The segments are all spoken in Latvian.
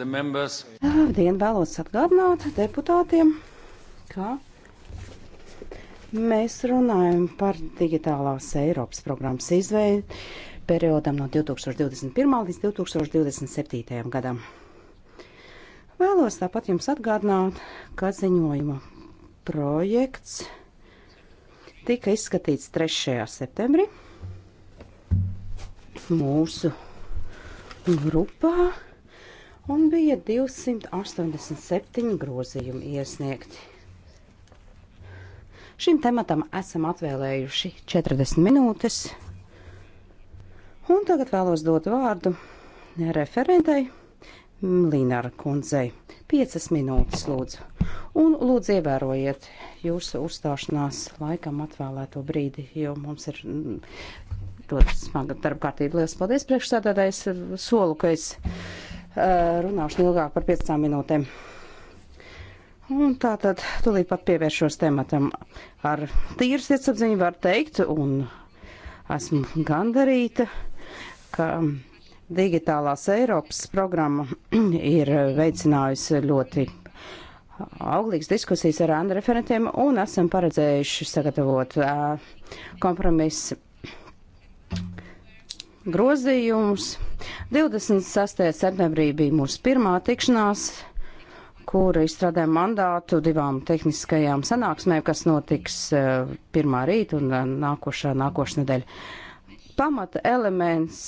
Labdien, vēlos atgādināt deputātiem, ka mēs runājam par digitālās Eiropas programmas izveidu periodam no 2021. līdz 2027. gadam. Vēlos tāpat jums atgādināt, ka ziņojuma projekts tika izskatīts 3. septembrī mūsu grupā un bija 287 grozījumi iesniegti. Šim tematam esam atvēlējuši 40 minūtes, un tagad vēlos dot vārdu referentei Lināra kundzei. 5 minūtes lūdzu, un lūdzu ievērojiet jūsu uzstāšanās laikam atvēlēto brīdi, jo mums ir mm, ļoti smaga darbkārtība. Lielas paldies priekšsēdētājs, solu, ka es. Solu, Eh, runāšu ilgāk par 15 minūtēm. Un tā tad tulīt pat pievēršos tematam ar tīru sirdsapziņu var teikt, un esmu gandarīta, ka digitālās Eiropas programma ir veicinājusi ļoti auglīgas diskusijas ar ANR referentiem, un esam paredzējuši sagatavot eh, kompromisu grozījumus. 26. septembrī bija mūsu pirmā tikšanās, kura izstrādāja mandātu divām tehniskajām sanāksmēm, kas notiks eh, pirmā rīta un eh, nākošā nākošā nedēļa. Pamata elements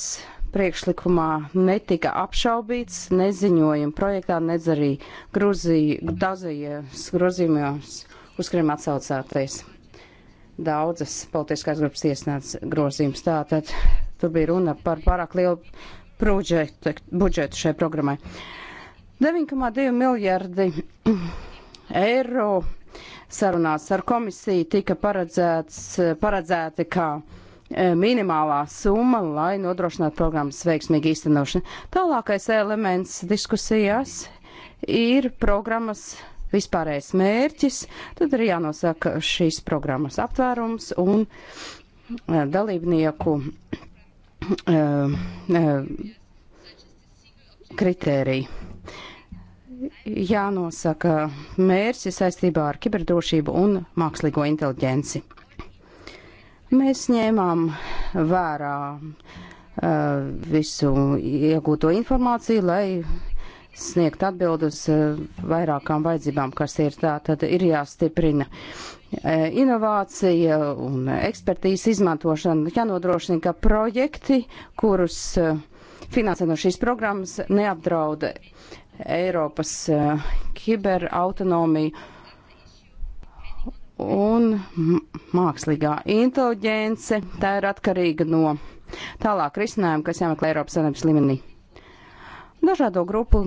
priekšlikumā netika apšaubīts, neziņojuma projektā, nedz arī grozījos, grozījumos, uz kuriem atsaucāties daudzas politiskās grupas iesnāca grozījums. Tātad tur bija runa par pārāk lielu proģetu, budžetu šai programmai. 9,2 miljardi eiro sarunās ar komisiju tika paredzēts, paredzēti kā e, minimālā summa, lai nodrošinātu programmas veiksmīgu īstenošanu. Tālākais elements diskusijās ir programmas vispārējais mērķis, tad ir jānosaka šīs programmas aptvērums un e, dalībnieku Ehm, ehm, kritēriju. Jānosaka mērķi saistībā ar kiberdrošību un mākslīgo inteliģenci. Mēs ņēmām vērā uh, visu iegūto informāciju, lai sniegt atbildus eh, vairākām vajadzībām, kas ir tā, tad ir jāstiprina E, inovācija un ekspertīzes izmantošana. Jānodrošina, ka projekti, kurus e, finansē no šīs programmas, neapdrauda Eiropas e, kiberautonomiju un mākslīgā inteliģence. Tā ir atkarīga no tālāk risinājuma, kas jāmeklē Eiropas Savienības līmenī. Dažādo grupu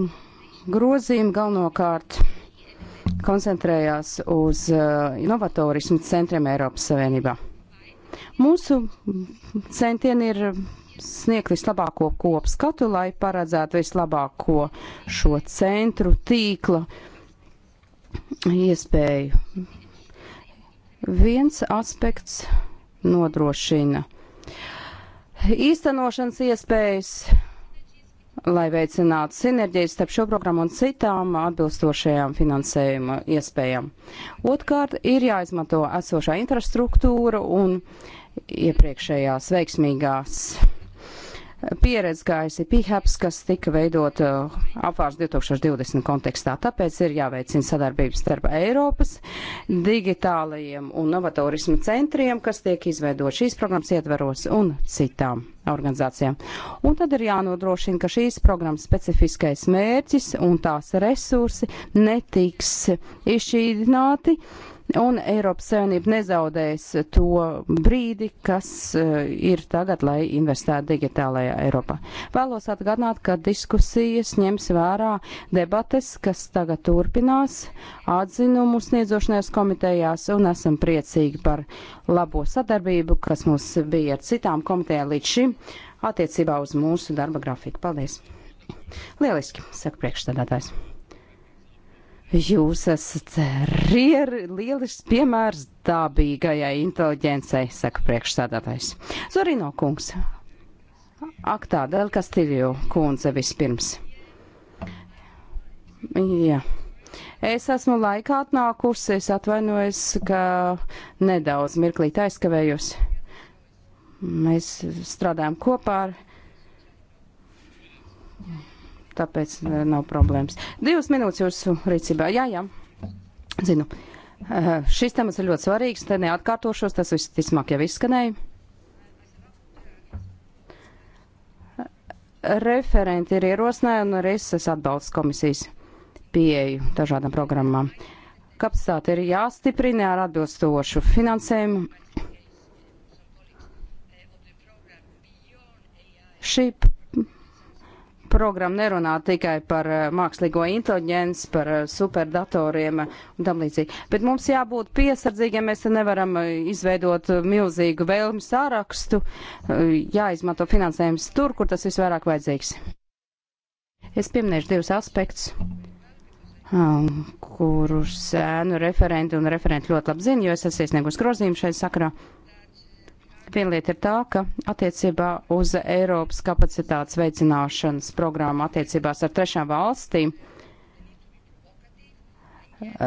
grozījumi galvenokārt koncentrējās uz uh, novatorismu centriem Eiropas Savienībā. Mūsu centieni ir sniegt vislabāko kopskatu, lai paredzētu vislabāko šo centru tīkla iespēju. Viens aspekts nodrošina īstenošanas iespējas lai veicinātu sinerģijas starp šo programmu un citām atbilstošajām finansējuma iespējām. Otkārt, ir jāizmanto esošā infrastruktūra un iepriekšējās veiksmīgās pieredze gājusi PIHAPS, e kas tika veidot uh, apvārs 2020 kontekstā. Tāpēc ir jāveicina sadarbības starp Eiropas digitālajiem un novatorismu centriem, kas tiek izveidot šīs programmas ietveros un citām organizācijām. Un tad ir jānodrošina, ka šīs programmas specifiskais mērķis un tās resursi netiks izšķīdināti un Eiropas Savienība nezaudēs to brīdi, kas eh, ir tagad, lai investētu digitālajā Eiropā. Vēlos atgādināt, ka diskusijas ņems vērā debates, kas tagad turpinās atzinumu sniedzošanās komitejās, un esam priecīgi par labo sadarbību, kas mums bija ar citām komitejām līdz šim attiecībā uz mūsu darba grafiku. Paldies! Lieliski, saka priekšstādātājs. Jūs esat rier, lielisks piemērs dabīgajai inteliģencei, saka priekšsādātājs. Zorino kungs. Ak tā, Del Kastiljo kundze vispirms. Jā. Es esmu laikā atnākusi, es atvainojos, ka nedaudz mirklīt aizkavējos. Mēs strādājam kopā ar tāpēc eh, nav problēmas. Divas minūtes jūsu rīcībā. Jā, jā, zinu. Eh, šis temats ir ļoti svarīgs, te neatkārtošos, tas visticamāk jau izskanēja. Referenti ir ierosinājuši un arī es atbalstu komisijas pieeju dažādām programmām. Kapacitāte ir jāstiprina ar atbilstošu finansējumu. Šī programma nerunā tikai par eh, mākslīgo inteliģenci, par eh, superdatoriem eh, un tam līdzīgi. Bet mums jābūt piesardzīgiem, mēs nevaram izveidot milzīgu vēlmi sārakstu, jāizmanto finansējums tur, kur tas visvairāk vajadzīgs. Es pieminēšu divus aspektus, um, kurus ēnu referenti un referenti ļoti labi zina, jo es esmu iesniegus grozījumu šai sakarā. Uh, Viena lieta ir tā, ka attiecībā uz Eiropas kapacitātes veicināšanas programmu attiecībās ar trešām valstīm, eh,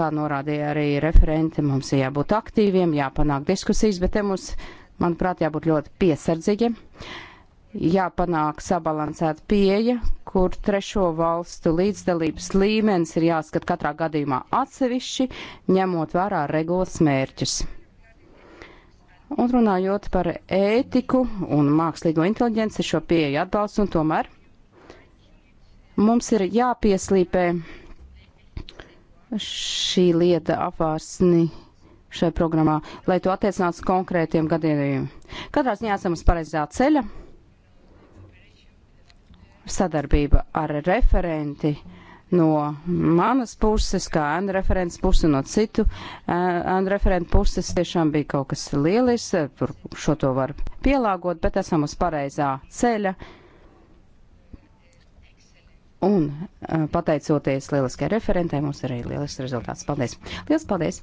kā norādīja arī referenti, mums ir jābūt aktīviem, jāpanāk diskusijas, bet te mums, manuprāt, jābūt ļoti piesardzīgiem jāpanāk sabalansēta pieeja, kur trešo valstu līdzdalības līmenis ir jāskat katrā gadījumā atsevišķi, ņemot vērā regulas mērķus. Un runājot par ētiku un mākslīgo inteliģenci, šo pieeju atbalstu un tomēr mums ir jāpieslīpē šī lieta apvārsni šai programmā, lai to attiecinātu konkrētiem gadījumiem. Katrā ziņā esam uz pareizā ceļa. Sadarbība ar referenti. Uh, no manas puses, kā ēna referents puses, no citu ēna referentu puses tiešām bija kaut kas lielis, tur šo to var pielāgot, bet esam uz pareizā ceļa. Un pateicoties lieliskai referentai, mums arī lielisks rezultāts. Paldies! Lielas paldies!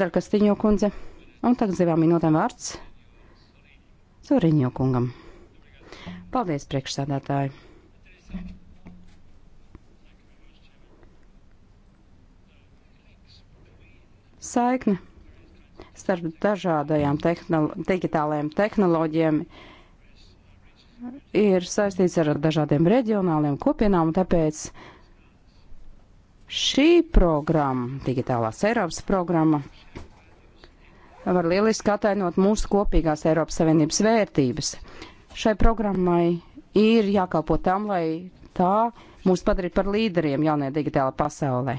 Darkastiņo kundze! Un tagad zivām minūtēm vārds Zoriņo kungam. Paldies, priekšsādātāji! Thank you. saikne starp dažādajām tehnolo digitālajām tehnoloģijām ir saistīts ar dažādiem reģionāliem kopienām, un tāpēc šī programma, Digitālās Eiropas programma, var lieliski atainot mūsu kopīgās Eiropas Savienības vērtības. Šai programmai ir jākalpo tam, lai tā mūs padarītu par līderiem jaunajā digitālajā pasaulē.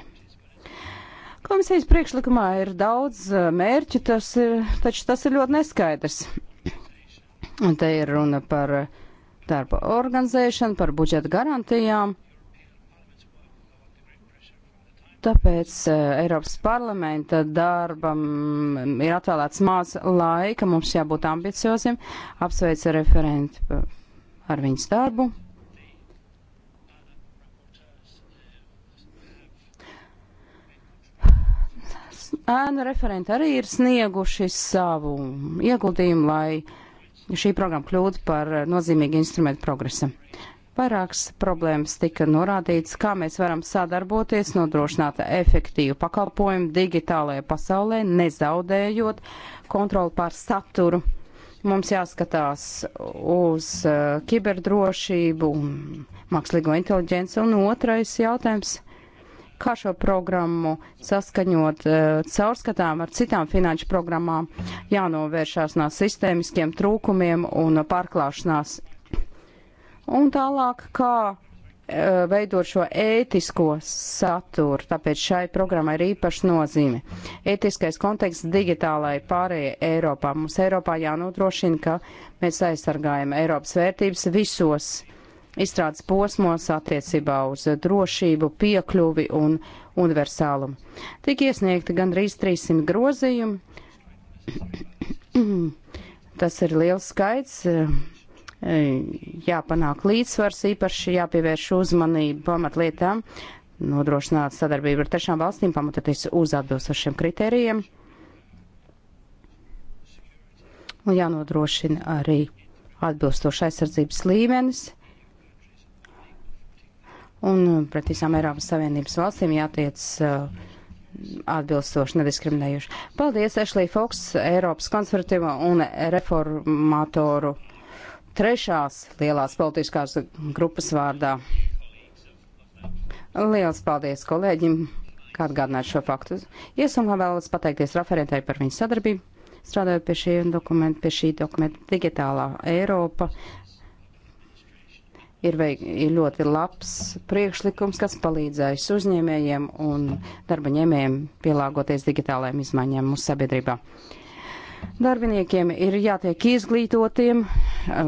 Komisijas priekšlikumā ir daudz eh, mērķu, tas ir, taču tas ir ļoti neskaidrs. Un te ir runa par eh, darba organizēšanu, par budžeta garantijām. Tāpēc eh, Eiropas parlamenta darbam mm, ir atvēlēts maz laika, mums jābūt ambicioziem. Apsveicu referenti ar viņas darbu. ēnu referenti arī ir snieguši savu ieguldījumu, lai šī programma kļūtu par nozīmīgu instrumentu progresam. Vairākas problēmas tika norādīts, kā mēs varam sadarboties, nodrošināt efektīvu pakalpojumu digitālajā pasaulē, nezaudējot kontroli pār saturu. Mums jāskatās uz uh, kiberdrošību, mākslīgo inteliģenci un otrais jautājums. Uh, kā šo programmu saskaņot eh, caurskatām ar citām finanšu programmām, jānovēršās no sistēmiskiem trūkumiem un pārklāšanās. Un tālāk, kā eh, veidot šo ētisko saturu, tāpēc šai programmai ir īpaša nozīme. Ētiskais konteksts digitālai pārējai Eiropā. Mums Eiropā jānodrošina, ka mēs aizsargājam Eiropas vērtības visos izstrādes posmos attiecībā uz drošību, piekļuvi un universālumu. Tik iesniegti gandrīz 300 grozījumi. Tas ir liels skaits. Eh, jāpanāk līdzsvars, īpaši jāpievērš uzmanību pamatlietām, nodrošināt sadarbību ar trešām valstīm, pamatoties uz atbilstošiem kritērijiem. Un jānodrošina arī atbilstoši aizsardzības līmenis un uh, pret visām Eiropas Savienības valstīm jātiec uh, atbilstoši nediskriminējuši. Paldies, Ešlī Foks, Eiropas konservatīvo un reformatoru trešās lielās politiskās grupas vārdā. Liels paldies kolēģim, kā atgādināt šo faktu. Iesumā vēlos pateikties referentai par viņu sadarbību, strādājot pie šī dokumenta, pie šī dokumenta digitālā Eiropa ir, ir ļoti labs priekšlikums, kas palīdzēs uzņēmējiem un darba ņēmējiem pielāgoties digitālajiem izmaiņām mūsu sabiedrībā. Darbiniekiem ir jātiek izglītotiem,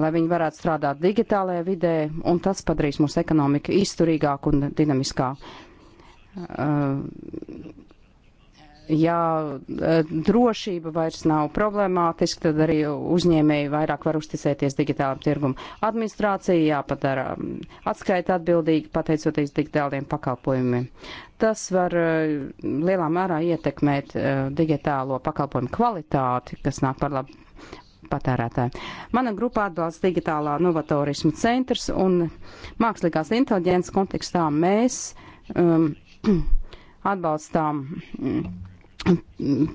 lai viņi varētu strādāt digitālajā vidē, un tas padarīs mūsu ekonomiku izturīgāku un dinamiskāku. Uh, ja e, drošība vairs nav problemātiska, tad arī uzņēmēji vairāk var uzticēties digitālam tirgumam. Administrācija jāpadara atskaita atbildīgi pateicoties digitāliem pakalpojumiem. Tas var e, lielā mērā ietekmēt e, digitālo pakalpojumu kvalitāti, kas nāk par labu patērētāji. Mana grupa atbalsta digitālā novatorismu centrs un mākslīgās inteliģences kontekstā mēs um, atbalstām. Um,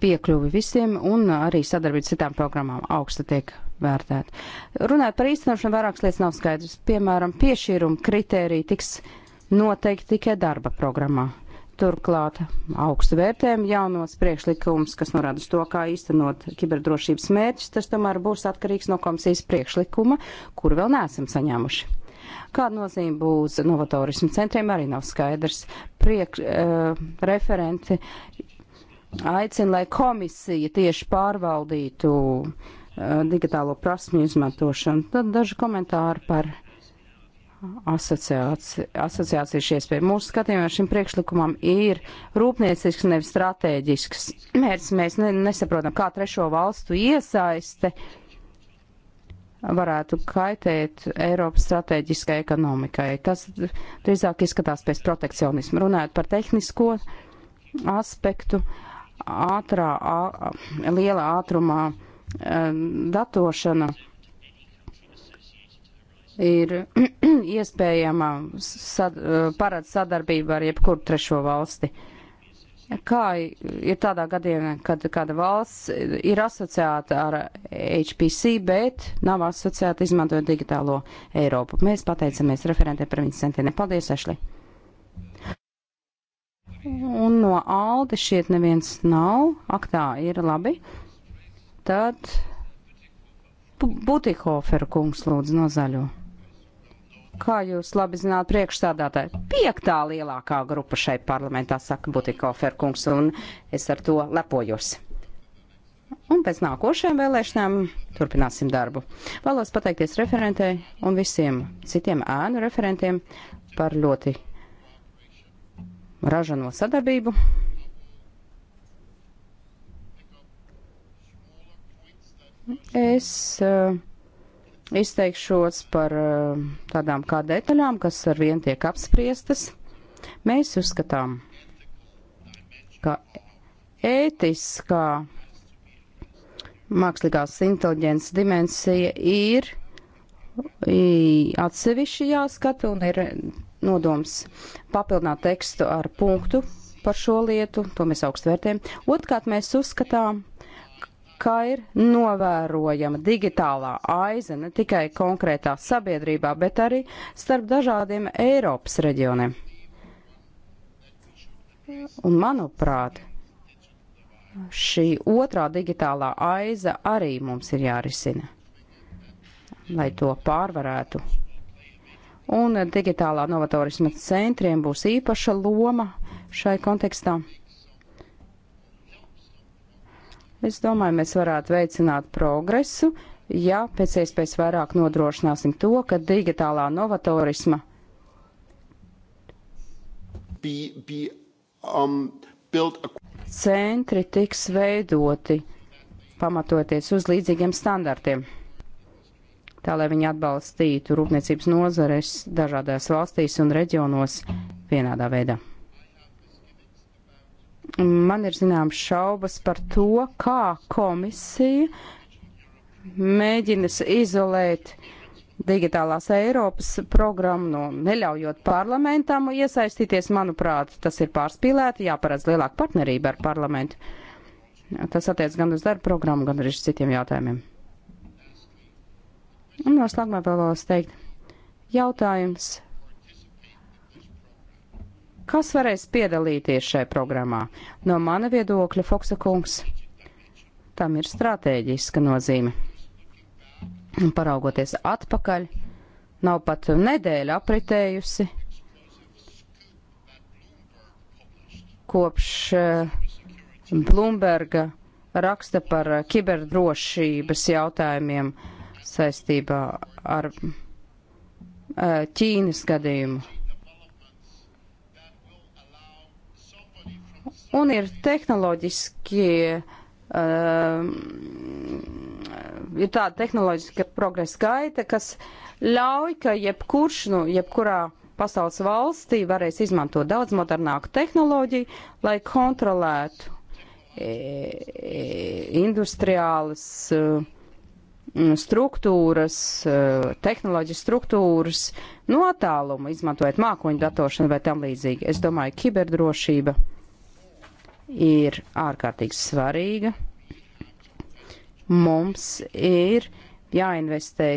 piekļuvi visiem un arī sadarbība citām programmām augsta tiek vērtēta. Runājot par īstenošanu, vairākas lietas nav skaidrs. Piemēram, piešķīruma kritērija tiks noteikti tikai darba programmā. Turklāt augstu vērtējumu jaunos priekšlikums, kas norāda uz to, kā īstenot kiberdrošības mērķus, tas tomēr būs atkarīgs no komisijas priekšlikuma, kur vēl neesam saņēmuši. Kāda nozīme būs novatorismu centriem arī nav skaidrs. Priek, uh, eh, referenti aicina, lai komisija tieši pārvaldītu uh, digitālo prasmju izmantošanu. Tad daži komentāri par asociāciju, asociācijas iespēju. Mūsu skatījumā šim priekšlikumam ir rūpniecisks, nevis strateģisks mērķis. Mēs ne, nesaprotam, kā trešo valstu iesaiste varētu kaitēt Eiropas strateģiskai ekonomikai. Tas drīzāk izskatās pēc protekcionismu. Runājot par tehnisko aspektu, uh, ātrā, ā, liela ātrumā datošana ir iespējama sad, parāds sadarbība ar jebkuru trešo valsti. Kā ir tādā gadījumā, kad kāda valsts ir asociēta ar HPC, bet nav asociēta izmantojot digitālo Eiropu? Mēs pateicamies referentiem par viņas centieniem. Paldies, Ešli! un no Alde šiet neviens nav. Ak tā, ir labi. Tad Butikoferu kungs lūdzu no zaļo. Kā jūs labi zināt, priekšstādātāji, piektā lielākā grupa šeit parlamentā saka Butikoferu kungs, un es ar to lepojos. Un pēc nākošajām vēlēšanām turpināsim darbu. Vēlos pateikties referentei un visiem citiem ēnu referentiem par ļoti ražano sadarbību. Es uh, izteikšos par uh, tādām kā detaļām, kas ar vien tiek apspriestas. Mēs uzskatām, ka ētiskā mākslīgās inteliģences dimensija ir atsevišķi jāskata un ir nodoms papildināt tekstu ar punktu par šo lietu, to mēs augstu vērtējam. Otkārt, mēs uzskatām, ka ir novērojama digitālā aiza ne tikai konkrētā sabiedrībā, bet arī starp dažādiem Eiropas reģioniem. Un manuprāt, šī otrā digitālā aiza arī mums ir jārisina, lai to pārvarētu un digitālā novatorisma centriem būs īpaša loma šai kontekstā. Es domāju, mēs varētu veicināt progresu, ja pēc iespējas vairāk nodrošināsim to, ka digitālā novatorisma be, be, um, build... centri tiks veidoti pamatoties uz līdzīgiem standartiem tā lai viņi atbalstītu rūpniecības nozares dažādās valstīs un reģionos vienādā veidā. Man ir zināmas šaubas par to, kā komisija mēģinas izolēt digitālās Eiropas programmu, no neļaujot parlamentam iesaistīties. Manuprāt, tas ir pārspīlēti, jāparedz lielāka partnerība ar parlamentu. Tas attiec gan uz darba programmu, gan arī uz citiem jautājumiem. Un noslēgumā vēl vēlos teikt jautājums. Kas varēs piedalīties šai programmā? No mana viedokļa, Foksa kungs, tam ir stratēģiska nozīme. Un paraugoties atpakaļ, nav pat nedēļa apritējusi kopš eh, Blūmberga raksta par eh, kiberdrošības jautājumiem saistībā ar Ķīnas gadījumu. Un ir tehnoloģiskie, um, ir tāda tehnoloģiska progresa gaita, kas ļauj, ka jebkurš, nu, jebkurā pasaules valstī varēs izmantot daudz modernāku tehnoloģiju, lai kontrolētu e, e, industriālas. Uh, Mm, struktūras, eh, tehnoloģijas struktūras no attāluma, izmantojot mākoņu datošanu vai tam līdzīgi. Es domāju, kiberdrošība ir ārkārtīgi svarīga. Mums ir jāinvestē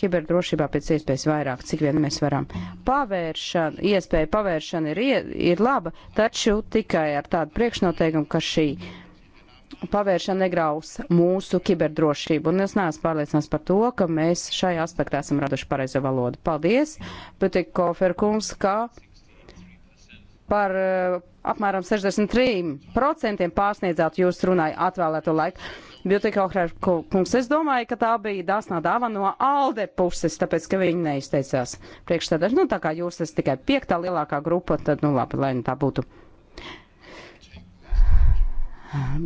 kiberdrošībā pēc iespējas vairāk, cik vien mēs varam. Pavēršana, iespēja pavēršana ir, ir laba, taču tikai ar tādu priekšnoteikumu, ka šī uh, pavēršana negraus mūsu kiberdrošību. Un es neesmu pārliecināts par to, ka mēs šajā aspektā esam raduši pareizo valodu. Paldies, Patik Koferkungs, ka par uh, apmēram 63% pārsniedzāt jūs runāju atvēlēto laiku. Biotika Ohrērkungs, es domāju, ka tā bija dāsnā dāvana no Alde puses, tāpēc, ka viņi neizteicās priekšstādā. Nu, tā kā jūs esat tikai piektā lielākā grupa, tad, nu, labi, lai nu tā būtu.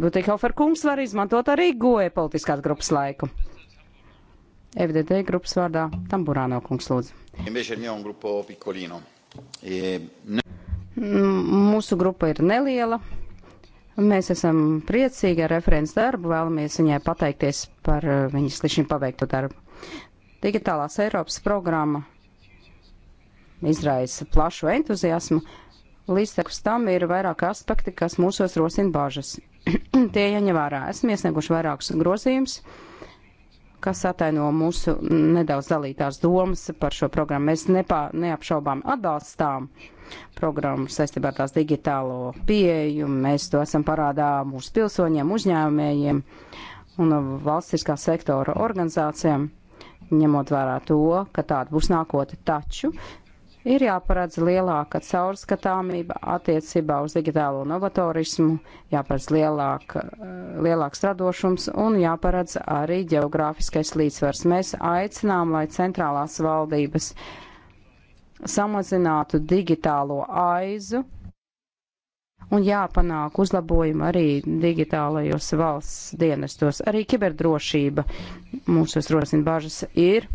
Butikhofer kungs var izmantot arī goja politiskās grupas laiku. FDD grupas vārdā Tamburāno kungs lūdzu. E, mūsu grupa ir neliela. Mēs esam priecīgi ar referents darbu, vēlamies viņai pateikties par eh, viņas līdz šim paveikto darbu. Digitālās Eiropas programma izraisa plašu entuziasmu, līdz tam ir vairāki aspekti, kas mūsos rosina bāžas. tie jaņem vērā. Esmu iesnieguši vairākus grozījumus, kas ataino mūsu nedaudz dalītās domas par šo programmu. Mēs nepā, neapšaubām atbalstām programmu saistībā ar tās digitālo pieeju. Mēs to esam parādā mūsu pilsoņiem, uzņēmējiem un valstiskā sektora organizācijām ņemot vērā to, ka tāda būs nākotne. Taču Ir jāparedz lielāka caurskatāmība attiecībā uz digitālo novatorismu, jāparedz lielāka, eh, lielāks radošums un jāparedz arī geogrāfiskais līdzsvars. Mēs aicinām, lai centrālās valdības samazinātu digitālo aizu un jāpanāk uzlabojumi arī digitālajos valsts dienestos. Arī kiberdrošība mūsos rosina bažas ir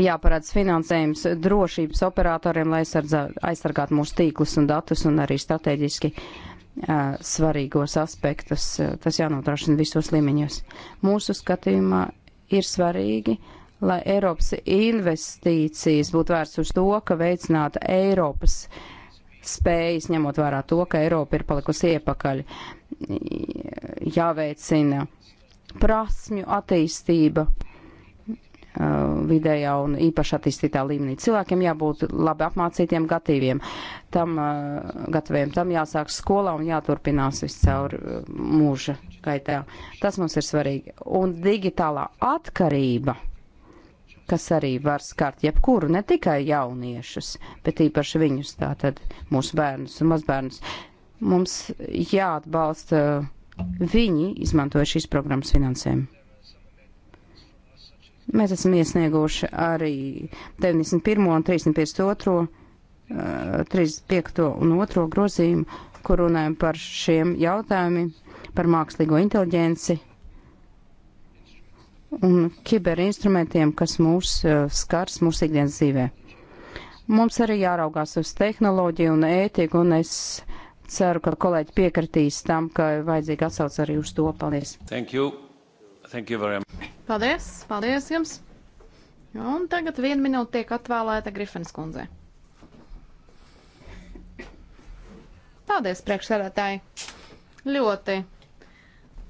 jāparāds finansējums drošības operatoriem, lai aizsargātu mūsu tīklus un datus un arī strateģiski uh, svarīgos aspektus. Tas jānodrošina visos līmeņos. Mūsu skatījumā ir svarīgi, lai Eiropas investīcijas būtu vērts uz to, ka veicinātu Eiropas spējas, ņemot vērā to, ka Eiropa ir palikusi iepakaļ, jāveicina prasmju attīstība Uh, vidējā un īpaši attīstītā līmenī. Cilvēkiem jābūt labi apmācītiem, gataviem. Tam, uh, gataviem. Tam jāsāk skolā un jāturpinās viscaur uh, mūža gaitā. Tas mums ir svarīgi. Un digitālā atkarība kas arī var skart jebkuru, ne tikai jauniešus, bet īpaši viņus, tātad mūsu bērnus un mazbērnus. Mums jāatbalsta viņi, izmantoja šīs programmas finansējumu. Mēs esam iesnieguši arī 91. un 352. 35. Eh, un 2. grozījumu, kur runājam par šiem jautājumiem, par mākslīgo inteliģenci un kiberinstrumentiem, kas mūs eh, skars mūsu ikdienas dzīvē. Mums arī jāraugās uz tehnoloģiju un ētiku, un es ceru, ka kolēģi piekritīs tam, ka vajadzīgi atsauc arī uz to. Paldies! Thank you! Paldies, paldies jums! Un tagad viena minūte tiek atvēlēta Grifens kundzei. Paldies, priekšsēdētāji! Ļoti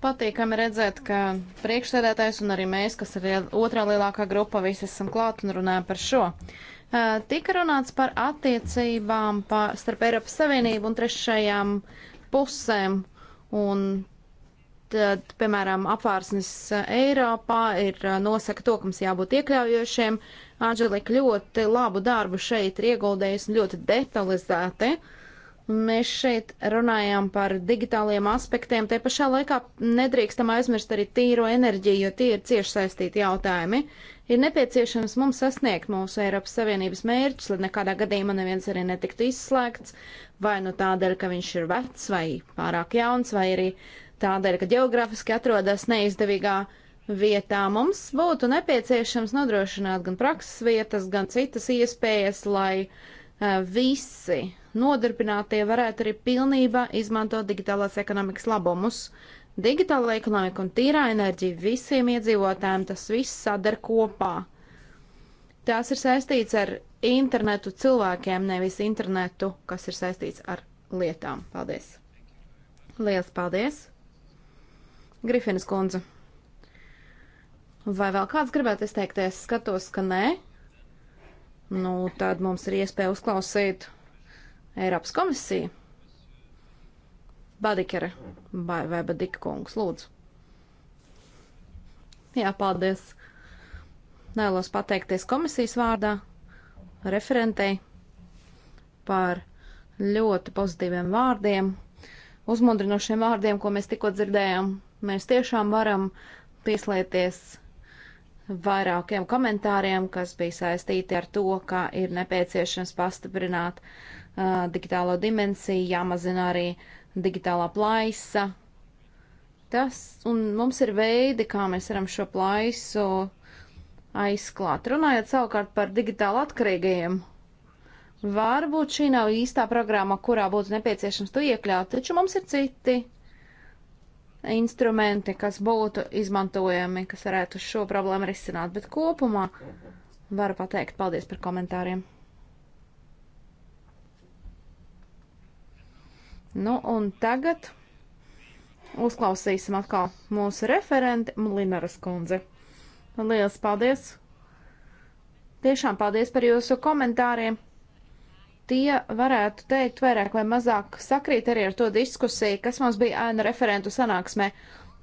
patīkami redzēt, ka priekšsēdētājs un arī mēs, kas ir otrā lielākā grupa, visi esam klāt un runājam par šo. Tika runāts par attiecībām par, starp Eiropas Savienību un trešajām pusēm, un Tad, piemēram, apvārsnes eh, Eiropā ir eh, nosaka to, ka mums jābūt iekļaujošiem. Anželika ļoti labu darbu šeit ir ieguldējusi ļoti detalizēti. Mēs šeit runājām par digitāliem aspektiem. Te pašā laikā nedrīkstam aizmirst arī tīro enerģiju, jo tie ir cieši saistīti jautājumi. Ir nepieciešams mums sasniegt mūsu Eiropas Savienības mērķus, lai nekādā gadījumā neviens arī netiktu izslēgts, vai nu tādēļ, ka viņš ir vecs vai pārāk jauns, vai arī tādēļ, ka geogrāfiski atrodas neizdevīgā vietā. Mums būtu nepieciešams nodrošināt gan prakses vietas, gan citas iespējas, lai uh, visi nodarbinātie varētu arī pilnībā izmantot digitālās ekonomikas labumus. Digitāla ekonomika un tīrā enerģija visiem iedzīvotājiem tas viss sadar kopā. Tās ir saistīts ar internetu cilvēkiem, nevis internetu, kas ir saistīts ar lietām. Paldies! Lielas paldies! Grifinas kundze. Vai vēl kāds gribētu izteikties? Skatos, ka nē. Nu, tad mums ir iespēja uzklausīt Eiropas komisiju. Badikere vai, vai Badika kungs, lūdzu. Jā, paldies. Vēlos pateikties komisijas vārdā referentei par ļoti pozitīviem vārdiem, uzmundrinošiem vārdiem, ko mēs tikko dzirdējām. Mēs tiešām varam pieslēgties vairākiem komentāriem, kas bija saistīti ar to, ka ir nepieciešams pastiprināt uh, digitālo dimensiju, jāmazina arī digitālā plaisa. Tas, un mums ir veidi, kā mēs varam šo plaisu aizklāt. Runājot savukārt par digitāli atkarīgajiem, varbūt šī nav īstā programma, kurā būtu nepieciešams to iekļaut, taču mums ir citi instrumenti, kas būtu izmantojami, kas varētu šo problēmu risināt. Bet kopumā varu pateikt paldies par komentāriem. Nu, un tagad uzklausīsim atkal mūsu referenti Linaras kundzi. Lielas paldies! Tiešām paldies par jūsu komentāriem! tie varētu teikt vairāk vai mazāk sakrīt arī ar to diskusiju, kas mums bija ēnu referentu sanāksmē.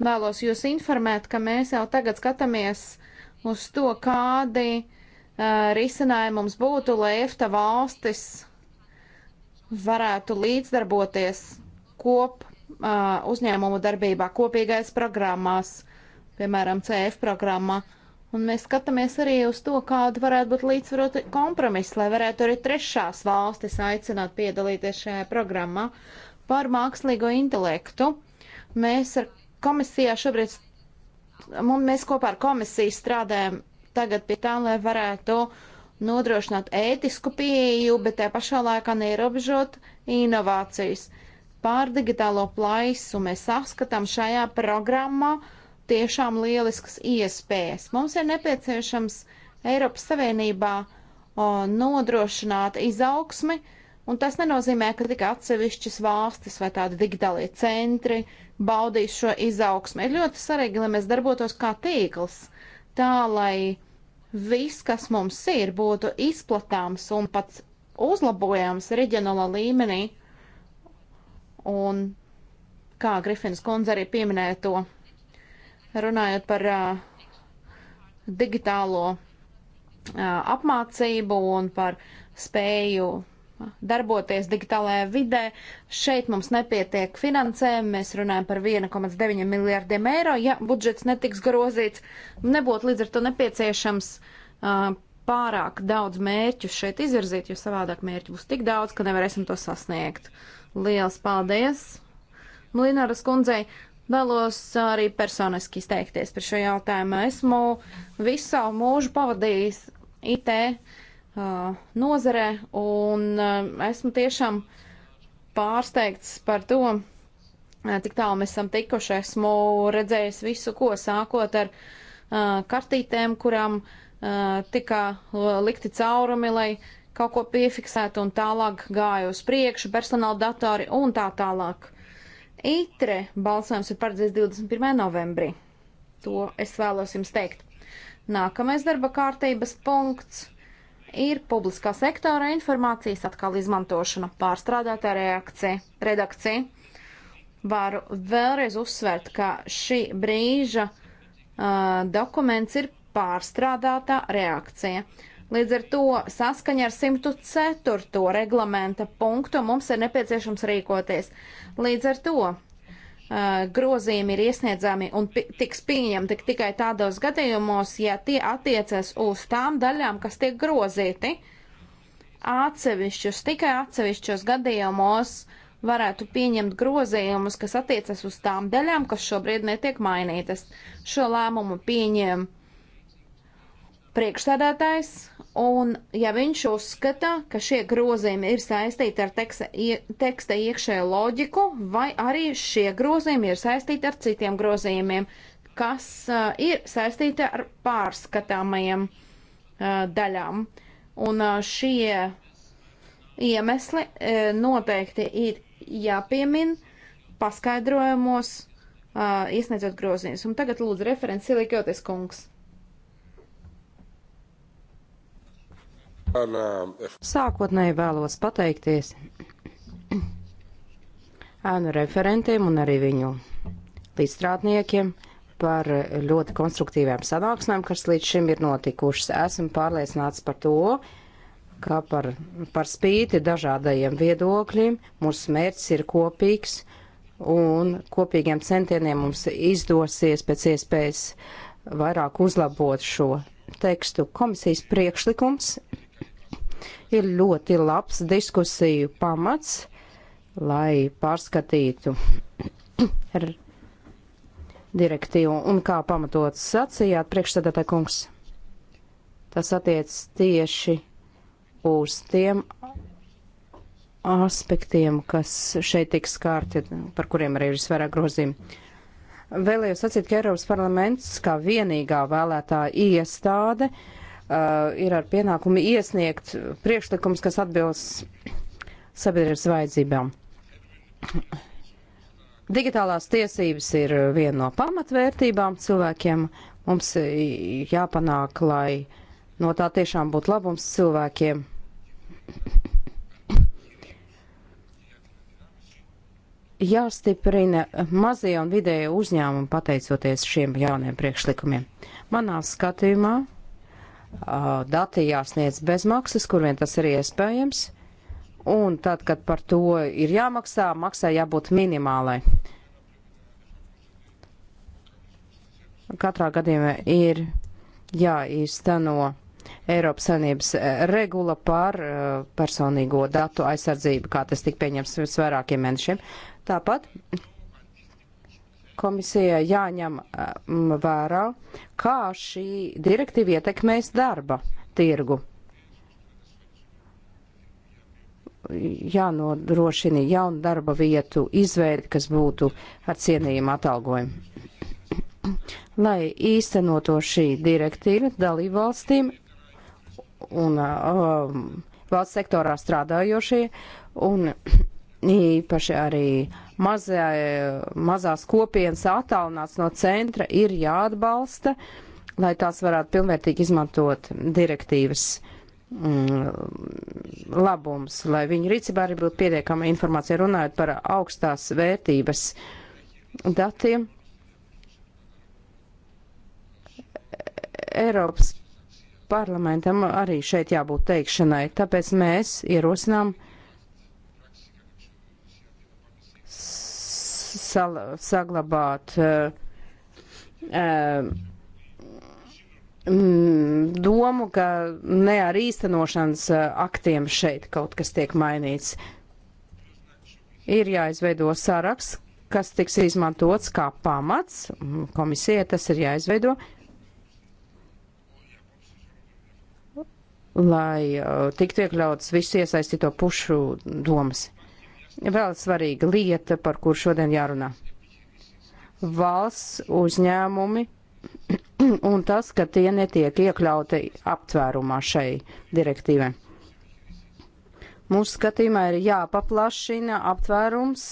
Vēlos jūs informēt, ka mēs jau tagad skatāmies uz to, kādi uh, risinājumi mums būtu, lai EFTA valstis varētu līdzdarboties kop uh, uzņēmumu darbībā, kopīgais programmās, piemēram, CF programmā. Uh, Un mēs skatāmies arī uz to, kāda varētu būt līdzsvarota kompromisa, lai varētu arī trešās valstis aicināt piedalīties šajā programmā par mākslīgo intelektu. Mēs ar komisijā šobrīd, mēs kopā ar komisiju strādājam tagad pie tā, lai varētu nodrošināt ētisku pieeju, bet te pašā laikā neierobežot inovācijas. Pār digitālo plaisu mēs saskatām šajā programmā. Uh, tiešām lieliskas iespējas. Mums ir nepieciešams Eiropas Savienībā o, nodrošināt izaugsmi, un tas nenozīmē, ka tikai atsevišķas valstis vai tādi digitālie centri baudīs šo izaugsmi. Ir ļoti svarīgi, lai mēs darbotos kā tīkls, tā lai viss, kas mums ir, būtu izplatāms un pat uzlabojams reģionālā līmenī. Un kā Grifins kundze arī pieminēja to runājot par uh, digitālo uh, apmācību un par spēju darboties digitālajā vidē. Šeit mums nepietiek finansējumi, mēs runājam par 1,9 miljārdiem eiro. Ja budžets netiks grozīts, nebūtu līdz ar to nepieciešams uh, pārāk daudz mērķu šeit izvirzīt, jo savādāk mērķu būs tik daudz, ka nevarēsim to sasniegt. Liels paldies! Linaras kundzei, Vēlos arī personiski izteikties par šo jautājumu. Esmu visu savu mūžu pavadījis IT uh, nozarē un uh, esmu tiešām pārsteigts par to, uh, tik tālu mēs esam tikuši. Esmu redzējis visu, ko sākot ar uh, kartītēm, kurām uh, tika uh, likti caurumi, lai kaut ko piefiksētu un tālāk gāju uz priekšu, personāla datori un tā tālāk. Itre balsojums ir paredzēts 21. novembrī. To es vēlos jums teikt. Nākamais darba kārtības punkts ir publiskā sektora informācijas atkal izmantošana, pārstrādātā reakcija, redakcija. Varu vēlreiz uzsvērt, ka šī brīža uh, dokuments ir pārstrādātā reakcija. Līdz ar to saskaņa ar 104. reglamenta punktu mums ir nepieciešams rīkoties. Līdz ar to uh, grozījumi ir iesniedzami un pi tiks pieņemti tikai tādos gadījumos, ja tie attiecas uz tām daļām, kas tiek grozīti. Atsevišķus, tikai atsevišķos gadījumos varētu pieņemt grozījumus, kas attiecas uz tām daļām, kas šobrīd netiek mainītas. Šo lēmumu pieņēma priekšsēdētājs, un ja viņš uzskata, ka šie grozījumi ir saistīti ar teksta, ie, teksta iekšējo loģiku, vai arī šie grozījumi ir saistīti ar citiem grozījumiem, kas uh, ir saistīti ar pārskatāmajiem uh, daļām. Un uh, šie iemesli uh, noteikti ir jāpiemin paskaidrojumos, uh, iesniedzot grozījumus. Un tagad lūdzu referents Silikjotis kungs. Sākotnēji vēlos pateikties ēnu referentiem un arī viņu līdzstrādniekiem par ļoti konstruktīvām sanāksmēm, kas līdz šim ir notikušas. Esmu pārliecināts par to, ka par, par spīti dažādajiem viedokļiem mūsu mērķis ir kopīgs un kopīgiem centieniem mums izdosies pēc iespējas vairāk uzlabot šo tekstu. Komisijas priekšlikums ir ļoti labs diskusiju pamats, lai pārskatītu direktīvu. Un kā pamatot sacījāt, priekšsēdētāji kungs, tas attiec tieši uz tiem aspektiem, kas šeit tiks skārti, par kuriem arī ir svarāk grozījumi. Vēlējos sacīt, ka Eiropas parlaments kā vienīgā vēlētā iestāde uh, Uh, ir ar pienākumu iesniegt priekšlikums, kas atbilst sabiedrības vajadzībām. Digitālās tiesības ir viena no pamatvērtībām cilvēkiem. Mums jāpanāk, lai no tā tiešām būtu labums cilvēkiem. Jāstiprina mazie un vidēji uzņēmumi pateicoties šiem jauniem priekšlikumiem. Manā skatījumā Uh, dati jāsniedz bez maksas, kur vien tas ir iespējams. Un tad, kad par to ir jāmaksā, maksā jābūt minimālai. Katrā gadījumā ir jāīsteno Eiropas Savienības eh, regula par eh, personīgo datu aizsardzību, kā tas tika pieņems pirms vairākiem mēnešiem. Tāpat komisijai jāņem um, vērā, kā šī direktīva ietekmēs darba tirgu. Jānodrošina jaunu darba vietu izveidi, kas būtu ar cienījumu atalgojumu. Lai īstenoto šī direktīva dalībvalstīm un um, valsts sektorā strādājošie un īpaši arī uh, mazai, mazās kopienas attālināts no centra ir jāatbalsta, lai tās varētu pilnvērtīgi izmantot direktīvas mm, labums, lai viņu rīcībā arī būtu pietiekama informācija runājot par augstās vērtības datiem. Eiropas parlamentam arī šeit jābūt teikšanai, tāpēc mēs ierosinām uh, sal, saglabāt uh, mm, domu, ka ne ar īstenošanas eh, aktiem šeit kaut kas tiek mainīts. Ir jāizveido saraksts, kas tiks izmantots kā pamats. Komisija tas ir jāizveido. lai uh, tiktu iekļautas visu iesaistīto pušu domas. Vēl svarīga lieta, par kur šodien jārunā. Valsts uzņēmumi un tas, ka tie netiek iekļauti aptvērumā šai direktīvai. Mūsu skatījumā ir jāpaplašina aptvērums,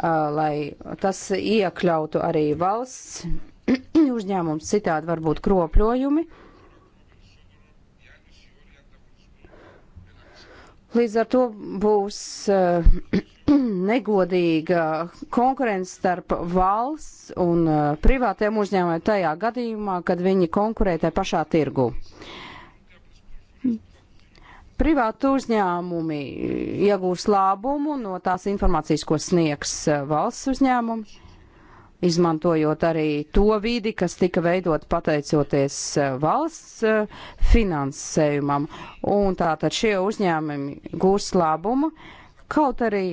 lai tas iekļautu arī valsts uzņēmums citādi varbūt kropļojumi. Līdz ar to būs uh, negodīga konkurence starp valsts un uh, privātiem uzņēmumiem tajā gadījumā, kad viņi konkurē tajā pašā tirgu. Privātu uzņēmumi iegūs labumu no tās informācijas, ko sniegs eh, valsts uzņēmumi izmantojot arī to vidi, kas tika veidot pateicoties eh, valsts eh, finansējumam. Un tātad šie uzņēmumi gūs labumu, kaut arī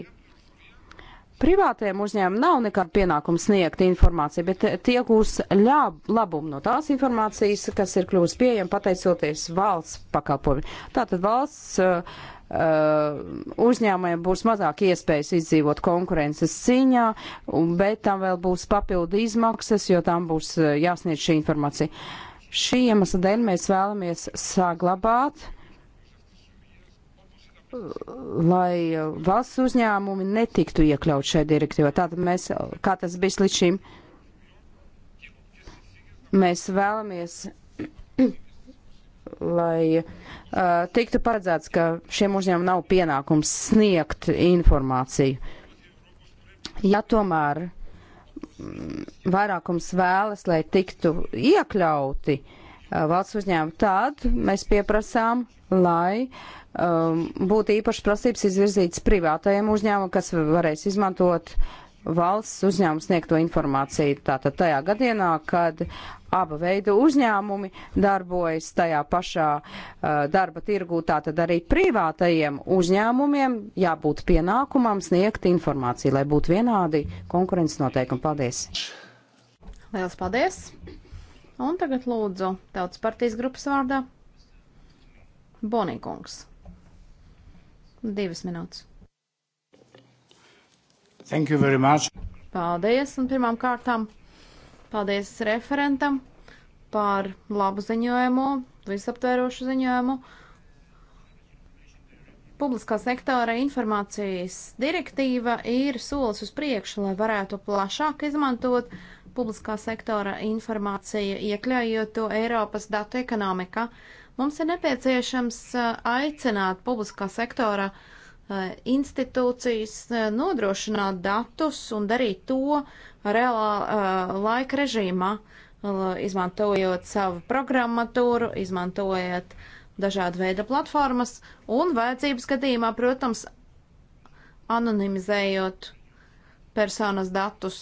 privātiem uzņēmumiem nav nekāda pienākuma sniegt informāciju, bet eh, tie gūs ļab, labumu no tās informācijas, kas ir kļūst pieejama pateicoties valsts pakalpojumiem. Tātad valsts uh, Uh, uzņēmumiem būs mazāk iespējas izdzīvot konkurences ciņā, bet tam vēl būs papildu izmaksas, jo tam būs uh, jāsniedz šī informācija. Šī iemesla dēļ mēs vēlamies saglabāt uh, lai valsts uzņēmumi netiktu iekļaut šajā direktīvā. Tātad mēs, kā tas bijis līdz šim, mēs vēlamies lai uh, tiktu paredzēts, ka šiem uzņēmumiem nav pienākums sniegt informāciju. Ja tomēr mm, vairākums vēlas, lai tiktu iekļauti uh, valsts uzņēmumi, tad mēs pieprasām, lai um, būtu īpašas prasības izvirzītas privātajiem uzņēmumiem, kas varēs izmantot uh, valsts uzņēmumu sniegto informāciju. Tātad tajā gadienā, kad aba veida uzņēmumi darbojas tajā pašā uh, darba tirgū, tātad arī privātajiem uzņēmumiem jābūt pienākumam sniegt informāciju, lai būtu vienādi konkurences noteikumi. Paldies! Liels paldies! Un tagad lūdzu Tautas partijas grupas vārdā Bonīkungs. Divas minūtes. Thank you very much. Paldies, un pirmām kārtām paldies referentam par labu ziņojumu, visaptvērošu ziņojumu. Publiskā sektora informācijas direktīva ir solis uz priekšu, lai varētu plašāk izmantot publiskā sektora informāciju, iekļaujot to Eiropas datu ekonomikā. Mums ir nepieciešams aicināt publiskā sektora uh, institūcijas nodrošināt datus un darīt to reālā laika režīmā, izmantojot savu programmatūru, izmantojot dažādu veidu platformas un vajadzības gadījumā, protams, anonimizējot personas datus.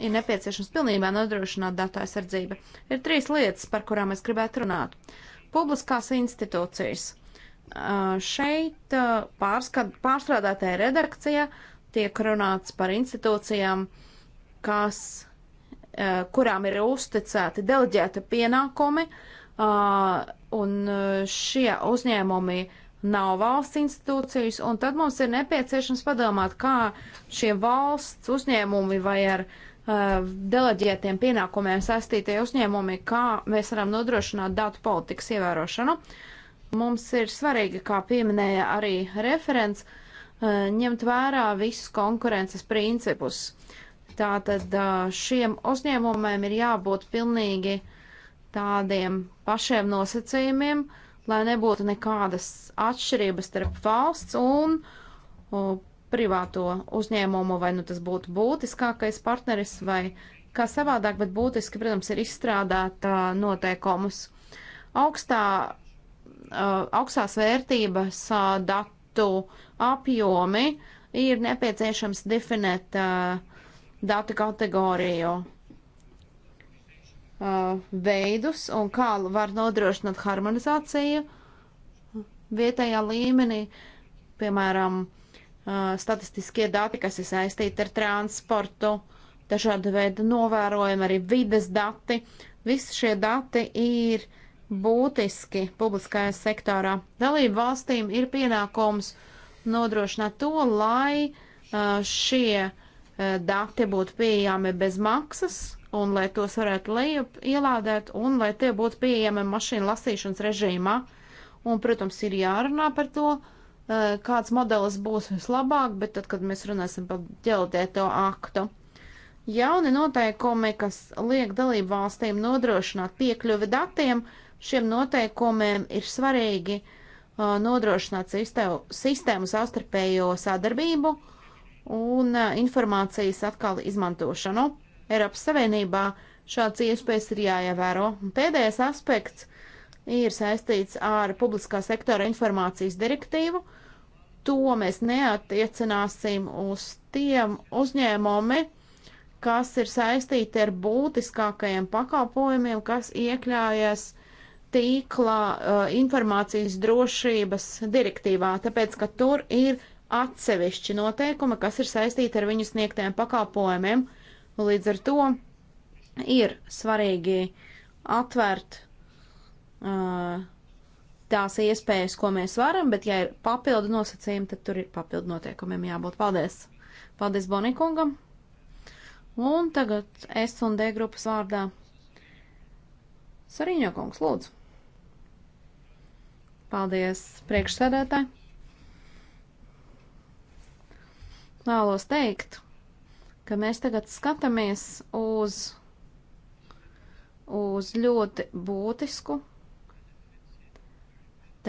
Ir nepieciešams pilnībā nodrošināt datu aizsardzību. Ir trīs lietas, par kurām es gribētu runāt. Publiskās institūcijas Šeit pārskat, pārstrādātajā redakcijā tiek runāts par institūcijām, kas, kurām ir uzticēti deleģēta pienākumi, un šie uzņēmumi nav valsts institūcijas, un tad mums ir nepieciešams padomāt, kā šie valsts uzņēmumi vai ar uh, deleģētiem pienākumiem saistītie uzņēmumi, kā mēs varam nodrošināt datu politikas ievērošanu. Uh, Mums ir svarīgi, kā pieminēja arī referents, eh, ņemt vērā visus konkurences principus. Tātad eh, šiem uzņēmumiem ir jābūt pilnīgi tādiem pašiem nosacījumiem, lai nebūtu nekādas atšķirības starp valsts un privāto uzņēmumu, vai nu tas būtu būtiskākais partneris vai kā savādāk, bet būtiski, protams, ir izstrādāt eh, noteikumus. Augstā Uh, augstās vērtības uh, datu apjomi, ir nepieciešams definēt uh, datu kategoriju veidus un kā var nodrošināt harmonizāciju vietējā līmenī, piemēram, statistiskie dati, kas ir saistīti ar transportu, dažādu veidu novērojumi, arī vides dati. Visi šie dati ir uh, būtiski publiskajā sektorā. Dalību valstīm ir pienākums nodrošināt to, lai uh, šie uh, dati būtu pieejami bez maksas un lai tos varētu lejup ielādēt un lai tie būtu pieejami mašīnu lasīšanas režīmā. Un, protams, ir jārunā par to, uh, kāds modelis būs vislabāk, bet tad, kad mēs runāsim par ģeldēto aktu. Jauni noteikumi, kas liek dalību valstīm nodrošināt piekļuvi datiem, uh, Šiem noteikumiem ir svarīgi uh, nodrošināt sistēmu, sistēmu savstarpējo sadarbību un uh, informācijas atkal izmantošanu. Eiropas Savienībā šāds iespējas ir jāievēro. Un pēdējais aspekts ir saistīts ar publiskā sektora informācijas direktīvu. To mēs neatiecināsim uz tiem uzņēmumi, kas ir saistīti ar būtiskākajiem pakalpojumiem, kas iekļaujas tīklā uh, eh, informācijas drošības direktīvā, tāpēc, ka tur ir atsevišķi noteikumi, kas ir saistīti ar viņu sniegtiem pakalpojumiem. Līdz ar to ir svarīgi atvērt uh, tās iespējas, ko mēs varam, bet ja ir papildu nosacījumi, tad tur ir papildu noteikumiem jābūt. Paldies! Paldies Bonikungam! Un tagad S un D grupas vārdā Sariņo kungs, lūdzu! Paldies, priekšsēdētāji. Vēlos teikt, ka mēs tagad skatāmies uz, uz ļoti būtisku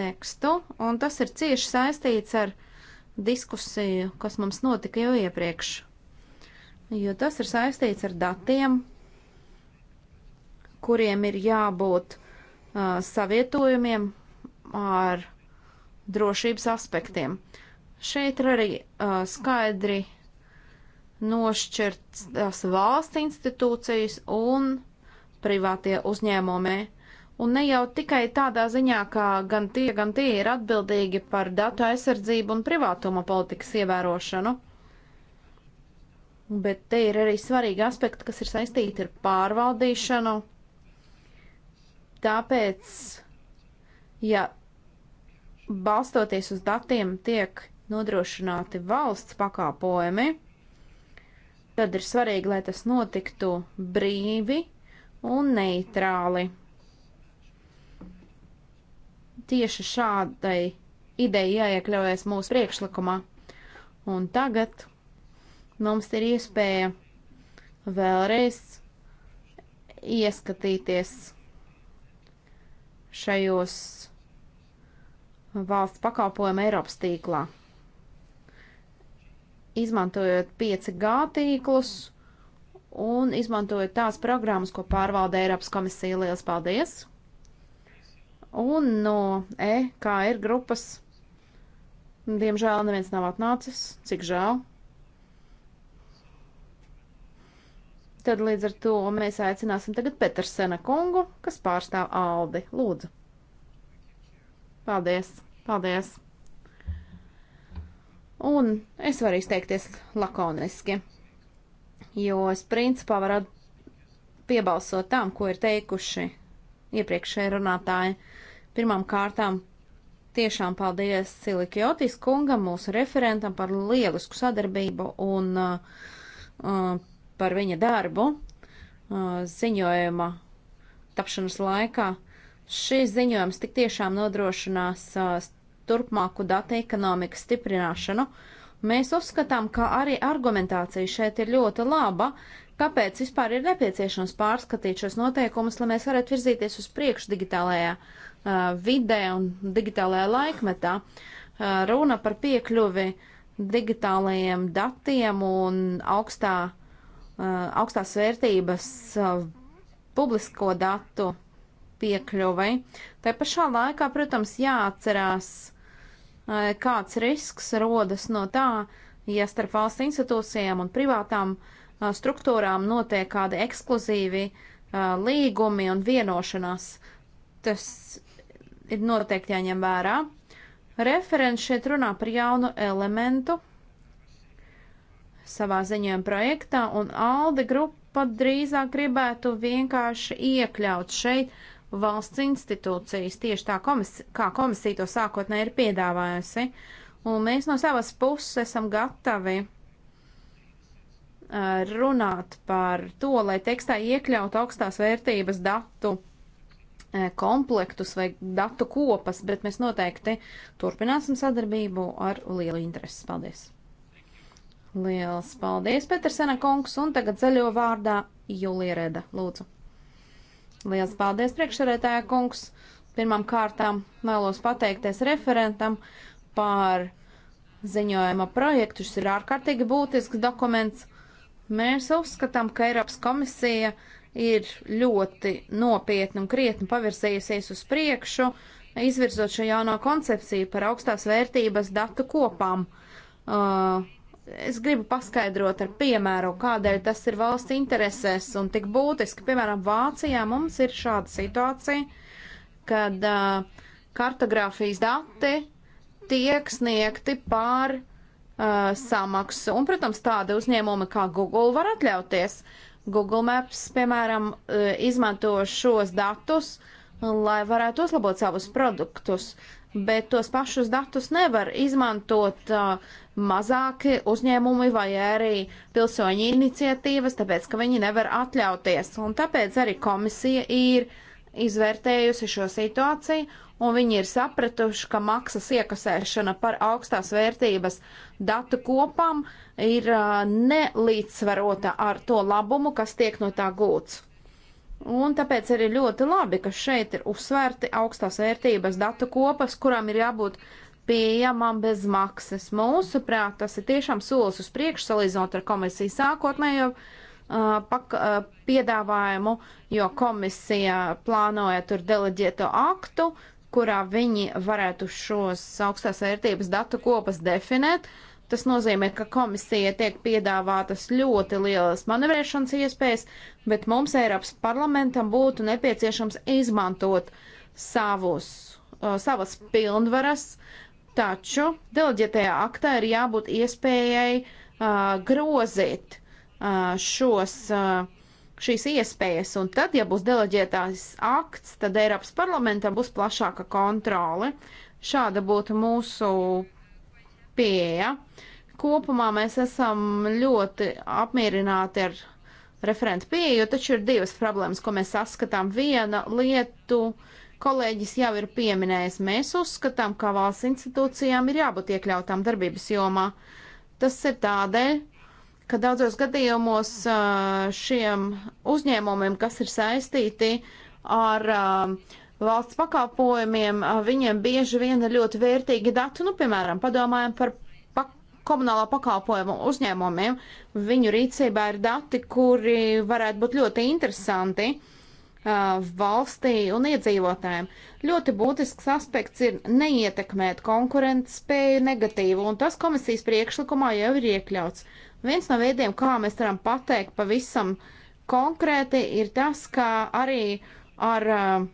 tekstu, un tas ir cieši saistīts ar diskusiju, kas mums notika jau iepriekš. Jo tas ir saistīts ar datiem, kuriem ir jābūt uh, savietojumiem ar drošības aspektiem. Šeit ir arī uh, skaidri nošķirts tās valsts institūcijas un privātie uzņēmumi. Un ne jau tikai tādā ziņā, ka gan tie, gan tie ir atbildīgi par datu aizsardzību un privātuma politikas ievērošanu, bet te ir arī svarīgi aspekti, kas ir saistīti ar pārvaldīšanu. Tāpēc, ja balstoties uz datiem tiek nodrošināti valsts pakāpojumi, tad ir svarīgi, lai tas notiktu brīvi un neitrāli. Tieši šādai ideja jāiekļaujas mūsu priekšlikumā. Un tagad mums ir iespēja vēlreiz ieskatīties šajos valsts pakalpojumu Eiropas tīklā. Izmantojot 5G tīklus un izmantojot tās programmas, ko pārvalda Eiropas komisija. Lielas paldies! Un no EKR grupas, diemžēl, neviens nav atnācis, cik žēl. Tad līdz ar to mēs aicināsim tagad Petersena kungu, kas pārstāv Aldi. Lūdzu! Paldies! Paldies! Un es varu izteikties lakoniski, jo es principā varu piebalsot tam, ko ir teikuši iepriekšēji runātāji. Pirmām kārtām tiešām paldies Silikjotis kungam, mūsu referentam, par lielisku sadarbību un uh, uh par viņa darbu uh, ziņojuma tapšanas laikā. Uh, Šis ziņojums tik tiešām nodrošinās uh, turpmāku datu ekonomikas stiprināšanu. Mēs uzskatām, ka arī argumentācija šeit ir ļoti laba, kāpēc vispār ir nepieciešams pārskatīt šos noteikumus, lai mēs varētu virzīties uz priekšu digitālajā uh, vidē un digitālajā laikmetā. Uh, runa par piekļuvi digitālajiem datiem un augstā, uh, augstās vērtības uh, publisko datu piekļuvai. Tā pašā laikā, protams, jāatcerās, e, kāds risks rodas no tā, ja starp valsts institūcijām un privātām e, struktūrām notiek kādi ekskluzīvi e, līgumi un vienošanās. Tas ir noteikti jāņem vērā. Referents šeit runā par jaunu elementu savā ziņojuma projektā, un Alde grupa drīzāk gribētu vienkārši iekļaut šeit valsts institūcijas, tieši tā komis, kā komisija to sākotnēji ir piedāvājusi. Un mēs no savas puses esam gatavi uh, runāt par to, lai tekstā iekļaut augstās vērtības datu uh, komplektus vai datu kopas, bet mēs noteikti turpināsim sadarbību ar lielu interesi. Paldies! Liels paldies, Petersena kungs, un tagad zaļo vārdā Julija Reda. Lūdzu! Liels paldies, priekšsarētāja kungs! Pirmām kārtām vēlos pateikties referentam par ziņojuma projektu. Šis ir ārkārtīgi būtisks dokuments. Mēs uzskatām, ka Eiropas komisija ir ļoti nopietni un krietni pavirzējusies uz priekšu, izvirzot šo jauno koncepciju par augstās vērtības datu kopām. Uh, es gribu paskaidrot ar piemēru, kādēļ tas ir valsts interesēs un tik būtiski. Piemēram, Vācijā mums ir šāda situācija, kad uh, kartogrāfijas dati tiek sniegti pār uh, samaksu. Un, protams, tādi uzņēmumi kā Google var atļauties. Google Maps, piemēram, uh, izmanto šos datus, lai varētu uzlabot savus produktus, bet tos pašus datus nevar izmantot uh, mazāki uzņēmumi vai arī pilsoņu iniciatīvas, tāpēc, ka viņi nevar atļauties. Un tāpēc arī komisija ir izvērtējusi šo situāciju, un viņi ir sapratuši, ka maksas iekasēšana par augstās vērtības datu kopam ir uh, nelīdzsvarota ar to labumu, kas tiek no tā gūts. Un tāpēc arī ļoti labi, ka šeit ir uzsvērti augstās vērtības datu kopas, kurām ir jābūt pieejamam bez maksas. Mūsuprāt, tas ir tiešām solis uz priekšu salīdzinot ar komisijas sākotnējo uh, pak, uh, piedāvājumu, jo komisija plānoja tur deleģēto aktu, kurā viņi varētu šos augstās vērtības datu kopas definēt. Tas nozīmē, ka komisija tiek piedāvātas ļoti lielas manevrēšanas iespējas, bet mums Eiropas parlamentam būtu nepieciešams izmantot savus, uh, savas pilnvaras, uh, Taču deleģētajā aktā ir jābūt iespējai uh, grozīt uh, šos, uh, šīs iespējas, un tad, ja būs deleģētājs akts, tad Eiropas parlamentam būs plašāka kontrole. Šāda būtu mūsu pieeja. Kopumā mēs esam ļoti apmierināti ar referentu pieeju, taču ir divas problēmas, ko mēs saskatām. Viena lietu uh, Kolēģis jau ir pieminējis, mēs uzskatām, ka valsts institūcijām ir jābūt iekļautām darbības jomā. Tas ir tādēļ, ka daudzos gadījumos šiem uzņēmumiem, kas ir saistīti ar valsts pakalpojumiem, viņiem bieži vien ir ļoti vērtīgi dati, nu, piemēram, padomājam par komunālā pakalpojuma uzņēmumiem, viņu rīcībā ir dati, kuri varētu būt ļoti interesanti. Uh, valstī un iedzīvotājiem. Ļoti būtisks aspekts ir neietekmēt konkurences spēju negatīvu, un tas komisijas priekšlikumā jau ir iekļauts. Viens no veidiem, kā mēs varam pateikt pavisam konkrēti, ir tas, ka arī ar uh,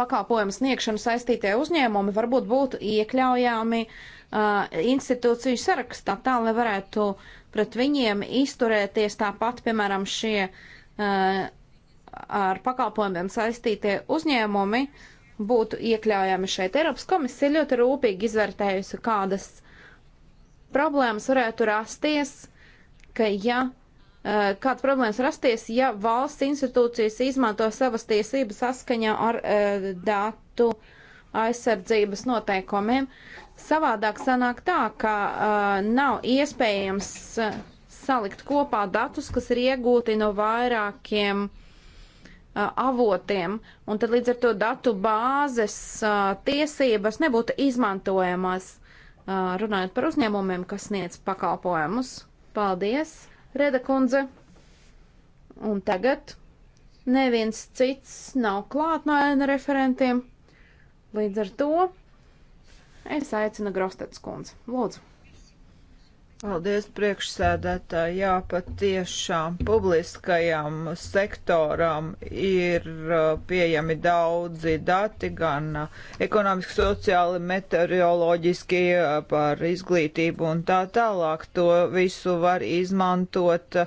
pakalpojumu sniegšanu saistītie uzņēmumi varbūt būtu iekļaujami uh, institūciju sarakstā, tā lai varētu pret viņiem izturēties tāpat, piemēram, šie uh, ar pakalpojumiem saistītie uzņēmumi būtu iekļaujami šeit. Eiropas komisija ļoti rūpīgi izvērtējusi, kādas problēmas varētu rasties, ka ja eh, kāds problēmas rasties, ja valsts institūcijas izmanto savas tiesības saskaņā ar uh, datu aizsardzības noteikumiem. Savādāk sanāk tā, ka uh, nav iespējams uh, salikt kopā datus, kas ir iegūti no vairākiem uh, avotiem, un tad līdz ar to datu bāzes tiesības nebūtu izmantojamas, runājot par uzņēmumiem, kas sniedz pakalpojumus. Paldies, Reda kundze! Un tagad neviens cits nav klāt no ēna referentiem, līdz ar to es aicinu Grostets kundzi. Lūdzu! Paldies, priekšsēdētāji. Jā, pat tiešām publiskajam sektoram ir uh, pieejami daudzi dati, gan uh, ekonomiski, sociāli, meteoroloģiski uh, par izglītību un tā tālāk. To visu var izmantot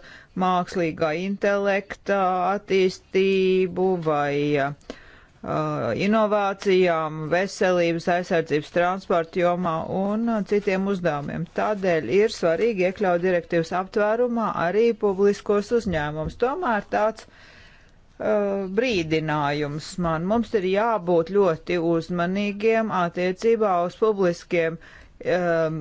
mākslīgā intelekta attīstību vai uh, Uh, inovācijām, veselības aizsardzības transporta jomā un uh, citiem uzdevumiem. Tādēļ ir svarīgi iekļaut direktīvas aptvērumā arī publiskos uzņēmumus. Tomēr tāds uh, brīdinājums man. Mums ir jābūt ļoti uzmanīgiem attiecībā uz publiskiem um,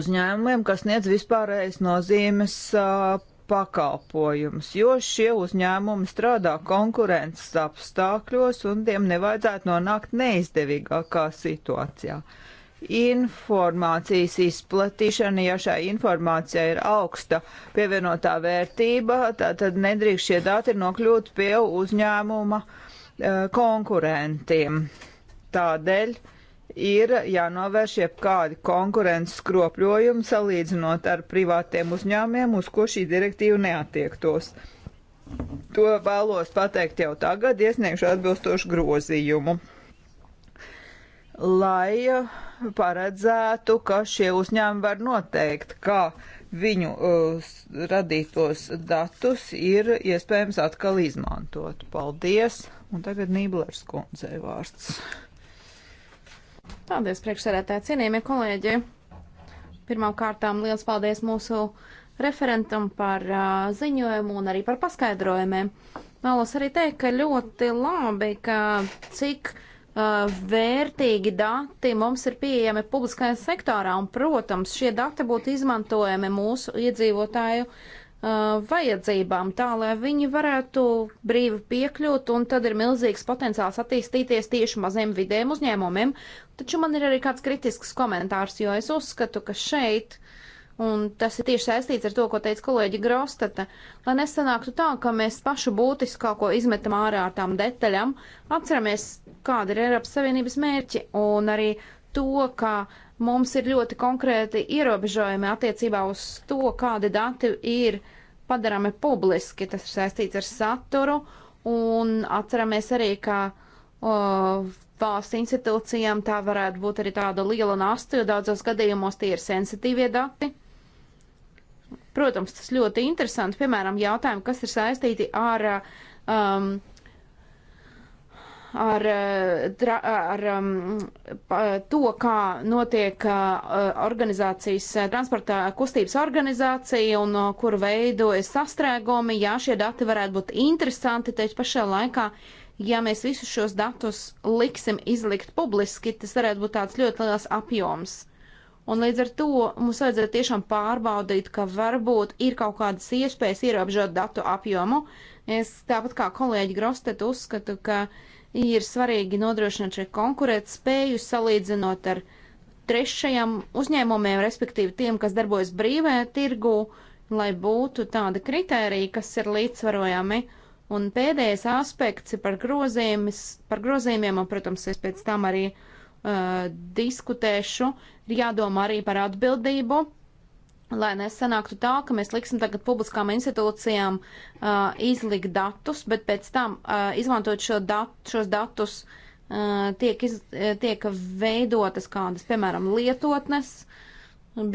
uzņēmumiem, kas sniedz vispārējais nozīmes uh, pakalpojumus, jo šie uzņēmumi strādā konkurences apstākļos un tiem nevajadzētu nonākt neizdevīgākā situācijā. Informācijas izplatīšana, ja šai informācijai ir augsta pievienotā vērtība, tad nedrīkst šie dati nokļūt pie uzņēmuma eh, konkurentiem. Tādēļ uh, ir jānovērš jebkādi konkurences skropļojumi salīdzinot ar privātiem uzņēmumiem, uz ko šī direktīva neatiektos. To vēlos pateikt jau tagad, iesniegšu atbilstošu grozījumu, lai paredzētu, ka šie uzņēmumi var noteikt, kā viņu uh, radītos datus ir iespējams atkal izmantot. Paldies! Un tagad Nīblers kundzei vārds. Paldies, priekšsēdētāji, cienījamie kolēģi. Pirmām kārtām liels paldies mūsu referentam par uh, ziņojumu un arī par paskaidrojumiem. Vēlos arī teikt, ka ļoti labi, ka cik uh, vērtīgi dati mums ir pieejami publiskajā sektorā, un, protams, šie dati būtu izmantojami mūsu iedzīvotāju uh, Uh, vajadzībām, tā lai viņi varētu brīvi piekļūt, un tad ir milzīgs potenciāls attīstīties tieši maziem vidiem uzņēmumiem. Taču man ir arī kāds kritisks komentārs, jo es uzskatu, ka šeit, un tas ir tieši saistīts ar to, ko teica kolēģi Grostata, lai nesanāktu tā, ka mēs pašu būtiskāko izmetam ārā ar tām detaļām, atceramies, kāda ir Eiropas Savienības mērķi, un arī to, ka mums ir ļoti konkrēti ierobežojumi attiecībā uz to, kādi dati ir padarami publiski. Tas ir saistīts ar saturu un atceramies arī, ka o, valsts institūcijām tā varētu būt arī tāda liela nasta, jo daudzos gadījumos tie ir sensitīvie dati. Protams, tas ļoti interesanti, piemēram, jautājumi, kas ir saistīti ar um, ar, eh, ar um, to, kā notiek eh, organizācijas eh, transporta kustības organizācija un kur veidojas sastrēgumi. Jā, šie dati varētu būt interesanti, taču pašā laikā, ja mēs visus šos datus liksim izlikt publiski, tas varētu būt tāds ļoti liels apjoms. Un līdz ar to mums vajadzētu tiešām pārbaudīt, ka varbūt ir kaut kādas iespējas ierobežot datu apjomu. Es tāpat kā kolēģi Grostet uzskatu, ka uh, ir svarīgi nodrošināt šeit konkurēt spēju salīdzinot ar trešajam uzņēmumiem, respektīvi tiem, kas darbojas brīvē tirgu, lai būtu tādi kriteriji, kas ir līdzsvarojami. Un pēdējais aspekts ir par, par grozījumiem, un, protams, es pēc tam arī uh, diskutēšu, ir jādomā arī par atbildību lai nesanāktu tā, ka mēs liksim tagad publiskām institūcijām uh, izlikt datus, bet pēc tam uh, izmantot šo dat, šos datus uh, tiek, iz, uh, tiek veidotas kādas, piemēram, lietotnes,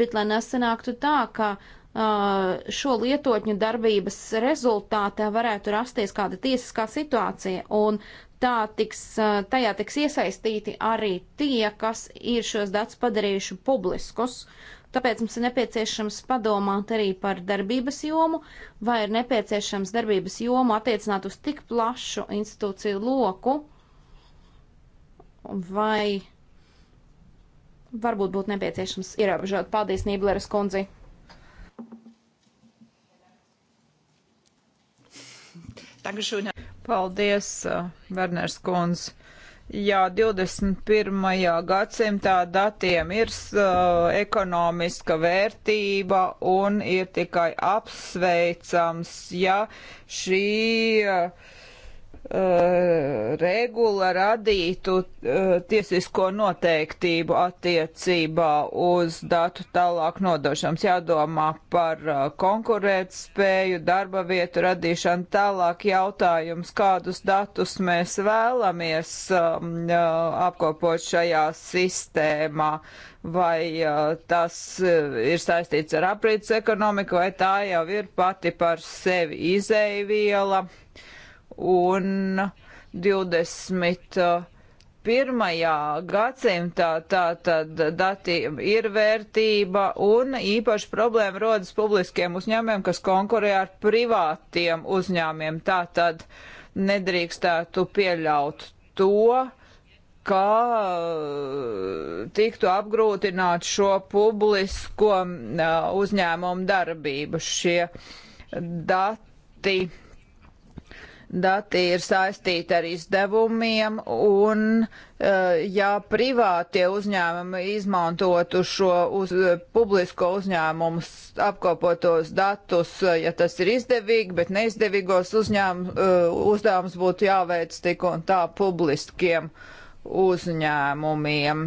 bet lai nesanāktu tā, ka uh, šo lietotņu darbības rezultātā varētu rasties kāda tiesiskā situācija un tā tiks, uh, tajā tiks iesaistīti arī tie, kas ir šos datus padarījuši publiskus. Uh, Tāpēc mums ir nepieciešams padomāt arī par darbības jomu, vai ir nepieciešams darbības jomu attiecināt uz tik plašu institūciju loku, vai varbūt būtu nepieciešams ierobežot. Paldies, Nībleres kundzi! Paldies, Verners uh, kundze! Jā, 21. gadsimtā datiem ir uh, ekonomiska vērtība un ir tikai apsveicams, ja šī uh, Eh, regula radītu eh, tiesisko noteiktību attiecībā uz datu tālāk nodošams. Jādomā par eh, konkurēt spēju, darba vietu radīšanu. Tālāk jautājums, kādus datus mēs vēlamies um, apkopot šajā sistēmā. Vai tas ir saistīts ar aprīts ekonomiku, vai tā jau ir pati par sevi izēviela. viela un 21. gadsimtā tātad datiem ir vērtība un īpaši problēma rodas publiskiem uzņēmiem, kas konkurē ar privātiem uzņēmiem. Tātad nedrīkstētu pieļaut to, kā uh, tiktu apgrūtināt šo publisko uh, uzņēmumu darbību. Šie dati dati ir saistīti ar izdevumiem, un eh, ja privātie uzņēmumi izmantotu šo uz, publisko uzņēmumu apkopotos datus, eh, ja tas ir izdevīgi, bet neizdevīgos eh, uzdevums būtu jāveic tik un tā publiskiem uzņēmumiem.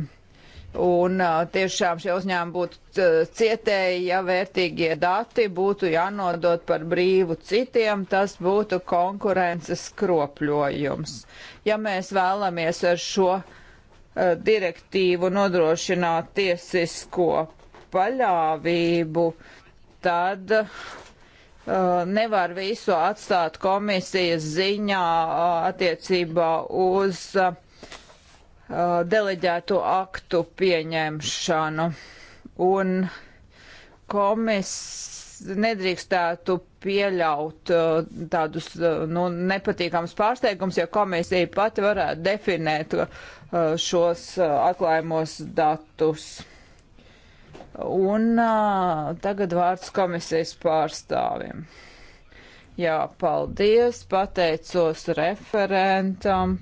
Un tiešām šie uzņēmumi būtu cietēji, ja vērtīgie dati būtu jānodot par brīvu citiem, tas būtu konkurences skropļojums. Ja mēs vēlamies ar šo uh, direktīvu nodrošināt tiesisko paļāvību, tad uh, nevar visu atstāt komisijas ziņā uh, attiecībā uz uh, Uh, deleģēto aktu pieņemšanu. Un komis nedrīkstētu pieļaut uh, tādus uh, nu, nepatīkamus pārsteigumus, ja komisija pati varētu definēt šos atklājumos datus. Un tagad vārds komisijas pārstāvim. Jā, paldies, pateicos referentam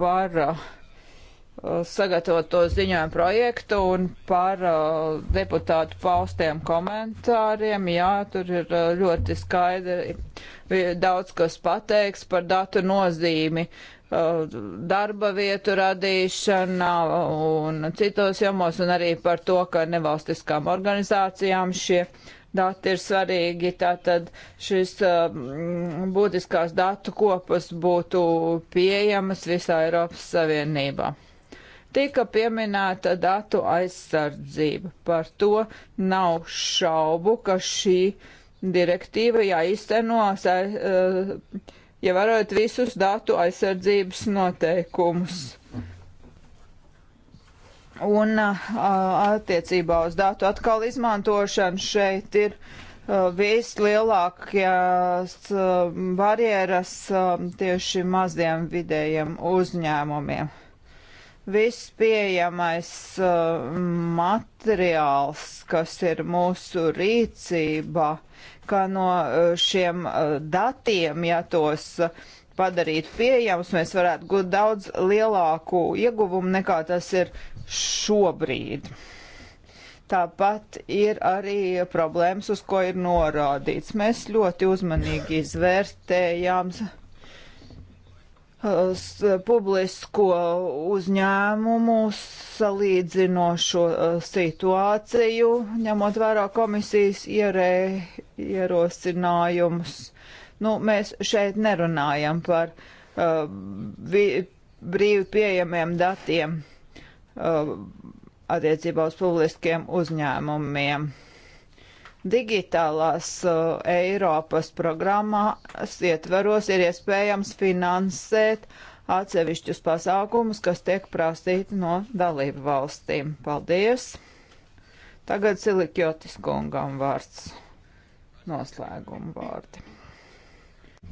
par uh, Uh, sagatavot to ziņojumu projektu un par uh, deputātu paustiem komentāriem. Jā, tur ir uh, ļoti skaidri daudz kas pateiks par datu nozīmi uh, darba vietu radīšanā un citos jomos un arī par to, ka nevalstiskām organizācijām šie dati ir svarīgi. Tātad šis uh, būtiskās datu kopas būtu pieejamas visā Eiropas Savienībā. Tika pieminēta datu aizsardzība. Par to nav šaubu, ka šī direktīva jāizteno, eh, ievērojot ja visus datu aizsardzības noteikumus. Un eh, attiecībā uz datu atkal izmantošanu šeit ir eh, vislielākās barjeras tieši maziem vidējiem uzņēmumiem viss pieejamais uh, materiāls, kas ir mūsu rīcībā, ka no uh, šiem uh, datiem, ja tos uh, padarīt pieejams, mēs varētu gūt daudz lielāku ieguvumu nekā tas ir šobrīd. Tāpat ir arī problēmas, uz ko ir norādīts. Mēs ļoti uzmanīgi izvērtējām publisko uzņēmumu salīdzinošo e, situāciju, ņemot vērā komisijas ierē, ierosinājumus. Nu, mēs šeit nerunājam par uh, vi, brīvi pieejamiem datiem uh, attiecībā uz publiskiem uzņēmumiem. Uh, Digitālās uh, Eiropas programmas ietveros ir iespējams finansēt atsevišķus pasākumus, kas tiek prasīti no dalību valstīm. Paldies! Tagad Silikjotis kungam vārds noslēguma vārdi.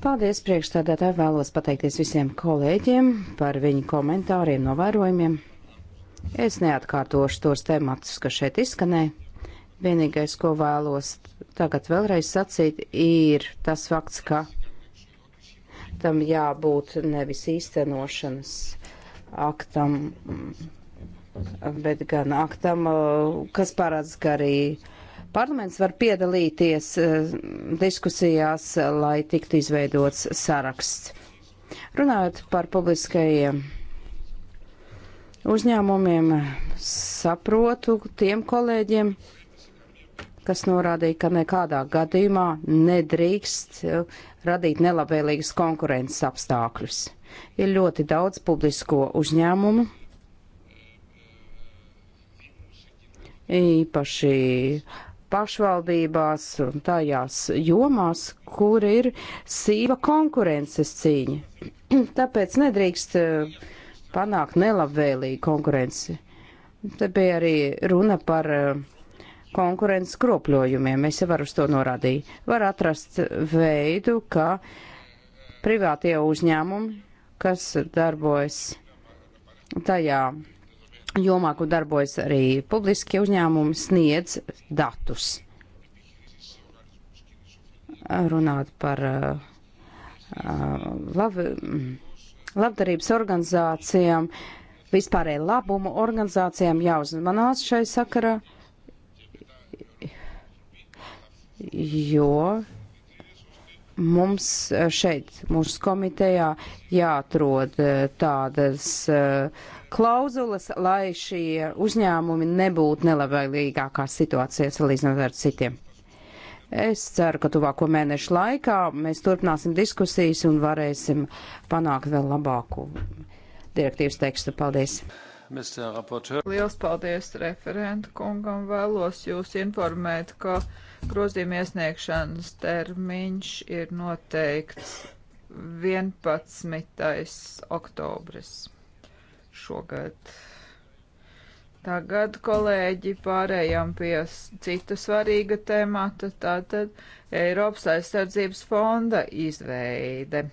Paldies priekšstādātāji, vēlos pateikties visiem kolēģiem par viņu komentāriem, novērojumiem. Es neatkārtošu tos tematus, kas šeit izskanēja Vienīgais, ko vēlos tagad vēlreiz sacīt, ir tas fakts, ka tam jābūt nevis īstenošanas aktam, bet gan aktam, kas parāds, ka arī parlaments var piedalīties eh, diskusijās, lai tiktu izveidots saraksts. Runājot par publiskajiem uzņēmumiem, saprotu tiem kolēģiem, kas norādīja, ka nekādā gadījumā nedrīkst uh, radīt nelabvēlīgas konkurences apstākļus. Ir ļoti daudz publisko uzņēmumu, īpaši pašvaldībās un tajās jomās, kur ir sīva konkurences cīņa. Tāpēc nedrīkst uh, panākt nelabvēlīgu konkurenci. Te bija arī runa par uh, konkurences kropļojumiem. Es jau varu uz to norādīju. Var atrast veidu, kā privātie uzņēmumi, kas darbojas tajā jomā, kur darbojas arī publiskie uzņēmumi, sniedz datus. Runāt par uh, lab, mm, labdarības organizācijām, vispārēji labumu organizācijām jāuzmanās šai sakarā. Uh, jo mums eh, šeit, mūsu komitejā, jāatrod eh, tādas eh, klauzulas, lai šie uzņēmumi nebūtu nelabvēlīgākā situācijā salīdzinot ar citiem. Es ceru, ka tuvāko mēnešu laikā mēs turpināsim diskusijas un varēsim panākt vēl labāku direktīvas tekstu. Paldies! Liels paldies referentu kungam! Vēlos jūs informēt, ka. Grozījuma iesniegšanas termiņš ir noteikts 11. oktobris šogad. Tagad, kolēģi, pārējām pie cita svarīga temata, tātad Eiropas aizsardzības fonda izveide.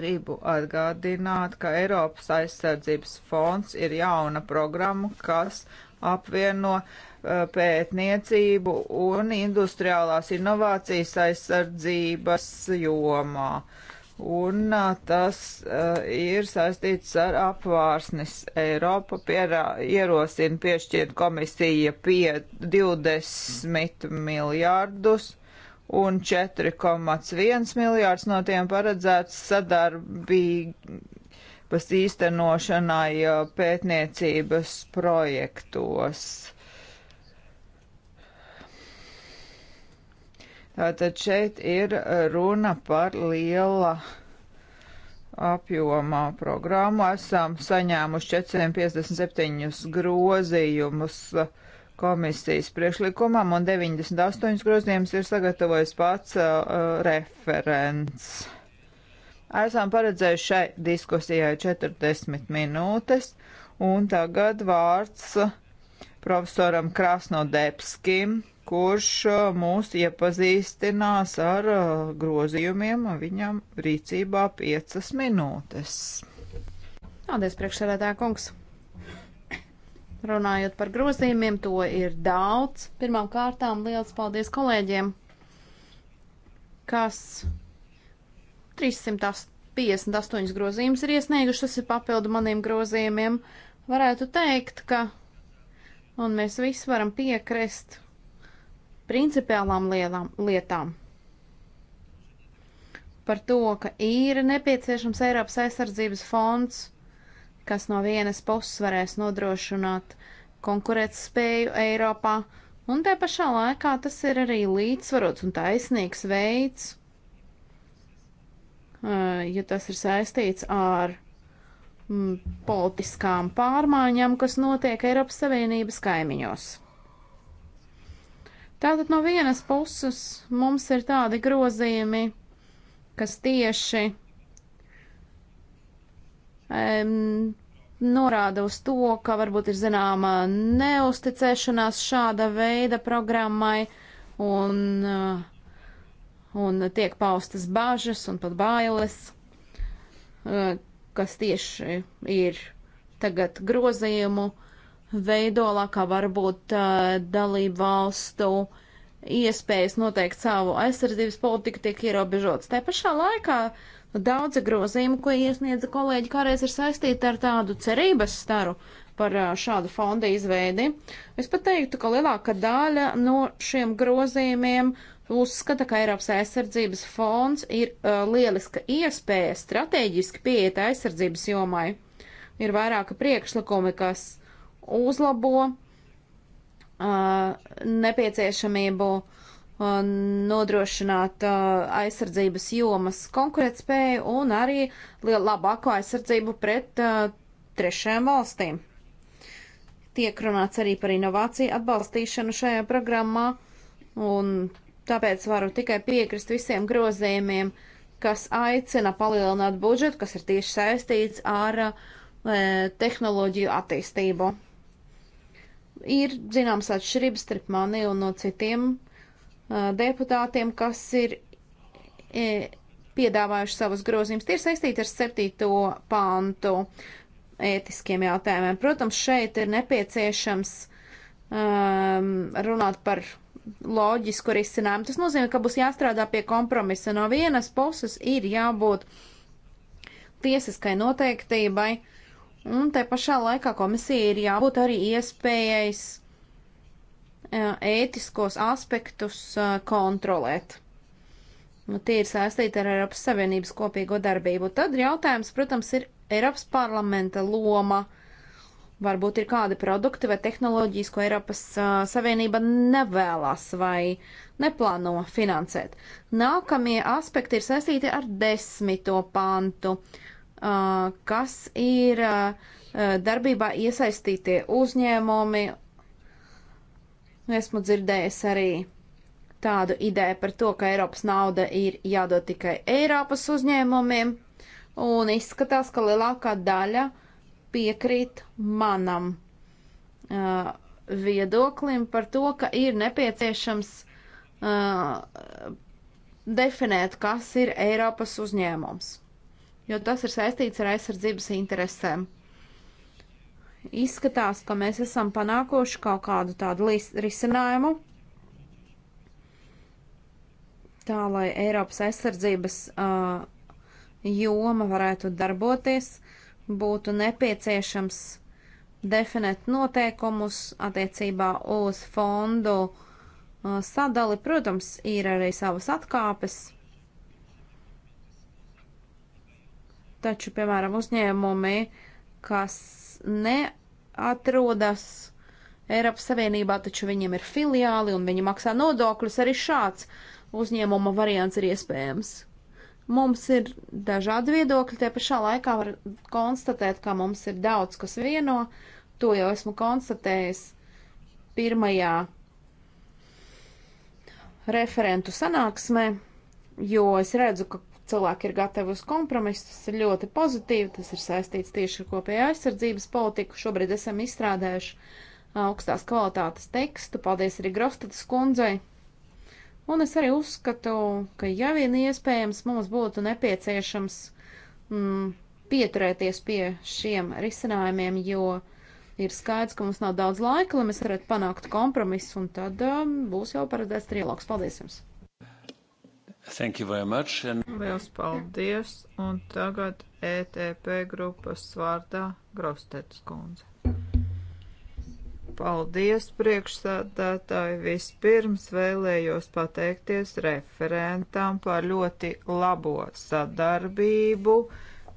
Gribu atgādināt, ka Eiropas aizsardzības fonds ir jauna programma, kas apvieno uh, Eh, pētniecību un industriālās inovācijas aizsardzības jomā. Un eh, tas uh, ir saistīts ar apvārsnis. Eiropa pierā, ierosina piešķirt komisija pie 20 miljārdus un 4,1 miljārds no tiem paredzēts sadarbības īstenošanai pētniecības projektos. Tad šeit ir runa par liela apjomā programmu. Esam saņēmuši 457 grozījumus komisijas priekšlikumam un 98 grozījumus ir sagatavojis pats uh, referents. Esam paredzējuši šai diskusijai 40 minūtes un tagad vārds profesoram Krasnodebskim, kurš mūs iepazīstinās ar grozījumiem, viņam rīcībā piecas minūtes. Paldies, priekšsēdētāja kungs! Runājot par grozījumiem, to ir daudz. Pirmām kārtām liels paldies kolēģiem, kas 358 grozījumus ir iesnieguši, tas ir papildu maniem grozījumiem. Varētu teikt, ka, un mēs visi varam piekrist, principiālām lielām, lietām. Par to, ka ir nepieciešams Eiropas aizsardzības fonds, kas no vienas puses varēs nodrošināt konkurētspēju Eiropā, un te pašā laikā tas ir arī līdzsvarots un taisnīgs veids, jo tas ir saistīts ar mm, politiskām pārmaiņām, kas notiek Eiropas Savienības kaimiņos. Tātad no vienas puses mums ir tādi grozījumi, kas tieši um, norāda uz to, ka varbūt ir zināma neusticēšanās šāda veida programmai un, un tiek paustas bažas un pat bailes, eh, kas tieši ir tagad grozījumu uh, veidolā, kā varbūt uh, dalību valstu iespējas noteikt savu aizsardzības politiku tiek ierobežotas. Te pašā laikā daudzi grozījumi, ko iesniedza kolēģi, kādreiz ir saistīti ar tādu cerības staru par uh, šādu fondu izveidi. Es pat teiktu, ka lielākā daļa no šiem grozījumiem uzskata, ka Eiropas aizsardzības fonds ir uh, lieliska iespēja strateģiski pieiet aizsardzības jomai. Ir vairāki priekšlikumi, kas uzlabo nepieciešamību nodrošināt aizsardzības jomas konkurētspēju un arī labāko aizsardzību pret trešajām valstīm. Tiek runāts arī par inovāciju atbalstīšanu šajā programmā, un tāpēc varu tikai piekrist visiem grozījumiem, kas aicina palielināt budžetu, kas ir tieši saistīts ar e, tehnoloģiju attīstību ir zināms atšķirības starp mani un no citiem uh, deputātiem, kas ir e, piedāvājuši savus grozījumus. Tie ir saistīti ar septīto pāntu ētiskiem jautājumiem. Protams, šeit ir nepieciešams um, runāt par loģisku risinājumu. Tas nozīmē, ka būs jāstrādā pie kompromisa. No vienas puses ir jābūt tiesiskai noteiktībai. Uh, Un te pašā laikā komisija ir jābūt arī iespējais ētiskos aspektus kontrolēt. Nu, tie ir saistīti ar Eiropas Savienības kopīgo darbību. Tad jautājums, protams, ir Eiropas parlamenta loma. Varbūt ir kādi produkti vai tehnoloģijas, ko Eiropas uh, Savienība nevēlas vai neplāno finansēt. Nākamie aspekti ir saistīti ar desmito pantu. Uh, kas ir darbībā iesaistītie uzņēmumi. Esmu dzirdējis arī tādu ideju par to, ka Eiropas nauda ir jādod tikai Eiropas uzņēmumiem, un izskatās, ka lielākā daļa piekrīt manam uh, viedoklim par to, ka ir nepieciešams uh, definēt, kas ir Eiropas uzņēmums jo tas ir saistīts ar aizsardzības interesēm. Izskatās, ka mēs esam panākuši kaut kādu tādu risinājumu, tā lai Eiropas aizsardzības uh, joma varētu darboties, būtu nepieciešams definēt noteikumus attiecībā uz fondu sadali. Protams, ir arī savas atkāpes, Taču, piemēram, uzņēmumi, kas neatrodas Eiropas Savienībā, taču viņiem ir filiāli un viņi maksā nodokļus, arī šāds uzņēmuma variants ir iespējams. Mums ir dažādi viedokļi, tie pašā laikā var konstatēt, ka mums ir daudz, kas vieno. To jau esmu konstatējis pirmajā referentu sanāksmē, jo es redzu, ka cilvēki ir gatavi uz kompromisu, tas ir ļoti pozitīvi, tas ir saistīts tieši ar kopējā aizsardzības politiku. Šobrīd esam izstrādājuši augstās kvalitātes tekstu, paldies arī Grostatas kundzei. Un es arī uzskatu, ka ja vien iespējams mums būtu nepieciešams mm, pieturēties pie šiem risinājumiem, jo ir skaidrs, ka mums nav daudz laika, lai mēs varētu panākt kompromisu, un tad um, būs jau paredzēts trialogs. Paldies jums! Thank you very much. And... Liels paldies. Un tagad ETP grupas vārdā Grostets kundze. Paldies, priekšsādātāji. Vispirms vēlējos pateikties referentam par ļoti labo sadarbību,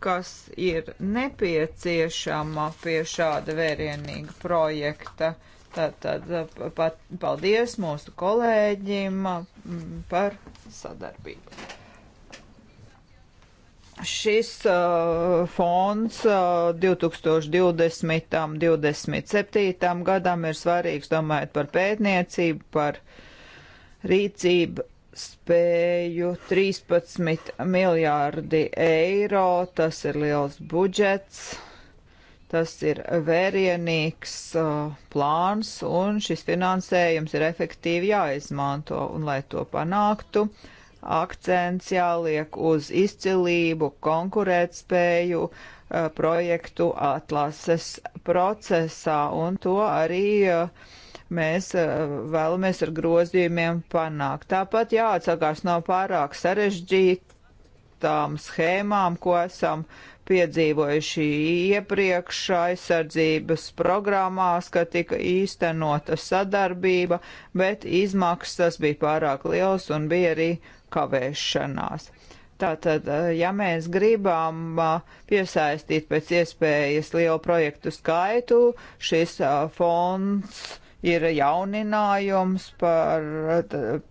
kas ir nepieciešama pie šāda vērienīga projekta Tātad eh, pat, paldies mūsu kolēģim mm, par sadarbību. Šis uh, fonds uh, 2020. un 2027. gadam ir svarīgs, domājot par pētniecību, par rīcību spēju 13 miljārdi eiro. Tas ir liels budžets Tas ir vērienīgs uh, plāns, un šis finansējums ir efektīvi jāizmanto. Un, lai to panāktu, akcents jāliek uz izcilību, konkurētspēju uh, projektu atlases procesā, un to arī uh, mēs uh, vēlamies ar grozījumiem panākt. Tāpat jāatsakās no pārāk sarežģītām schēmām, ko esam uh, piedzīvojuši iepriekš aizsardzības programmās, ka tika īstenota sadarbība, bet izmaksas bija pārāk liels un bija arī kavēšanās. Tātad, eh, ja mēs gribam eh, piesaistīt pēc iespējas lielu projektu skaitu, šis eh, fonds ir jauninājums par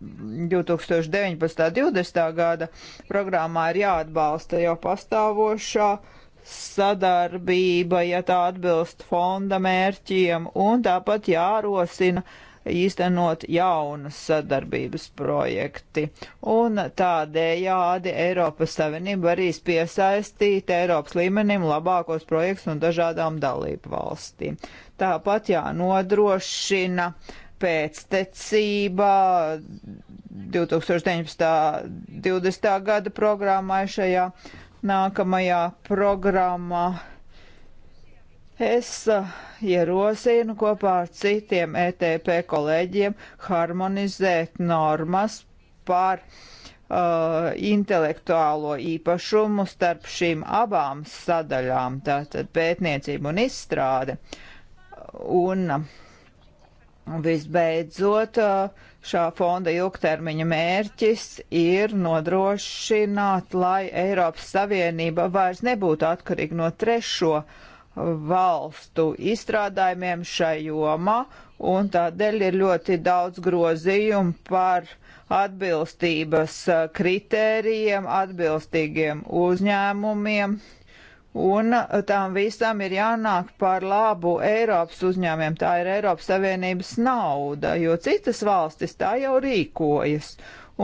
2019. 20. gada programmā ir jāatbalsta jau pastāvošā sadarbība, ja tā atbilst fonda mērķiem, un tāpat jārosina īstenot jaunas sadarbības projekti. Un tādējādi Eiropas Savienība varēs piesaistīt Eiropas līmenim labākos projektus no dažādām dalību valstīm. Tāpat jānodrošina pēctecība 2019. 20. gada programmai šajā nākamajā programmā. Es ierosinu kopā ar citiem ETP kolēģiem harmonizēt normas par uh, intelektuālo īpašumu starp šīm abām sadaļām, tātad pētniecību un izstrādi. Uh, Un um, visbeidzot, uh, šā fonda ilgtermiņa mērķis ir nodrošināt, lai Eiropas Savienība vairs nebūtu atkarīga no trešo valstu izstrādājumiem šai jomā, un tādēļ ir ļoti daudz grozījumu par atbilstības uh, kritērijiem, atbilstīgiem uzņēmumiem Un uh, tām visām ir jānāk par labu Eiropas uzņēmiem. Tā ir Eiropas Savienības nauda, jo citas valstis tā jau rīkojas.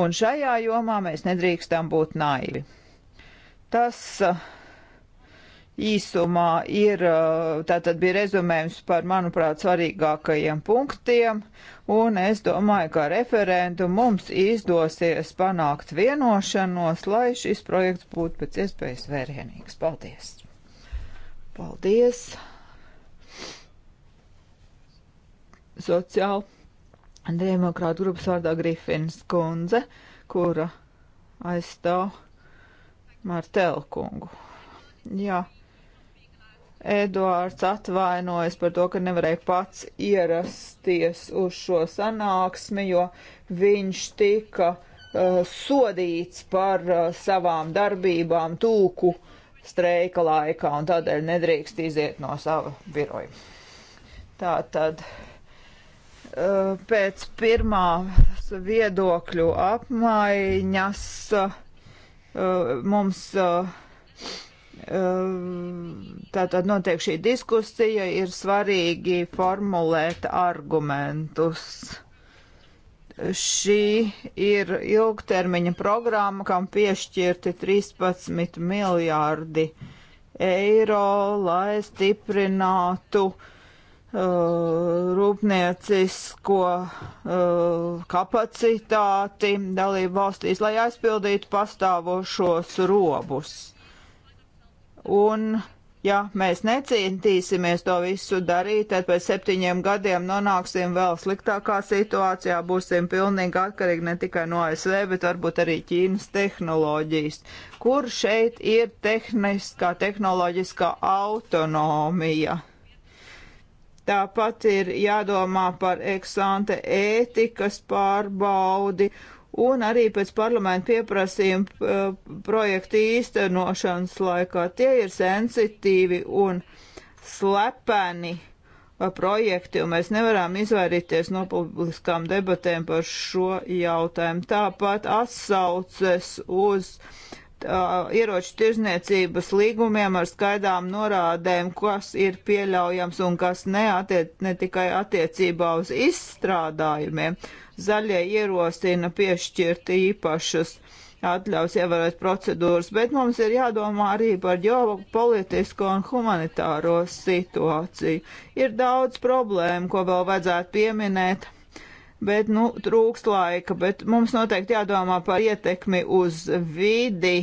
Un šajā jomā mēs nedrīkstam būt naivi. Tas uh, īsumā ir, tātad bija rezumējums par, manuprāt, svarīgākajiem punktiem, un es domāju, ka referendu mums izdosies panākt vienošanos, lai šis projekts būtu pēc iespējas vērienīgs. Paldies! Paldies! Sociāla demokrāta grupas vārdā Grifins kundze, kura aizstāv Martelu kungu. Jā. Ja Eduards atvainojas par to, ka nevarēja pats ierasties uz šo sanāksmi, jo viņš tika uh, sodīts par uh, savām darbībām tūku streika laikā un tādēļ nedrīkst iziet no sava biroja. Tā tad uh, eh, pēc pirmās viedokļu apmaiņas uh, mums uh, Ehm, tātad notiek šī diskusija, ir svarīgi formulēt argumentus. Šī ir ilgtermiņa programma, kam piešķirti 13 miljārdi eiro, lai stiprinātu uh, rūpniecisko uh, kapacitāti dalību valstīs, lai aizpildītu pastāvošos robus Un, ja mēs necīnīsimies to visu darīt, tad pēc septiņiem gadiem nonāksim vēl sliktākā situācijā, būsim pilnīgi atkarīgi ne tikai no ASV, bet varbūt arī Ķīnas tehnoloģijas. Kur šeit ir tehniskā, tehnoloģiskā autonomija? Tāpat ir jādomā par eksante ētikas pārbaudi un arī pēc parlamenta pieprasījuma projekta īstenošanas laikā. Tie ir sensitīvi un slepeni projekti, un mēs nevaram izvairīties no publiskām debatēm par šo jautājumu. Tāpat atsauces uz tā, ieroču tirzniecības līgumiem ar skaidām norādēm, kas ir pieļaujams un kas neatiec, ne tikai attiecībā uz izstrādājumiem, Zaļie ierostina piešķirt īpašas atļaus ievērot procedūras, bet mums ir jādomā arī par ģeopolitisko un humanitāro situāciju. Ir daudz problēmu, ko vēl vajadzētu pieminēt, bet, nu, trūkst laika, bet mums noteikti jādomā par ietekmi uz vidi.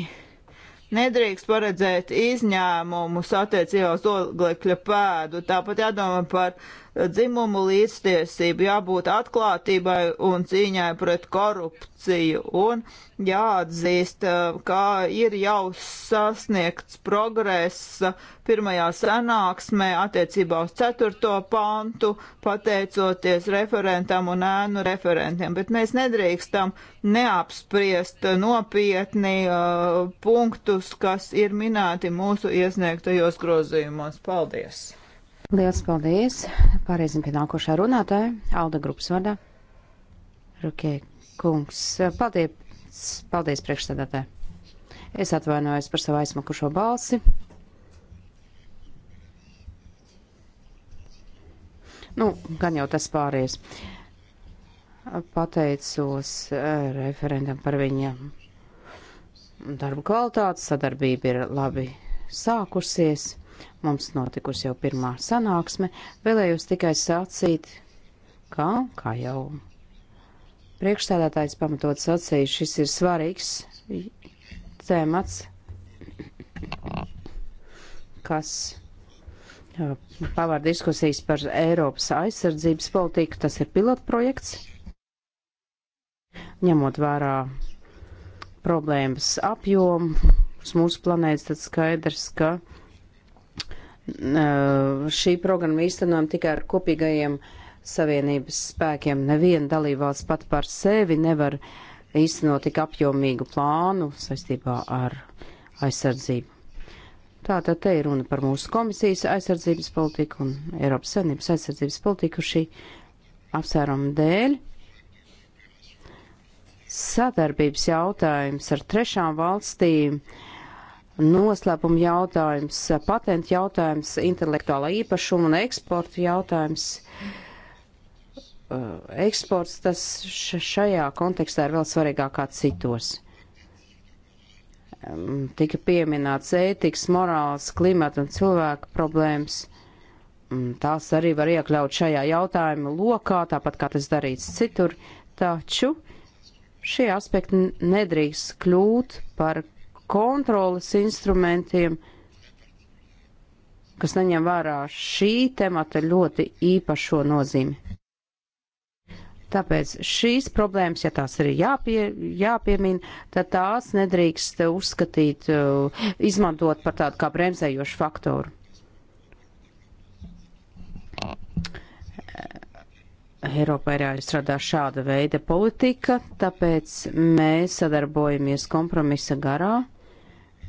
Nedrīkst paredzēt izņēmumus attiecībā uz oglekļa pēdu, tāpat jādomā par uh, dzimumu līdztiesību, jābūt atklātībai un cīņai pret korupciju un jāatzīst, ka ir jau sasniegts progress pirmajā sanāksmē attiecībā uz ceturto pantu, pateicoties referentam un ēnu referentiem, bet mēs nedrīkstam neapspriest nopietni uh, punktus, kas ir minēti mūsu iesniegtajos grozījumos. Paldies! Liels paldies! Pāriesim pie nākošā runātāja, Alda grupas vārdā. Rukē kungs, paldies, paldies priekšstādātē. Es atvainojos par savu aizmukušo balsi. Nu, gan jau tas pāries. Pateicos eh, referendam par viņa darbu kvalitāti, sadarbība ir labi sākusies. Mums notikusi jau pirmā sanāksme. Vēlējos tikai sacīt, ka, kā jau priekšstādātājs pamatot sacīja, šis ir svarīgs tēmats, kas pavar diskusijas par Eiropas aizsardzības politiku. Tas ir pilotprojekts, ņemot vērā problēmas apjomu uz mūsu planētas, tad skaidrs, ka šī programma īstenojam tikai ar kopīgajiem savienības spēkiem. Neviena dalībvalsts pat par sevi nevar īstenot tik apjomīgu plānu saistībā ar aizsardzību. Tātad te ir runa par mūsu komisijas aizsardzības politiku un Eiropas Savienības aizsardzības politiku šī apsvēruma dēļ. Sadarbības jautājums ar trešām valstīm uh, noslēpuma jautājums, patentu jautājums, intelektuālā īpašuma un eksporta jautājums. Uh, eksports tas šajā kontekstā ir vēl svarīgāk kā citos. Um, tika pieminēts ētikas, morāls, klimata un cilvēka problēmas. Um, tās arī var iekļaut šajā jautājuma lokā, tāpat kā tas darīts citur, taču šie aspekti nedrīkst kļūt par kontrolas instrumentiem, kas neņem vērā šī temata ļoti īpašo nozīmi. Tāpēc šīs problēmas, ja tās ir jāpie, jāpiemina, tad tās nedrīkst uzskatīt, uh, izmantot par tādu kā bremzējošu faktoru. Eiropā ir jāizstrādā šāda veida politika, tāpēc mēs sadarbojamies kompromisa garā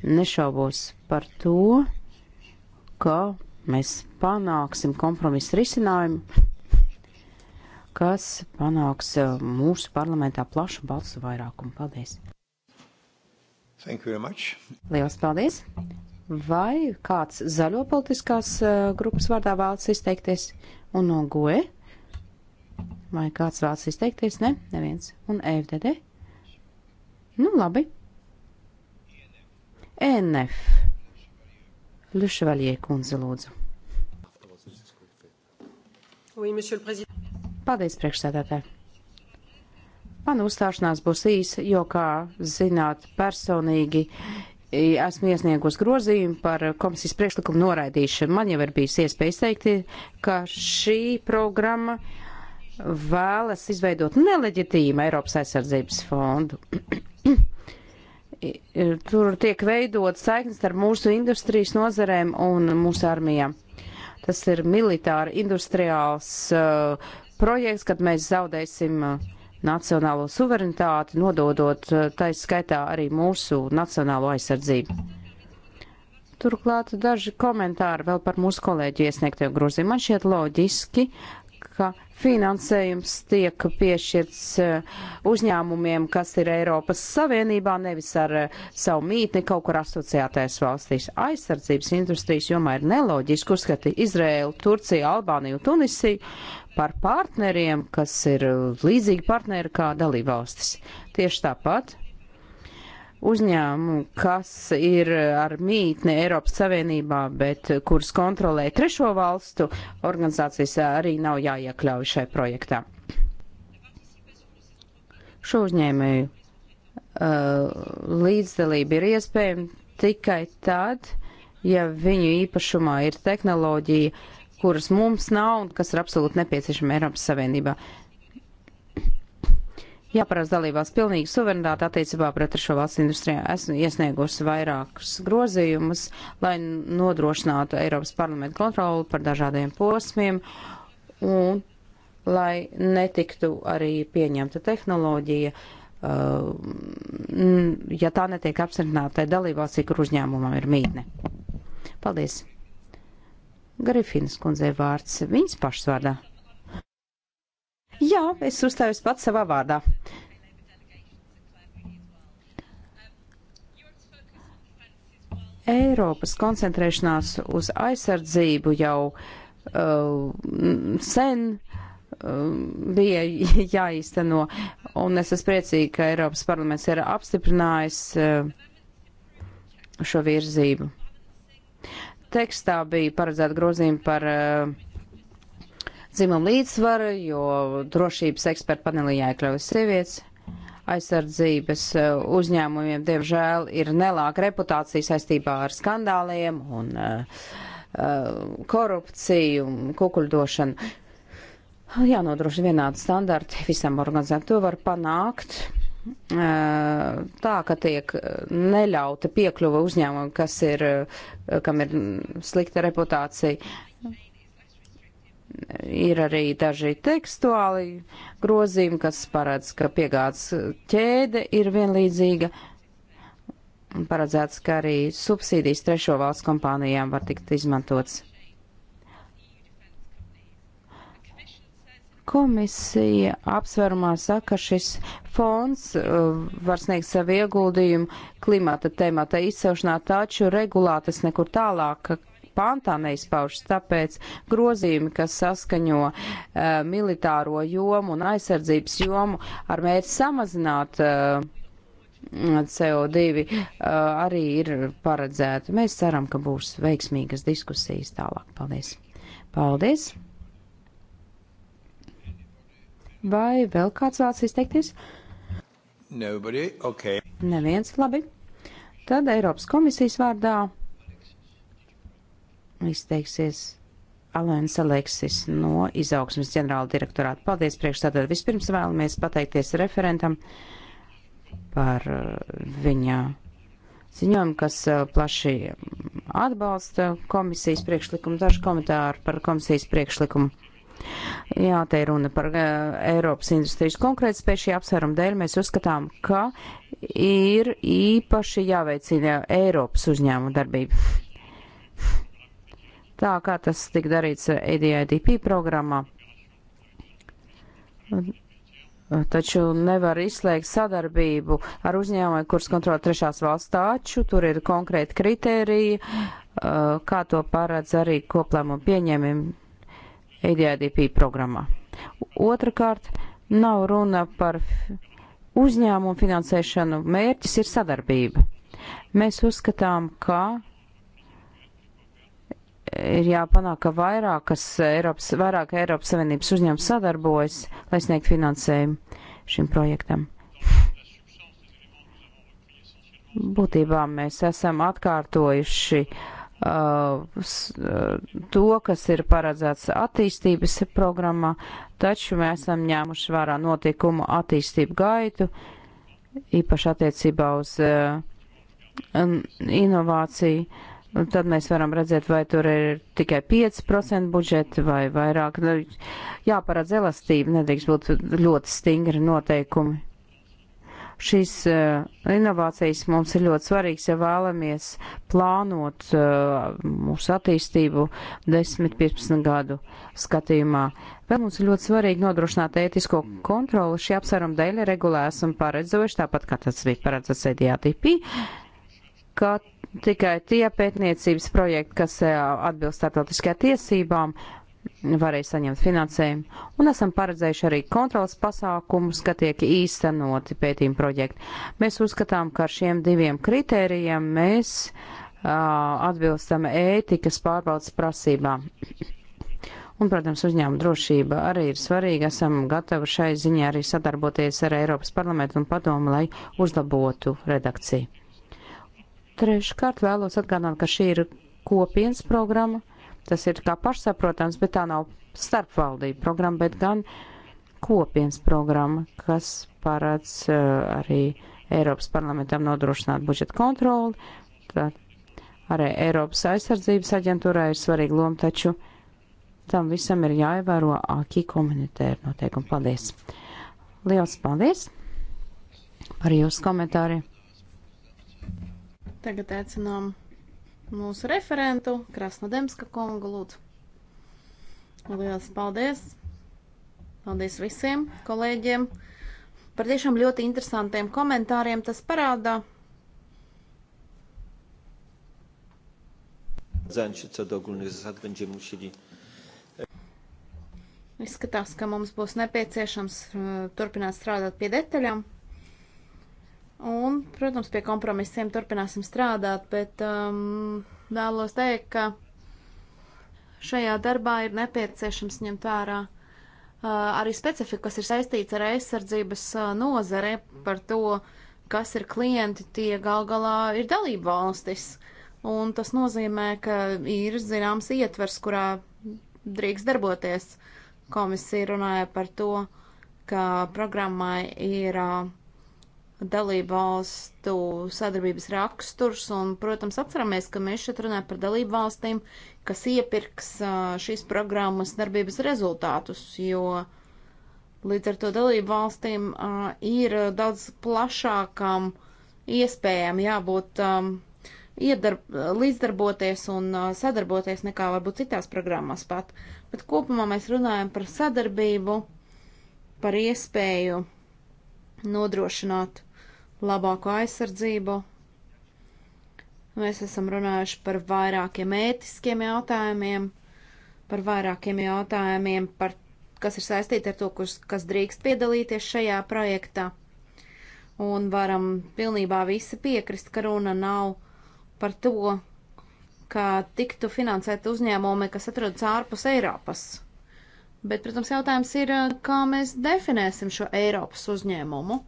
nešaubos par to, ka mēs panāksim kompromisu risinājumu, kas panāks uh, mūsu parlamentā plašu balsu vairākumu. Paldies! Lielas paldies! Vai kāds zaļo politiskās uh, grupas vārdā vēlas izteikties un no goe? Vai kāds vēlas izteikties? Ne, neviens. Un EFDD? Nu, labi. ENF. Lušavaļie kundze lūdzu. Paldies, priekšsēdētāji. Man uzstāšanās būs īsa, jo, kā zināt, personīgi esmu iesniegus grozījumu par komisijas priekšlikumu noraidīšanu. Man jau ir bijis iespēja izteikt, ka šī programma vēlas izveidot neleģitīmu Eiropas aizsardzības fondu. tur tiek veidot saiknes ar mūsu industrijas nozarēm un mūsu armijām. Tas ir militāri industriāls uh, projekts, kad mēs zaudēsim uh, nacionālo suverenitāti, nododot uh, taisa skaitā arī mūsu nacionālo aizsardzību. Turklāt daži komentāri vēl par mūsu kolēģi iesniegtajiem grozījumiem. Man šķiet loģiski, ka finansējums tiek piešķirts eh, uzņēmumiem, kas ir Eiropas Savienībā, nevis ar eh, savu mītni kaut kur asociētais valstīs. Aizsardzības industrijas jomā ir neloģiski uzskati Izraēlu, Turciju, Albāniju un Tunisiju par partneriem, kas ir eh, līdzīgi partneri kā dalībvalstis. Tieši tāpat uzņēmumu, kas ir ar mītni Eiropas Savienībā, bet kurus kontrolē trešo valstu organizācijas, arī nav jāiekļauj šai projektā. Šo uzņēmēju uh, līdzdalība ir iespējama tikai tad, ja viņu īpašumā ir tehnoloģija, kuras mums nav un kas ir absolūti nepieciešama Eiropas Savienībā. Uh, jāparāda dalībās pilnīgi suverenitāte attiecībā pret trešo valstu industrijā. Esmu iesniegusi vairākus grozījumus, lai nodrošinātu Eiropas parlamentu kontroli par dažādiem posmiem un lai netiktu arī pieņemta tehnoloģija, uh, ja tā netiek apstiprināta dalībvalstī, kur uzņēmumam ir mītne. Paldies! Grifinas kundzei vārds viņas pašas vārdā. Jā, es uzstājos pats savā vārdā. Eiropas koncentrēšanās uz aizsardzību jau uh, sen uh, bija jāīsteno, un es esmu priecīgi, ka Eiropas parlaments ir apstiprinājis uh, šo virzību. Tekstā bija paredzēta grozījuma par uh, dzimumu līdzsvaru, jo drošības eksperta panelī jāiekļaujas sievietes. Aizsardzības uh, uzņēmumiem, diemžēl, ir nelāga reputācija saistībā ar skandāliem un uh, uh korupciju un kukuļdošanu. Jānodrošina vienādi standarti visam organizētam. To var panākt uh, tā, ka tiek neļauta piekļuva uzņēmumam, kas ir, kam ir slikta reputācija ir arī daži tekstuāli grozījumi, kas paredz, ka piegādes ķēde ir vienlīdzīga. Paredzēts, ka arī subsīdijas trešo valsts kompānijām var tikt izmantots. Komisija apsvērumā saka, ka šis fonds uh, var sniegt savu ieguldījumu klimata temata izcelšanā, taču regulā tas nekur tālāk, pāntā neizpaužas, tāpēc grozījumi, kas saskaņo uh, militāro jomu un aizsardzības jomu ar mērķi samazināt uh, eh, CO2 uh, eh, arī ir paredzēti. Mēs ceram, ka būs veiksmīgas diskusijas tālāk. Paldies! Paldies! Vai vēl kāds vēlas izteikties? Nobody, okay. Neviens, labi. Tad Eiropas komisijas vārdā izteiksies Alēns Aleksis no izaugsmas ģenerāla direktorāta. Paldies priekšstādāt. Vispirms vēlamies pateikties referentam par uh, viņa ziņojumu, kas uh, plaši atbalsta komisijas priekšlikumu, dažu komentāru par komisijas priekšlikumu. Jā, te ir runa par uh, Eiropas industrijas konkrēti spēju apsvērumu dēļ. Mēs uzskatām, ka ir īpaši jāveicina Eiropas uzņēmumu darbība tā kā tas tika darīts ADIDP programmā. Taču nevar izslēgt sadarbību ar uzņēmumu, kurus kontrolē trešās valsts, taču tur ir konkrēti kritērija, kā to paredz arī koplēmumu pieņēmumu ADIDP programmā. Otrakārt, nav runa par uzņēmumu finansēšanu, mērķis ir sadarbība. Mēs uzskatām, ka ir jāpanāk, ka vairākas Eiropas, vairāk Eiropas Savienības uzņēmums sadarbojas, lai sniegtu finansējumu šim projektam. Būtībā mēs esam atkārtojuši uh, uh, to, kas ir paredzēts attīstības programmā, taču mēs esam ņēmuši vērā notikumu attīstību gaitu, īpaši attiecībā uz uh, inovāciju. Uh, Un tad mēs varam redzēt, vai tur ir tikai 5% budžeta vai vairāk. Nu, jāparedz elastība, nedrīkst būt ļoti stingri noteikumi. Šīs uh, eh, inovācijas mums ir ļoti svarīgas, ja vēlamies plānot uh, mūsu attīstību 10-15 gadu skatījumā. Vēl mums ir ļoti svarīgi nodrošināt ētisko kontroli. Šī apsvēruma dēļ regulē esam paredzojuši, tāpat kā tas bija paredzēts EDATP. Uh, ka tikai tie pētniecības projekti, kas e, atbilst starptautiskajām tiesībām, varēja saņemt finansējumu. Un esam paredzējuši arī kontrolas pasākumus, ka tiek īstenoti pētījuma projekti. Mēs uzskatām, ka ar šiem diviem kritērijiem mēs uh, atbilstam ētikas pārbaudas prasībām. Un, protams, uzņēmuma drošība arī ir svarīga. Esam gatavi šai ziņā arī sadarboties ar Eiropas parlamentu un padomu, lai uzlabotu redakciju. Treškārt vēlos atgādināt, ka šī ir kopienas programma. Tas ir kā pašsaprotams, bet tā nav starpvaldība programma, bet gan kopienas programma, kas parāds uh, arī Eiropas parlamentam nodrošināt budžeta kontroli. Tad arī Eiropas aizsardzības aģentūrā ir svarīga loma, taču tam visam ir jāievēro AKI komunitēra noteikumi. Paldies! Liels paldies par jūsu komentāriem! Tagad aicinām mūsu referentu Krasnodemska kungu lūdzu. Lielas paldies! Paldies visiem kolēģiem par tiešām ļoti interesantiem komentāriem. Tas parāda. Co do ogólnych zasad będziemy musieli Izskatās, ka mums būs nepieciešams eh, turpināt strādāt pie detaļām. Un, protams, pie kompromisiem turpināsim strādāt, bet um, vēlos teikt, ka šajā darbā ir nepieciešams ņemt vērā uh, arī specifiku, kas ir saistīts ar aizsardzības uh, nozare par to, kas ir klienti, tie gal galā ir dalība valstis. Un tas nozīmē, ka ir zināms ietvers, kurā drīkst darboties. Komisija runāja par to, ka programmai ir. Uh, dalībvalstu sadarbības raksturs, un, protams, atceramies, ka mēs šeit runājam par dalībvalstīm, kas iepirks šīs programmas darbības rezultātus, jo līdz ar to dalībvalstīm ir daudz plašākam iespējām jābūt iedarb, līdzdarboties un sadarboties nekā varbūt citās programmās pat. Bet kopumā mēs runājam par sadarbību, par iespēju nodrošināt labāku aizsardzību. Mēs esam runājuši par vairākiem ētiskiem jautājumiem, par vairākiem jautājumiem, par, kas ir saistīti ar to, kas, kas drīkst piedalīties šajā projektā. Un varam pilnībā visi piekrist, ka runa nav par to, ka tiktu finansēt uzņēmumi, kas atrodas ārpus Eiropas. Bet, protams, jautājums ir, kā mēs definēsim šo Eiropas uzņēmumu.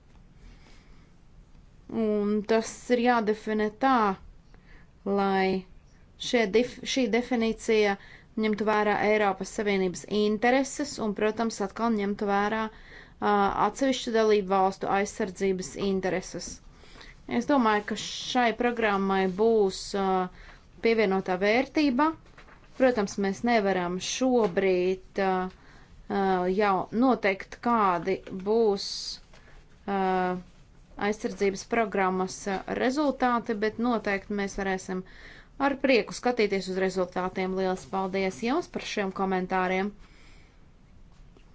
Un tas ir jādefinē tā, lai dif šī definīcija ņemtu vērā Eiropas Savienības intereses un, protams, atkal ņemtu vērā uh, atsevišķu dalību valstu aizsardzības intereses. Es domāju, ka šai programmai būs uh, pievienotā vērtība. Protams, mēs nevaram šobrīd uh, uh, jau noteikt, kādi būs uh, aizsardzības programmas eh, rezultāti, bet noteikti mēs varēsim ar prieku skatīties uz rezultātiem. Lielas paldies jums par šiem komentāriem.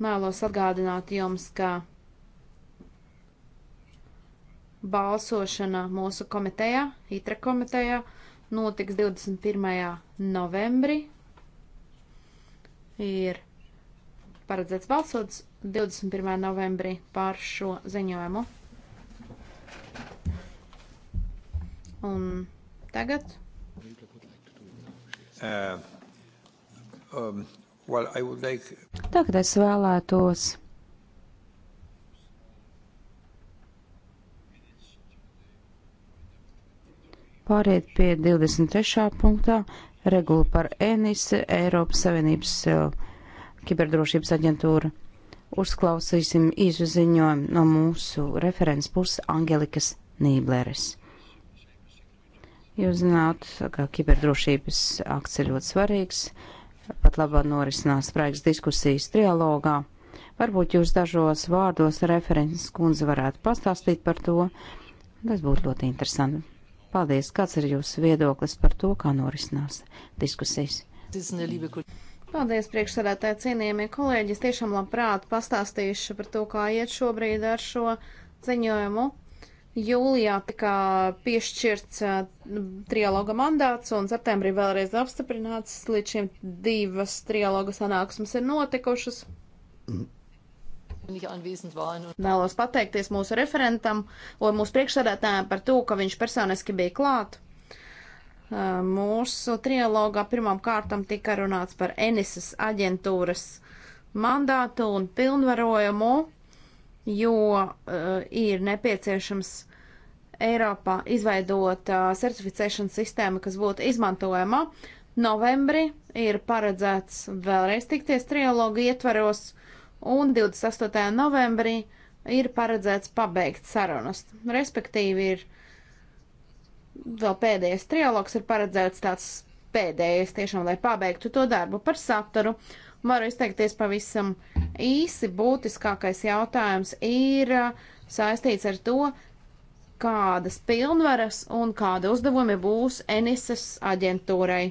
Mēlos atgādināt jums, ka balsošana mūsu komitejā, ITRA komitejā, notiks 21. novembrī. Ir paredzēts balsots 21. novembrī par šo ziņojumu. Un tagad. Uh, um, well, like... Tagad es vēlētos pāriet pie 23. punktā regula par ENIS, Eiropas Savienības uh, kiberdrošības aģentūra. Uzklausīsim īsu ziņojumu no mūsu referents puses Angelikas Nībleres. Jūs zināt, ka kiberdrošības akts ir ļoti svarīgs. Pat labā norisinās spraigas diskusijas trialogā. Varbūt jūs dažos vārdos referents kundze varētu pastāstīt par to. Tas būtu ļoti interesanti. Paldies, kāds ir jūsu viedoklis par to, kā norisinās diskusijas? Paldies, priekšsēdētāji, cienījamie kolēģi. Es tiešām labprāt pastāstīšu par to, kā iet šobrīd ar šo ziņojumu Jūlijā tika piešķirts uh, trialoga mandāts un septembrī vēlreiz apstiprināts. Līdz šim divas trialoga sanāksmes ir notikušas. Vēlos pateikties mūsu referentam un mūsu priekšsēdētājiem par to, ka viņš personiski bija klāt. Uh, mūsu trialogā pirmām kārtām tika runāts par Enises aģentūras mandātu un pilnvarojumu jo uh, ir nepieciešams Eiropā izveidot uh, certificēšanas sistēmu, kas būtu izmantojama. Novembrī ir paredzēts vēlreiz tikties trialogu ietvaros, un 28. novembrī ir paredzēts pabeigt sarunas. Respektīvi, ir vēl pēdējais trialogs, ir paredzēts tāds pēdējais, tiešām, lai pabeigtu to darbu par saturu. Varu izteikties pavisam īsi. Būtiskākais jautājums ir uh, saistīts ar to, kādas pilnvaras un kāda uzdevumi būs Enises aģentūrai.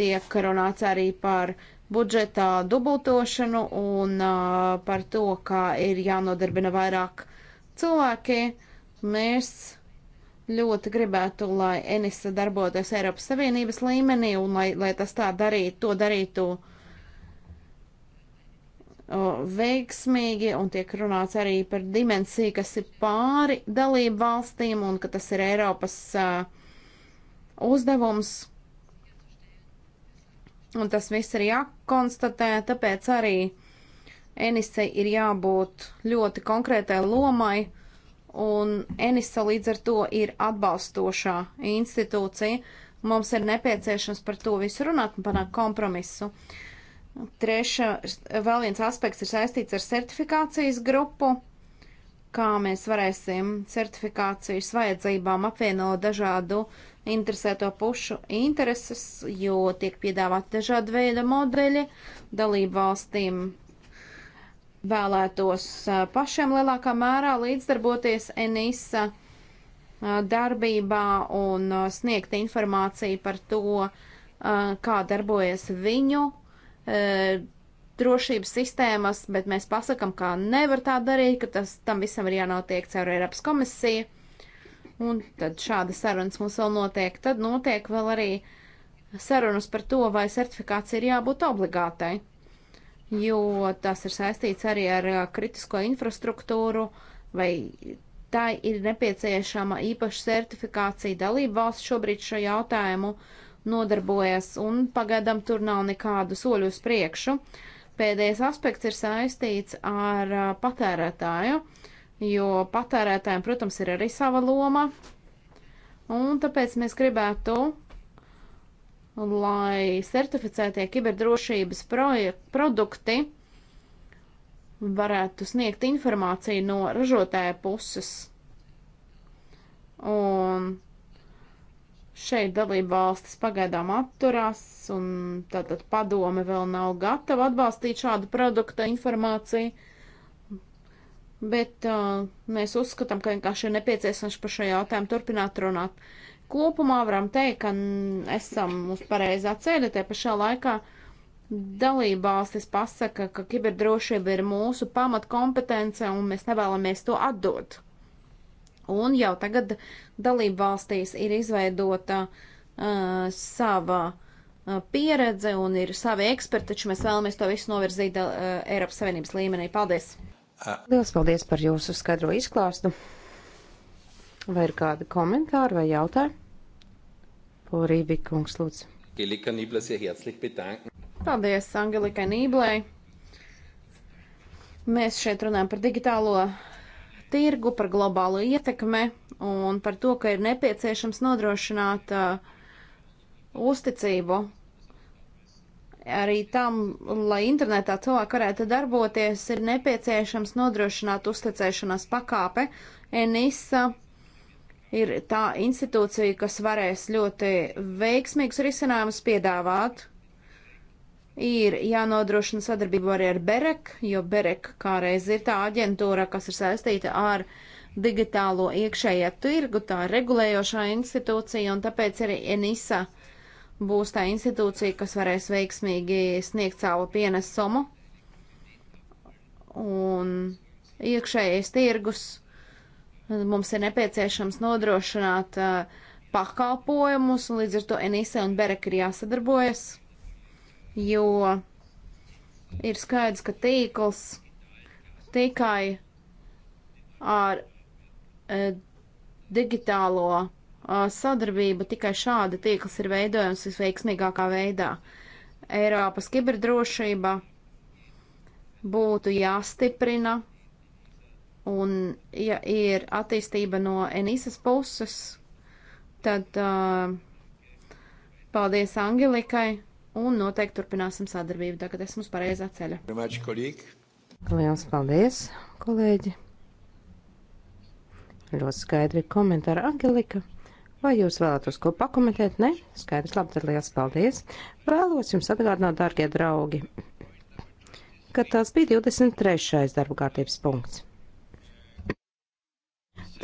Tiek runāts arī par budžeta dubultošanu un uh, par to, ka ir jānodarbina vairāk cilvēki. Mēs ļoti gribētu, lai Enisa darbotos Eiropas Savienības līmenī un lai, lai tas tā darītu, to darītu uh, veiksmīgi, un tiek runāts arī par dimensiju, kas ir pāri dalību valstīm, un ka tas ir Eiropas uh, uzdevums. Un tas viss ir jākonstatē, tāpēc arī Enise ir jābūt ļoti konkrētai lomai, un Enisa līdz ar to ir atbalstošā institūcija. Mums ir nepieciešams par to visu runāt un panākt kompromisu. Uh, Trešā, vēl viens aspekts ir saistīts ar certifikācijas grupu, kā mēs varēsim certifikācijas vajadzībām apvienot dažādu interesēto pušu intereses, jo tiek piedāvāti dažādi veida modeļi dalību valstīm vēlētos pašiem lielākā mērā līdzdarboties ENISA darbībā un sniegt informāciju par to, kā darbojas viņu Eh, drošības sistēmas, bet mēs pasakam, ka nevar tā darīt, ka tas, tam visam ir jānotiek caur Eiropas komisiju. Un tad šāda sarunas mums vēl notiek. Tad notiek vēl arī sarunas par to, vai certifikācija ir jābūt obligātai, jo tas ir saistīts arī ar eh, kritisko infrastruktūru, vai tā ir nepieciešama īpaša certifikācija dalību valsts šobrīd šo jautājumu. Uh, nodarbojas, un pagaidām tur nav nekādu soļu uz priekšu. Pēdējais aspekts ir saistīts ar patērētāju, jo patērētājiem, protams, ir arī sava loma, un tāpēc mēs gribētu, lai certificētie kiberdrošības projek, produkti varētu sniegt informāciju no ražotāja puses. Un Šeit dalība valstis pagaidām atturās, un tātad padome vēl nav gatava atbalstīt šādu produkta informāciju, bet uh, mēs uzskatām, ka vienkārši ir nepieciešams par šo jautājumu turpināt runāt. Kopumā varam teikt, ka esam uz pareizā ceļa, te pašā laikā dalībvalstis pasaka, ka kiberdrošība ir mūsu pamatkompetence un mēs nevēlamies to atdot. Un jau tagad dalību valstīs ir izveidota uh, sava uh, pieredze un ir savi eksperti, taču mēs vēlamies to visu novirzīt uh, Eiropas Savienības līmenī. Paldies! Lielas paldies par jūsu skaidro izklāstu. Vai ir kādi komentāri vai jautājumi? Porībi kungs lūdzu. Paldies Angelikai Nīblei. Mēs šeit runājam par digitālo tirgu, par globālo ietekmi un par to, ka ir nepieciešams nodrošināt uh, uzticību arī tam, lai internetā cilvēki varētu darboties, ir nepieciešams nodrošināt uzticēšanās pakāpe. ENISA ir tā institūcija, kas varēs ļoti veiksmīgus risinājumus piedāvāt Ir jānodrošina sadarbība arī ar BEREK, jo BEREK kāreiz ir tā aģentūra, kas ir saistīta ar digitālo iekšējā tirgu, tā ir regulējošā institūcija, un tāpēc arī ENISA būs tā institūcija, kas varēs veiksmīgi sniegt savu pienesumu. Un iekšējais tirgus mums ir nepieciešams nodrošināt uh, pakalpojumus, un līdz ar to ENISA un BEREK ir jāsadarbojas jo ir skaidrs, ka tīkls tikai ar e, digitālo e, sadarbību, tikai šādi tīkls ir veidojams visveiksmīgākā veidā. Eiropas kiberdrošība būtu jāstiprina, un ja ir attīstība no Enisas puses, tad uh, paldies Angelikai un noteikti turpināsim sadarbību. Tagad esmu uz pareizā ceļa. Lielas paldies, kolēģi! Ļoti skaidri komentāri Angelika. Vai jūs vēlētos ko pakomentēt? Nē, skaidrs, labi, tad liels paldies. Vēlos jums atgādināt, dārgie draugi, ka tas bija 23. darba kārtības punkts.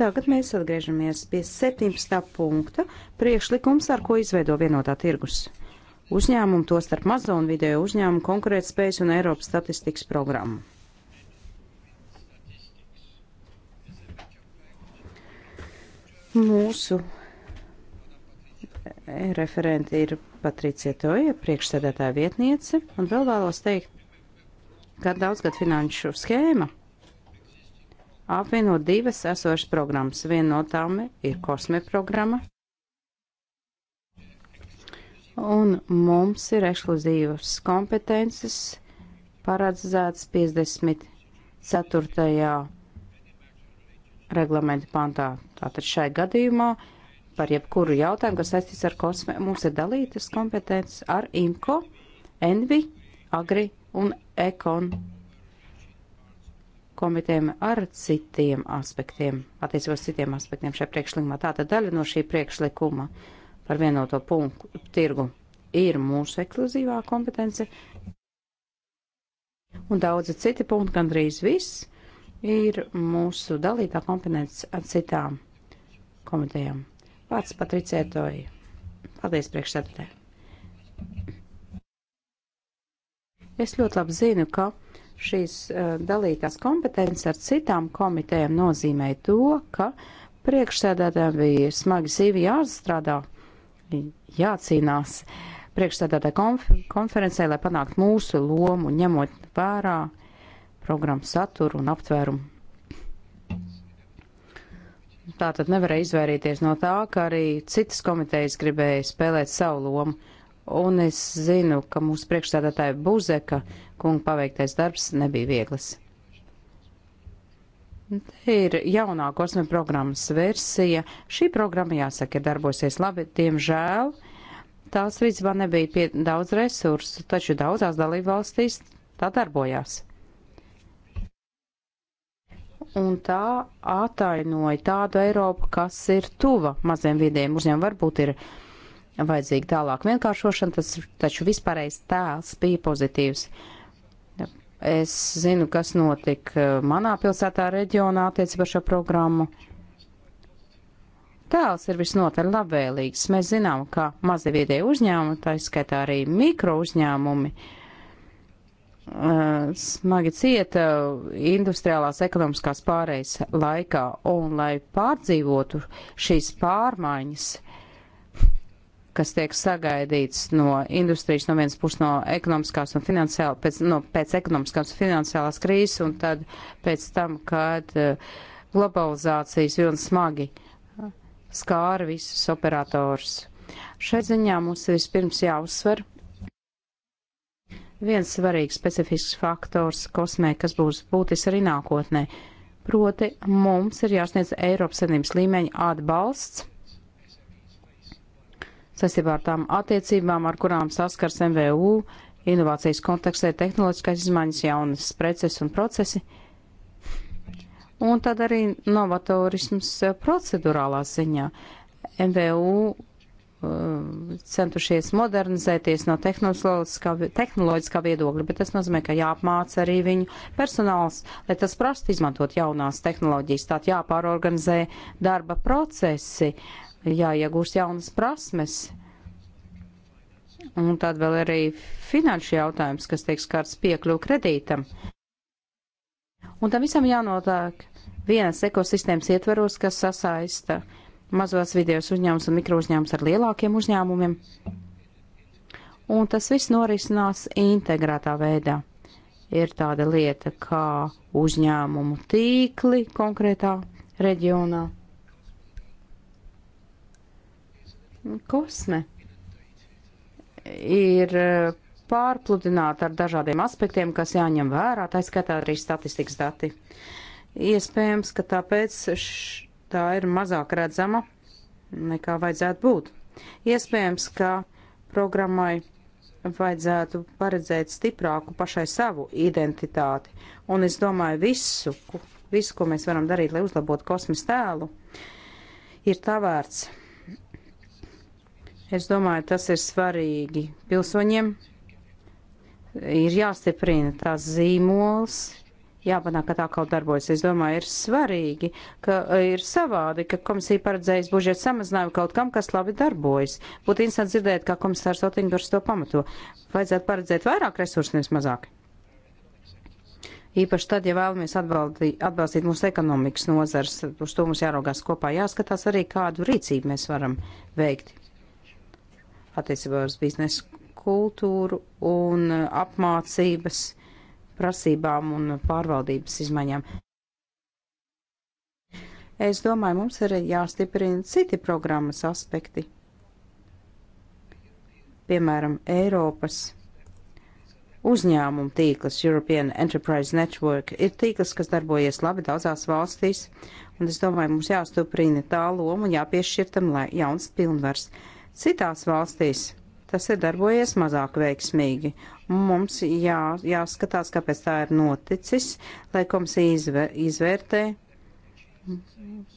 Tagad mēs atgriežamies pie 17. punkta priekšlikums, ar ko izveido vienotā tirgus uzņēmumu, to starp mazo un vidējo uzņēmumu konkurētspējas un Eiropas statistikas programmu. Mūsu referenti ir Patricija Toja, priekšsēdētāja vietniece, un vēl vēlos teikt, ka daudzgad finanšu schēma apvieno divas esošas programmas. Viena no tām ir kosme programma, un mums ir ekskluzīvas kompetences paredzētas 54. reglamenta pantā. Tātad šai gadījumā par jebkuru jautājumu, kas saistīts ar kosmē, mums ir dalītas kompetences ar IMCO, ENVI, AGRI un EKON komitēm ar citiem aspektiem, attiecībā uz citiem aspektiem šajā priekšlikumā. Tātad daļa no šī priekšlikuma. Uh, par vienoto punktu tirgu ir mūsu ekskluzīvā kompetence. Un daudzi citi punkti, gandrīz viss, ir mūsu dalītā kompetence ar citām komitejām. Vārds Patricētoji. Paldies priekšsēdētē. Es ļoti labi zinu, ka šīs uh, dalītās kompetences ar citām komitejām nozīmē to, ka priekšsēdētājiem bija smagi sīvi jāstrādā. Uh, jācīnās priekšstādātā konferencē, lai panākt mūsu lomu, ņemot vērā programmu saturu un aptvērumu. Tā tad nevarēja izvairīties no tā, ka arī citas komitejas gribēja spēlēt savu lomu. Un es zinu, ka mūsu priekšstādātāja Buzeka kunga paveiktais darbs nebija viegls. Ir jaunā kosmēta programmas versija. Šī programma, jāsaka, ir darbosies labi. Diemžēl tās rīcībā nebija pie daudz resursu, taču daudzās dalībvalstīs tā darbojās. Un tā atainoja tādu Eiropu, kas ir tuva maziem vidiem uzņēmumiem. Varbūt ir vajadzīga tālāk vienkāršošana, tas taču vispārējais tēls bija pozitīvs. Uh, Es zinu, kas notika manā pilsētā reģionā attiecībā šo programmu. Tēls ir visnotaļ labvēlīgs. Mēs zinām, ka mazie viedēji uzņēmumi, tā izskaitā arī mikro uzņēmumi, eh, smagi cieta industriālās ekonomiskās pārējas laikā un lai pārdzīvotu šīs pārmaiņas kas tiek sagaidīts no industrijas, no vienas puses no ekonomiskās un finansiālās, pēc, no, pēc ekonomiskās un finansiālās krīzes, un tad pēc tam, kad uh, globalizācijas vilni smagi eh, skāra visus operators. Šai ziņā mums vispirms jāuzsver viens svarīgs specifisks faktors kosmē, kas būs būtis arī nākotnē. Proti, mums ir jāsniedz Eiropas Savienības līmeņa atbalsts saistībā ar tām attiecībām, ar kurām saskars MVU, inovācijas kontekstē, tehnoloģiskais izmaiņas, jaunas preces un procesi. Un tad arī novatorisms eh, procedurālā ziņā. MVU eh, centušies modernizēties no tehnoloģiskā, tehnoloģiskā viedokļa, bet tas nozīmē, ka jāapmāca arī viņu personāls, lai tas prasti izmantot jaunās tehnoloģijas, tātad jāpārorganizē darba procesi, jāiegūst jaunas prasmes. Un tad vēl arī finanšu jautājums, kas tiek skārts piekļuvu kredītam. Un tam visam jānotiek vienas ekosistēmas ietveros, kas sasaista mazos vidējos uzņēmums un mikrouzņēmums ar lielākiem uzņēmumiem. Un tas viss norisinās integrētā veidā. Ir tāda lieta kā uzņēmumu tīkli konkrētā reģionā Kosme ir e, pārpludināta ar dažādiem aspektiem, kas jāņem vērā, tā skatā arī statistikas dati. Iespējams, ka tāpēc š, tā ir mazāk redzama nekā vajadzētu būt. Iespējams, ka programmai vajadzētu paredzēt stiprāku pašai savu identitāti. Un es domāju, visu, visu ko mēs varam darīt, lai uzlabotu kosmas tēlu, ir tā vērts. Es domāju, tas ir svarīgi pilsoņiem. Ir jāstiprina tās zīmols, jāpanāk, ka tā kaut darbojas. Es domāju, ir svarīgi, ka ir savādi, ka komisija paredzējas budžeta samazinājumu kaut kam, kas labi darbojas. Būtu interesanti dzirdēt, kā komisārs Otingurs to pamato. Vajadzētu paredzēt vairāk resursu, nevis mazāk. Īpaši tad, ja vēlamies atbaldi, atbalstīt mūsu ekonomikas nozars, uz to mums jāraugās kopā, jāskatās arī, kādu rīcību mēs varam veikt attiecībā uz biznesu kultūru un uh, apmācības prasībām un pārvaldības izmaiņām. Es domāju, mums ir jāstiprina citi programmas aspekti, piemēram, Eiropas uzņēmumu tīkls European Enterprise Network ir tīkls, kas darbojas labi daudzās valstīs, un es domāju, mums jāstuprina tā loma un jāpiešķir tam jauns pilnvars. Citās valstīs tas ir darbojies mazāk veiksmīgi. Mums jā, jāskatās, kāpēc tā ir noticis, lai komisija izvē, izvērtē,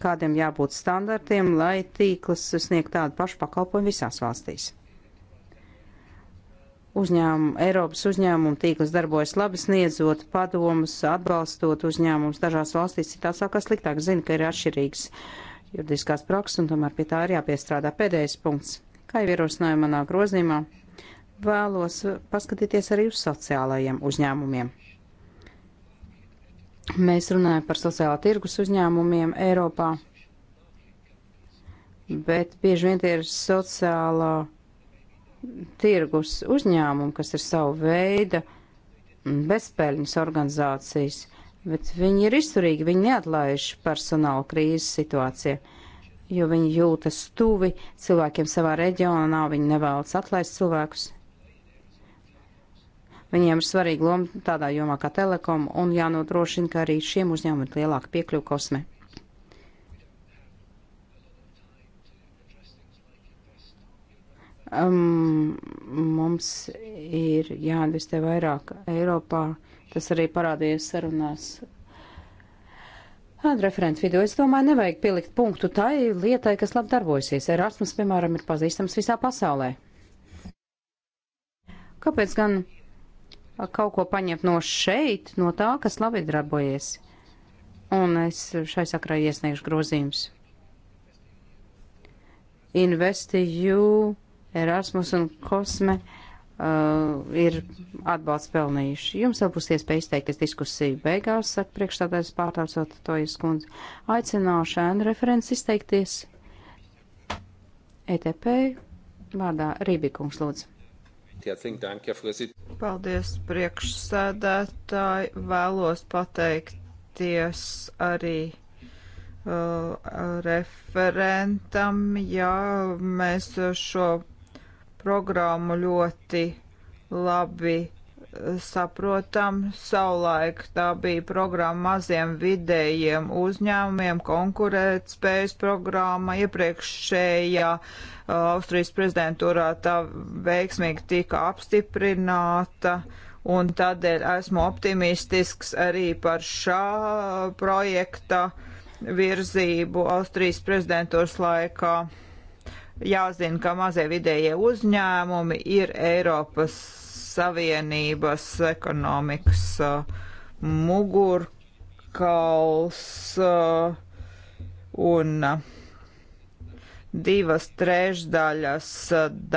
kādiem jābūt standartiem, lai tīkls sniegtu tādu pašu pakalpojumu visās valstīs. Uzņēmumu, Eiropas uzņēmumu tīkls darbojas labi, sniedzot padomus, atbalstot uzņēmumus dažās valstīs, citās vēl kas sliktāk. Zinu, ka ir atšķirīgs juridiskās prakses, un tomēr pie tā ir jāpiestrādā pēdējais punkts kā jau ierosināju manā grozījumā, vēlos paskatīties arī uz sociālajiem uzņēmumiem. Mēs runājam par sociālā tirgus uzņēmumiem Eiropā, bet bieži vien tie ir sociālā tirgus uzņēmumi, kas ir savu veidu bezpēļņas organizācijas, bet viņi ir izturīgi, viņi neatlaiž personāla krīzes situācijai jo viņi jūtas tuvi cilvēkiem savā reģionā, viņi nevēlas atlaist cilvēkus. Viņiem ir svarīga loma tādā jomā kā telekom un jānodrošina, ka arī šiem uzņēmumiem ir lielāka piekļuva kosmē. Um, mums ir jāinvestē vairāk Eiropā. Tas arī parādījās sarunās Referents vidū es domāju, nevajag pielikt punktu tai lietai, kas labi darbojasies. Erasmus, piemēram, ir pazīstams visā pasaulē. Kāpēc gan kaut ko paņemt no šeit, no tā, kas labi darbojies? Un es šai sakrā iesniegšu grozījumus. Investiju, Erasmus un Kosme. Uh, uh, ir atbalsts pelnījuši. Jums vēl būs iespēja izteikties diskusiju beigās, saka priekšstādājs pārtācot to izskundzi. Aicināšu ēnu referents izteikties ETP vārdā Rībikungs lūdzu. Paldies priekšsēdētāji, vēlos pateikties arī uh, referentam, ja mēs šo programmu ļoti labi eh, saprotam, savulaik tā bija programma maziem vidējiem uzņēmumiem, konkurēt spējas programma, iepriekšējā eh, Austrijas prezidentūrā tā veiksmīgi tika apstiprināta, un tādēļ esmu optimistisks arī par šā projekta virzību Austrijas prezidentūras laikā. Jāzina, ka mazie vidējie uzņēmumi ir Eiropas Savienības ekonomikas uh, mugurkauls uh, un uh, divas trešdaļas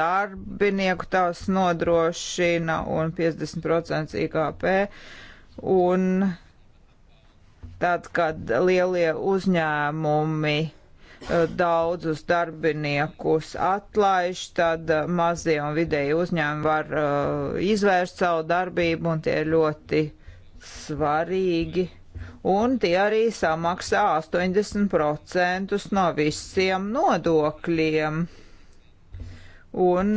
darbinieku tās nodrošina un 50% IKP. Un tad, kad lielie uzņēmumi Eh, daudzus darbiniekus atlaiž, tad eh, mazie un vidēji uzņēmumi var uh, izvērst savu darbību, un tie ir ļoti svarīgi. Un tie arī samaksā 80% no visiem nodokļiem. Un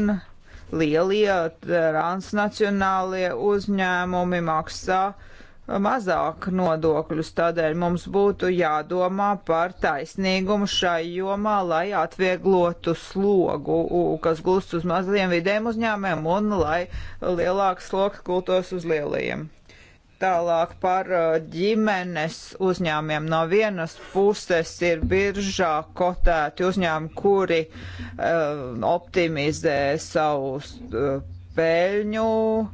lielie transnacionālie uzņēmumi maksā uh, mazāk nodokļus. Tādēļ mums būtu jādomā par taisnīgumu šai jomā, lai atvieglotu slogu, kas gulst uz maziem vidiem uzņēmēm un lai lielāks sloks gultos uz lielajiem. Tālāk par uh, ģimenes uzņēmiem. No vienas puses ir biržā kotēti uzņēmumi, kuri uh, optimizē savus uh, peļņu, uh,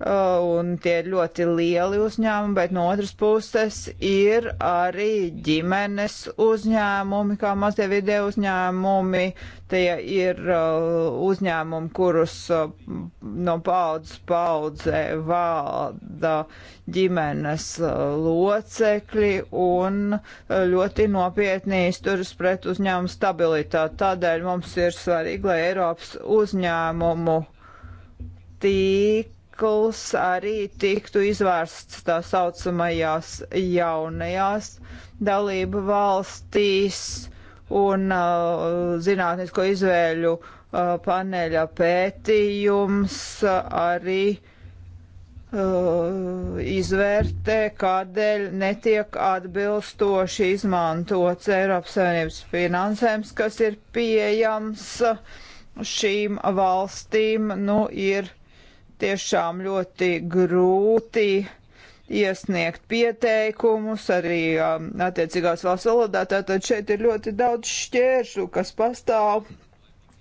Uh, un tie ir ļoti lieli uzņēmumi, bet no otras puses ir arī ģimenes uzņēmumi, kā mazie video uzņēmumi. Tie ir uh, uzņēmumi, kurus uh, no paudzes paudze valda ģimenes locekļi un ļoti nopietni izturas pret uzņēmumu stabilitāti. Tādēļ mums ir svarīgi, lai Eiropas uzņēmumu tīk tīkls arī tiktu izvērsts tā saucamajās jaunajās dalību valstīs un uh, zinātnisko izvēļu uh, paneļa pētījums arī uh, izvērtē, kādēļ netiek atbilstoši izmantots Eiropas Savienības finansējums, kas ir pieejams šīm valstīm, nu, ir tiešām ļoti grūti iesniegt pieteikumus arī um, attiecīgās valsts valodā. Tātad šeit ir ļoti daudz šķēršu, kas pastāv.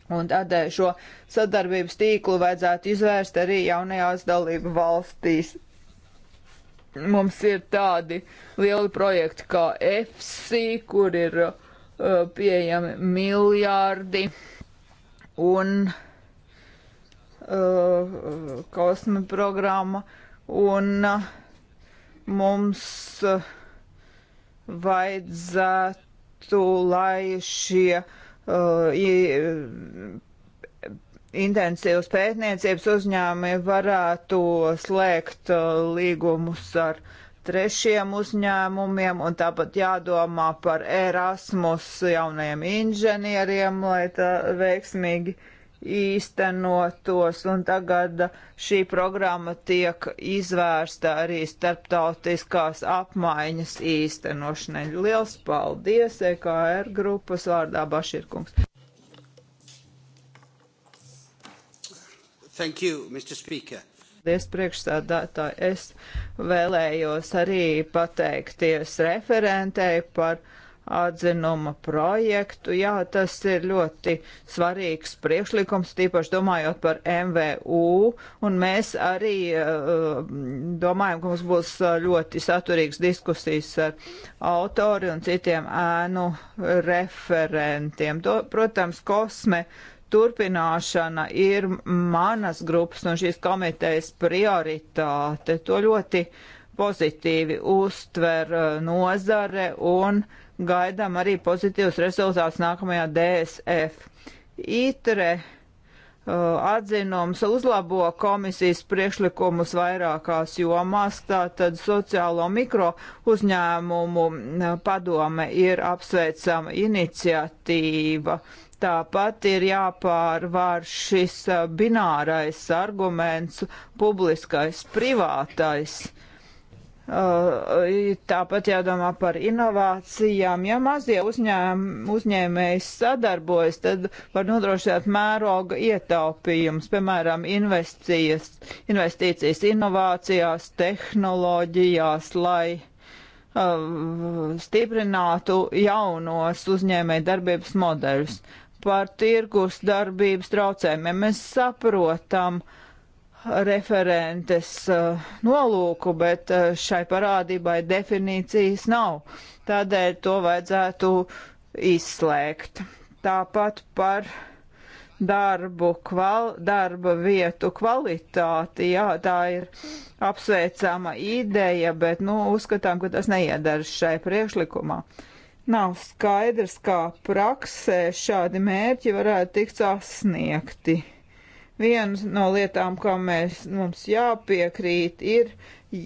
Un tādēļ šo sadarbības tīklu vajadzētu izvērst arī jaunajās dalību valstīs. Mums ir tādi lieli projekti kā FC, kur ir uh, pieejami miljārdi. Un uh, Uh, kosmi programma, un uh, mums uh, vajadzētu, lai šie intensīvas pētniecības uzņēmumi varētu slēgt līgumus ar trešiem uzņēmumiem, un tāpat jādomā par Erasmus jaunajiem inženieriem, lai tā veiksmīgi uh, īstenotos, un tagad šī programma tiek izvērsta arī starptautiskās apmaiņas īstenošanai. Liels paldies EKR grupas vārdā Baširkungs. Thank you, Mr. Speaker. Paldies, priekšstādātāji. Es vēlējos arī pateikties referentei par atzinuma projektu. Jā, tas ir ļoti svarīgs priekšlikums, tīpaši domājot par MVU, un mēs arī uh, domājam, ka mums būs eh, ļoti saturīgs diskusijas ar autori un citiem ēnu referentiem. To, protams, kosme turpināšana ir manas grupas un šīs komitejas prioritāte. To ļoti pozitīvi uztver eh, nozare un uh, gaidām arī pozitīvs rezultāts nākamajā DSF. ITRE uh, atzinums uzlabo komisijas priekšlikumus vairākās jomās, tātad sociālo mikro uzņēmumu uh, padome ir apsveicama iniciatīva. Tāpat ir jāpārvar šis uh, binārais arguments publiskais, privātais. Uh, Uh, tāpat jādomā par inovācijām. Ja mazie uzņēm, uzņēmēji sadarbojas, tad var nodrošināt mēroga ietaupījums, piemēram, investīcijas, investīcijas inovācijās, tehnoloģijās, lai uh, stiprinātu jaunos uzņēmēju darbības modeļus. Par tirgus darbības traucējumiem mēs saprotam, uh, referentes eh, nolūku, bet eh, šai parādībai definīcijas nav. Tādēļ to vajadzētu izslēgt. Tāpat par darbu, kval, darba vietu kvalitāti. Jā, tā ir apsveicama ideja, bet nu, uzskatām, ka tas neiedara šai priekšlikumā. Nav skaidrs, kā praksē šādi mērķi varētu tikt sasniegti. Viena no lietām, kā mēs, mums jāpiekrīt, ir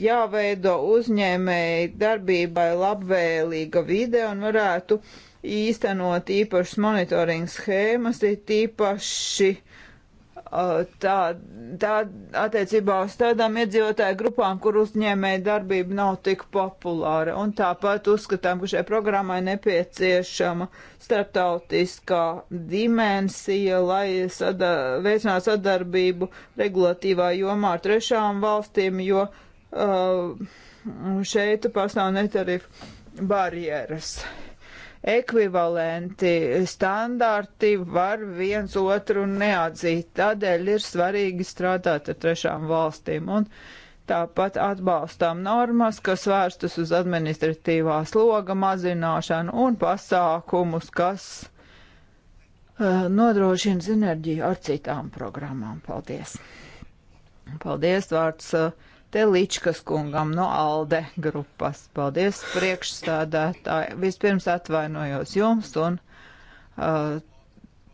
jāveido uzņēmēji darbībai labvēlīga vide un varētu īstenot īpašas monitoringa schēmas, ir tīpaši uh, tā, tā attiecībā uz tādām iedzīvotāju grupām, kur uzņēmēja darbība nav tik populāra. Un tāpat uzskatām, ka šai programmai nepieciešama starptautiskā dimensija, lai sada, veicinātu sadarbību regulatīvā jomā ar trešām valstīm, jo uh, šeit pastāv netarifu barjeras. Uh, ekvivalenti standarti var viens otru neatzīt. Tādēļ ir svarīgi strādāt ar trešām valstīm. Un tāpat atbalstām normas, kas vērstas uz administratīvā sloga mazināšanu un pasākumus, kas uh, nodrošina sinerģiju ar citām programmām. Paldies! Paldies, vārds! Uh, Teličkas kungam no ALDE grupas. Paldies, priekšstādātāji. Vispirms atvainojos jums un uh,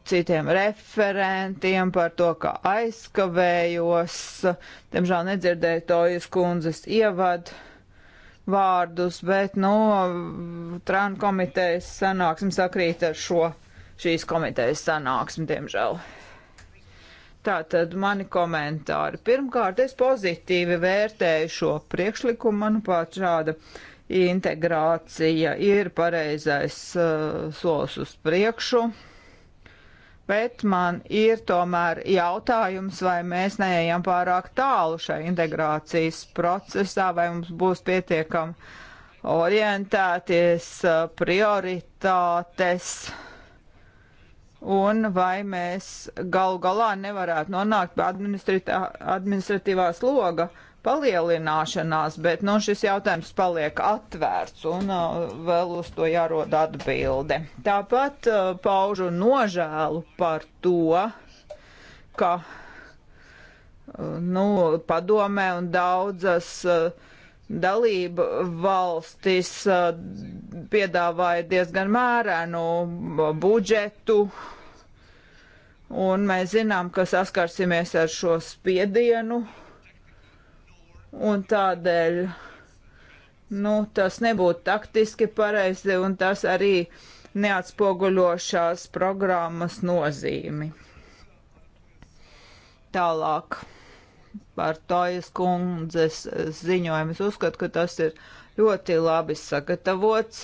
citiem referentiem par to, ka aizkavējos. Diemžēl nedzirdēju to jūs kundzes ievadu vārdus, bet, nu, Trānu komitejas sanāksim sakrīt ar šo šīs komitejas sanāksmi, diemžēl. Uh, Tātad mani komentāri. Pirmkārt, es pozitīvi vērtēju šo priekšlikumu. Manuprāt, šāda integrācija ir pareizais uh, solis uz priekšu. Bet man ir tomēr jautājums, vai mēs neejam pārāk tālu šai integrācijas procesā, vai mums būs pietiekami orientēties uh, prioritātes. Uh, un vai mēs galu galā nevarētu nonākt pie administratīvā sloga palielināšanās, bet nu, šis jautājums paliek atvērts un uh, vēl uz to jārod atbilde. Tāpat uh, paužu nožēlu par to, ka uh, nu, padomē un daudzas uh, dalība valstis uh, piedāvāja diezgan mērenu budžetu, un mēs zinām, ka saskarsimies ar šo spiedienu, un tādēļ nu, tas nebūtu taktiski pareizi, un tas arī neatspoguļošās programmas nozīmi. Tālāk par Tojas kundzes ziņojumu. Es uzskatu, ka tas ir ļoti labi sagatavots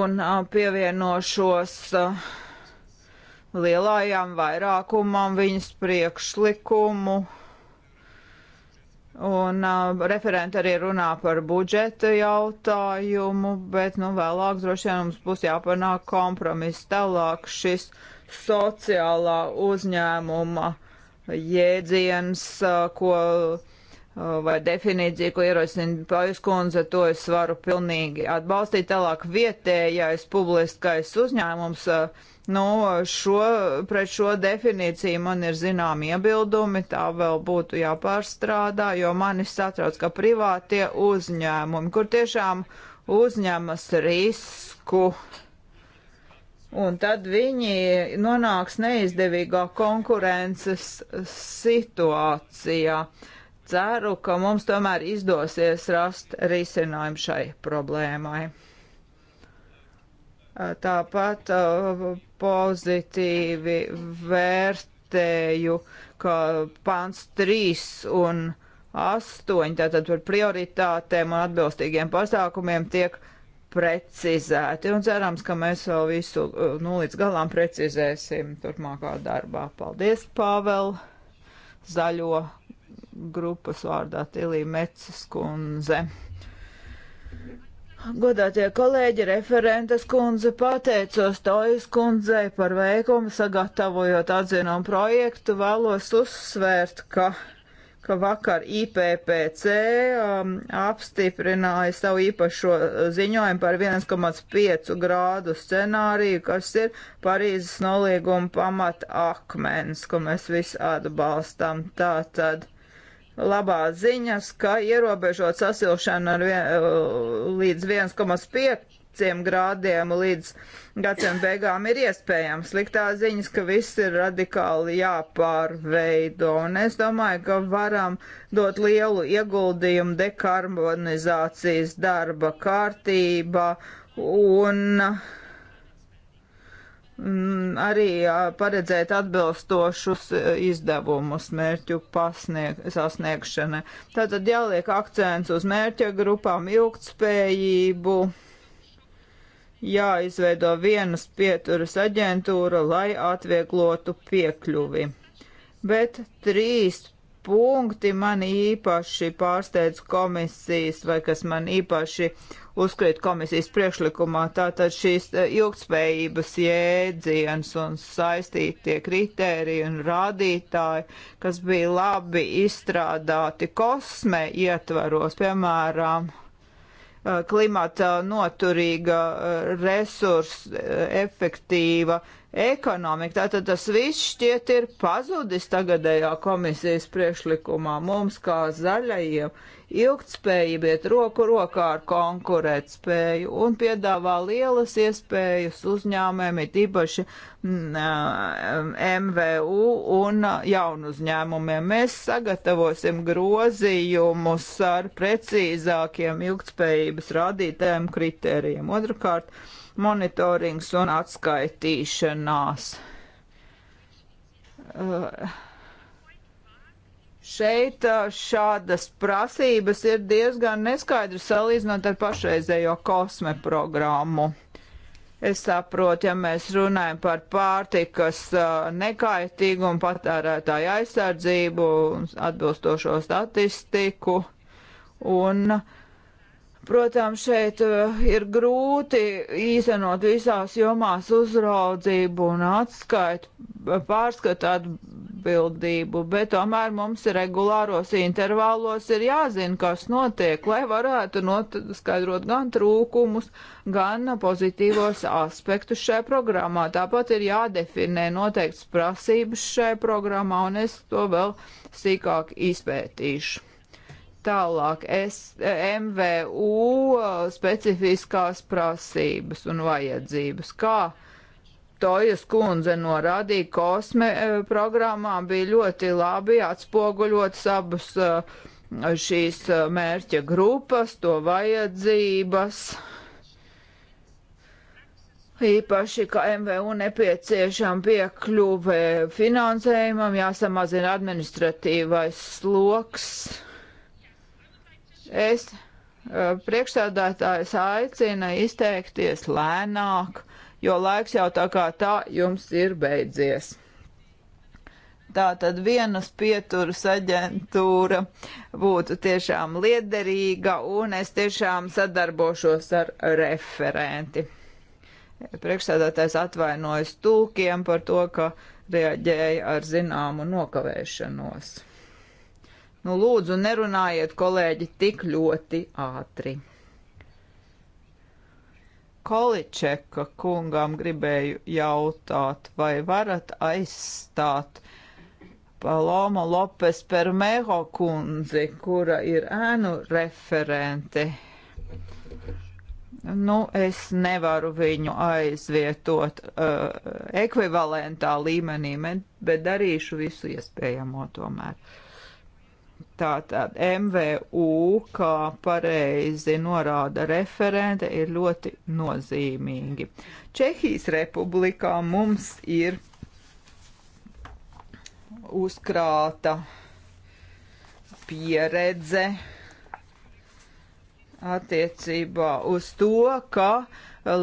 un pievienošos lielājām vairākumam viņas priekšlikumu. Un uh, referenti arī runā par budžeta jautājumu, bet nu, vēlāk droši vien mums būs jāpanāk kompromiss. Tālāk šis sociālā uzņēmuma uh, jēdziens, ko vai definīcija, ko ierosina Pajuskundze, to es varu pilnīgi atbalstīt. Tālāk vietējais publiskais uzņēmums, nu, šo, pret šo definīciju man ir zinām iebildumi, tā vēl būtu jāpārstrādā, jo mani satrauc, ka privātie uzņēmumi, kur tiešām uzņemas risku, uh, un tad viņi nonāks neizdevīgā konkurences situācijā. Ceru, ka mums tomēr izdosies rast risinājumu šai problēmai. Tāpat pozitīvi vērtēju, ka pants 3 un 8, tātad par prioritātēm un atbilstīgiem pasākumiem tiek uh, precizēti un cerams, ka mēs vēl visu e, nu, līdz galām precizēsim turpmākā darbā. Paldies, Pāvēl, zaļo grupas vārdā Tilī Mecas kundze. Godātie kolēģi, referentes kundze, pateicos Tojas kundzei par veikumu sagatavojot atzinumu projektu, vēlos uzsvērt, ka ka vakar IPPC um, apstiprināja savu īpašo uh, ziņojumu par 1,5 grādu scenāriju, kas ir Parīzes nolīguma pamata akmens, ko mēs visi atbalstam. Tātad labā ziņas, ka ierobežot sasilšanu ar vien, uh, līdz 1,5 pieciem grādiem līdz gadsimta beigām ir iespējams. Sliktā ziņas, ka viss ir radikāli jāpārveido, un es domāju, ka varam dot lielu ieguldījumu dekarbonizācijas darba kārtībā un mm, arī paredzēt atbilstošus izdevumus mērķu pasnieg, sasniegšanai. Tātad jāliek akcents uz mērķa grupām, ilgtspējību jāizveido vienas pieturas aģentūra, lai atvieglotu piekļuvi. Bet trīs punkti man īpaši pārsteidz komisijas, vai kas man īpaši uzkrīt komisijas priekšlikumā, tātad šīs eh, ilgspējības jēdziens un saistītie kritēriji un rādītāji, kas bija labi izstrādāti kosmē ietvaros, piemēram, klimata noturīga, eh, resursu eh, efektīva ekonomiku. Tātad tas viss šķiet ir pazudis tagadējā komisijas priekšlikumā. Mums kā zaļajiem ilgtspējība iet roku rokā ar konkurēt spēju un piedāvā lielas iespējas uzņēmēm, it īpaši mm, MVU un jaunu uzņēmumiem. Mēs sagatavosim grozījumus ar precīzākiem ilgtspējības rādītājiem kritērijiem. Otrakārt, monitorings un atskaitīšanās. Uh, Šeit uh, šādas prasības ir diezgan neskaidras salīdzinot ar pašreizējo kosme programmu. Es saprotu, ja mēs runājam par pārtikas uh, nekaitīgumu, patērētāju aizsardzību, atbilstošo statistiku un uh, Protams, šeit eh, ir grūti īstenot visās jomās uzraudzību un atskaitu, pārskatu atbildību, bet tomēr mums regulāros intervālos ir jāzina, kas notiek, lai varētu noskaidrot gan trūkumus, gan pozitīvos aspektus šai programmā. Tāpat ir jādefinē noteikts prasības šai programmā, un es to vēl sīkāk izpētīšu. Tālāk es, MVU specifiskās prasības un vajadzības. Kā Tojas kundze norādīja, kosme e, programmā bija ļoti labi atspoguļotas abas e, šīs e, mērķa grupas, to vajadzības. Īpaši, ka MVU nepieciešama piekļuve finansējumam, jāsamazina administratīvais sloks Es eh, priekšsēdētājs aicina izteikties lēnāk, jo laiks jau tā kā tā jums ir beidzies. Tātad vienas pieturas aģentūra būtu tiešām liederīga, un es tiešām sadarbošos ar referenti. Priekšsēdētājs atvainojas tulkiem par to, ka reaģēja ar zināmu nokavēšanos. Nu, lūdzu, nerunājiet, kolēģi, tik ļoti ātri. Količeka kungam gribēju jautāt, vai varat aizstāt Paloma Lopes Permeho kundzi, kura ir ēnu referente. Nu, es nevaru viņu aizvietot uh, ekvivalentā līmenī, bet darīšu visu iespējamo tomēr. Tātad MVU, kā pareizi norāda referente, ir ļoti nozīmīgi. Čehijas republikā mums ir uzkrāta pieredze attiecībā uz to, ka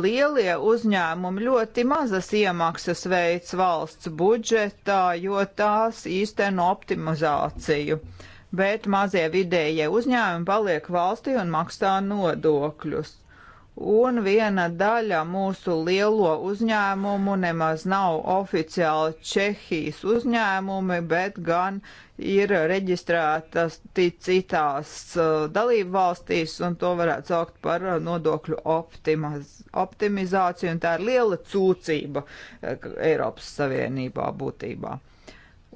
lielie uzņēmumi ļoti mazas iemaksas veids valsts budžetā, jo tās īsteno optimizāciju. Uh, bet mazie vidējie uzņēmumi paliek valstī un maksā nodokļus. Un viena daļa mūsu lielo uzņēmumu nemaz nav oficiāli Čehijas uzņēmumi, bet gan ir reģistrētas citās uh, dalību valstīs, un to varētu saukt par uh, nodokļu optimaz, optimizāciju, un tā ir liela cūcība uh, Eiropas Savienībā būtībā.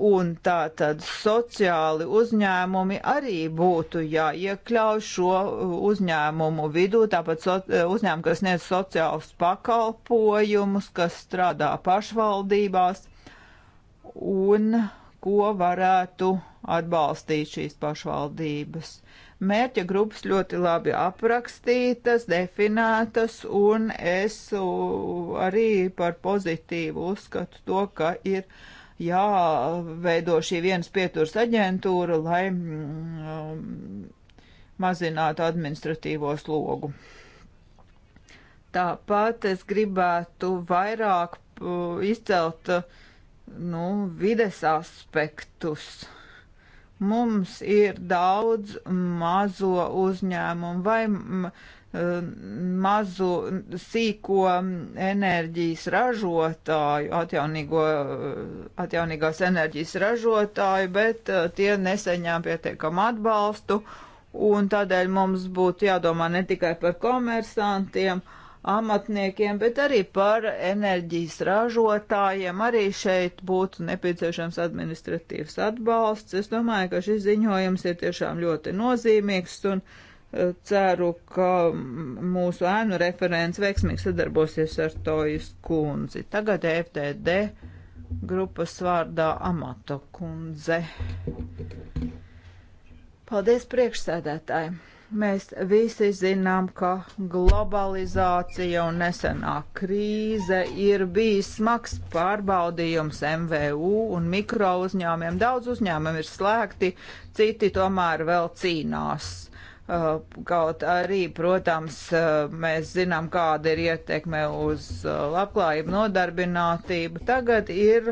Un tā tad sociāli uzņēmumi arī būtu jāiekļauj šo uh, uzņēmumu vidū, tāpat so, uh, uzņēmumi, kas sniedz sociālus pakalpojumus, kas strādā pašvaldībās un ko varētu atbalstīt šīs pašvaldības. Mērķa grupas ļoti labi aprakstītas, definētas, un es uh, arī par pozitīvu uzskatu to, ka ir uh, jāveido šī vienas pieturas aģentūra, lai mm, mazinātu administratīvo slogu. Tāpat es gribētu vairāk izcelt nu, vides aspektus. Mums ir daudz mazo uzņēmumu vai mm, Um, mazu sīko um, enerģijas ražotāju, atjaunīgo, uh, atjaunīgās enerģijas ražotāju, bet uh, tie neseņēma pietiekam atbalstu, un tādēļ mums būtu jādomā ne tikai par komersantiem, amatniekiem, bet arī par enerģijas ražotājiem. Arī šeit būtu nepieciešams administratīvs atbalsts. Es domāju, ka šis ziņojums ir tiešām ļoti nozīmīgs un uh, Ceru, ka mūsu ēnu referents veiksmīgi sadarbosies ar Tojas kundzi. Tagad FTD grupas vārdā Amato kundze. Paldies priekšsēdētājiem! Mēs visi zinām, ka globalizācija un nesenā krīze ir bijis smags pārbaudījums MVU un mikro uzņēmumiem. Daudz uzņēmumi ir slēgti, citi tomēr vēl cīnās Uh, kaut arī, protams, uh, mēs zinām, kāda ir ietekme uz uh, labklājību, nodarbinātību. Tagad ir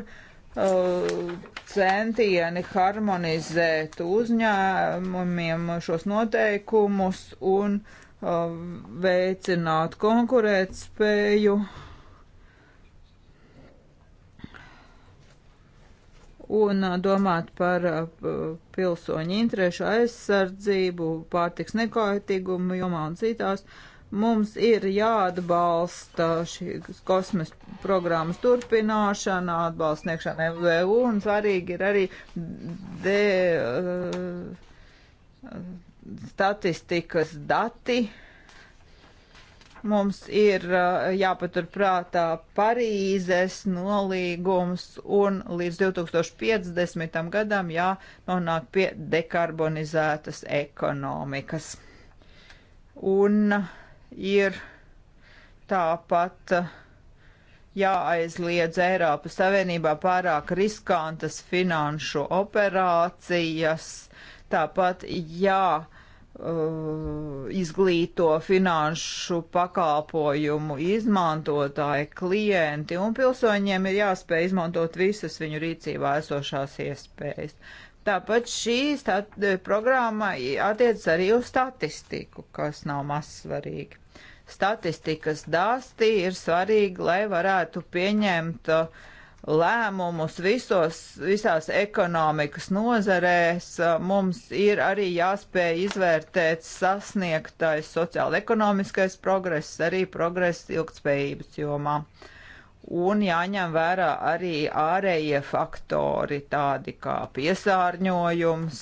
centieni harmonizēt uzņēmumiem šos noteikumus un veicināt konkurētspēju. spēju un domāt par pilsoņu interešu aizsardzību, pārtiks nekaitīgumu jomā un citās. Mums ir jāatbalsta šīs kosmas programmas turpināšana, atbalsts sniegšana MVU un svarīgi ir arī de, uh, statistikas dati, uh, Mums ir eh, jāpaturprātā Parīzes nolīgums un līdz 2050. gadam jānonāk pie dekarbonizētas ekonomikas. Un ir tāpat jāaizliedz Eiropas Savienībā pārāk riskantas finanšu operācijas, tāpat jā Uh, izglīto finanšu pakalpojumu izmantotāji, klienti un pilsoņiem ir jāspēj izmantot visas viņu rīcībā esošās iespējas. Tāpat šī stat programma attiecas arī uz statistiku, kas nav mazsvarīgi. Statistikas dāstī ir svarīgi, lai varētu pieņemt uh, lēmumus visos, visās ekonomikas nozarēs. Mums ir arī jāspēj izvērtēt sasniegtais sociāla-ekonomiskais progress, arī progress ilgtspējības jomā. Un jāņem vērā arī ārējie faktori, tādi kā piesārņojums,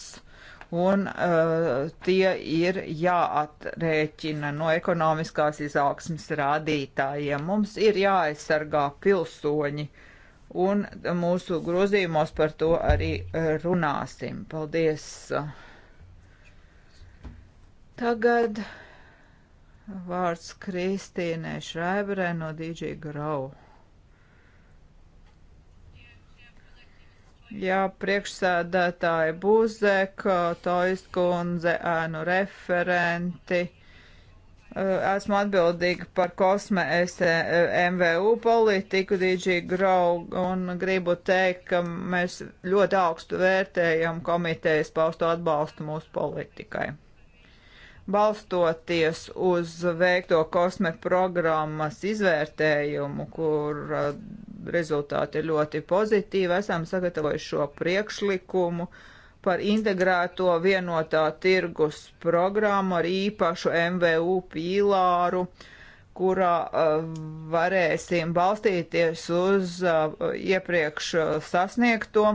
un uh, tie ir jāatrēķina no ekonomiskās izaugsmas rādītājiem. Mums ir jāaizsargā pilsoņi. Uh, un mūsu grozījumos par to arī e, runāsim. Paldies! Tagad vārds Kristīnai Šraiberē no DJ Grau. Jā, priekšsēdētāji Buzek, Toiskundze, ēnu referenti Eh, esmu atbildīga par kosme e MVU politiku, Dīdžī Grau, un gribu teikt, ka mēs ļoti augstu vērtējam komitejas paustu atbalstu mūsu politikai. Balstoties uz veikto kosme programmas izvērtējumu, kur eh, rezultāti ir ļoti pozitīvi, esam sagatavojuši šo priekšlikumu. Uh, par integrēto vienotā tirgus programmu ar īpašu MVU pīlāru, kurā uh, varēsim balstīties uz uh, iepriekš uh, sasniegto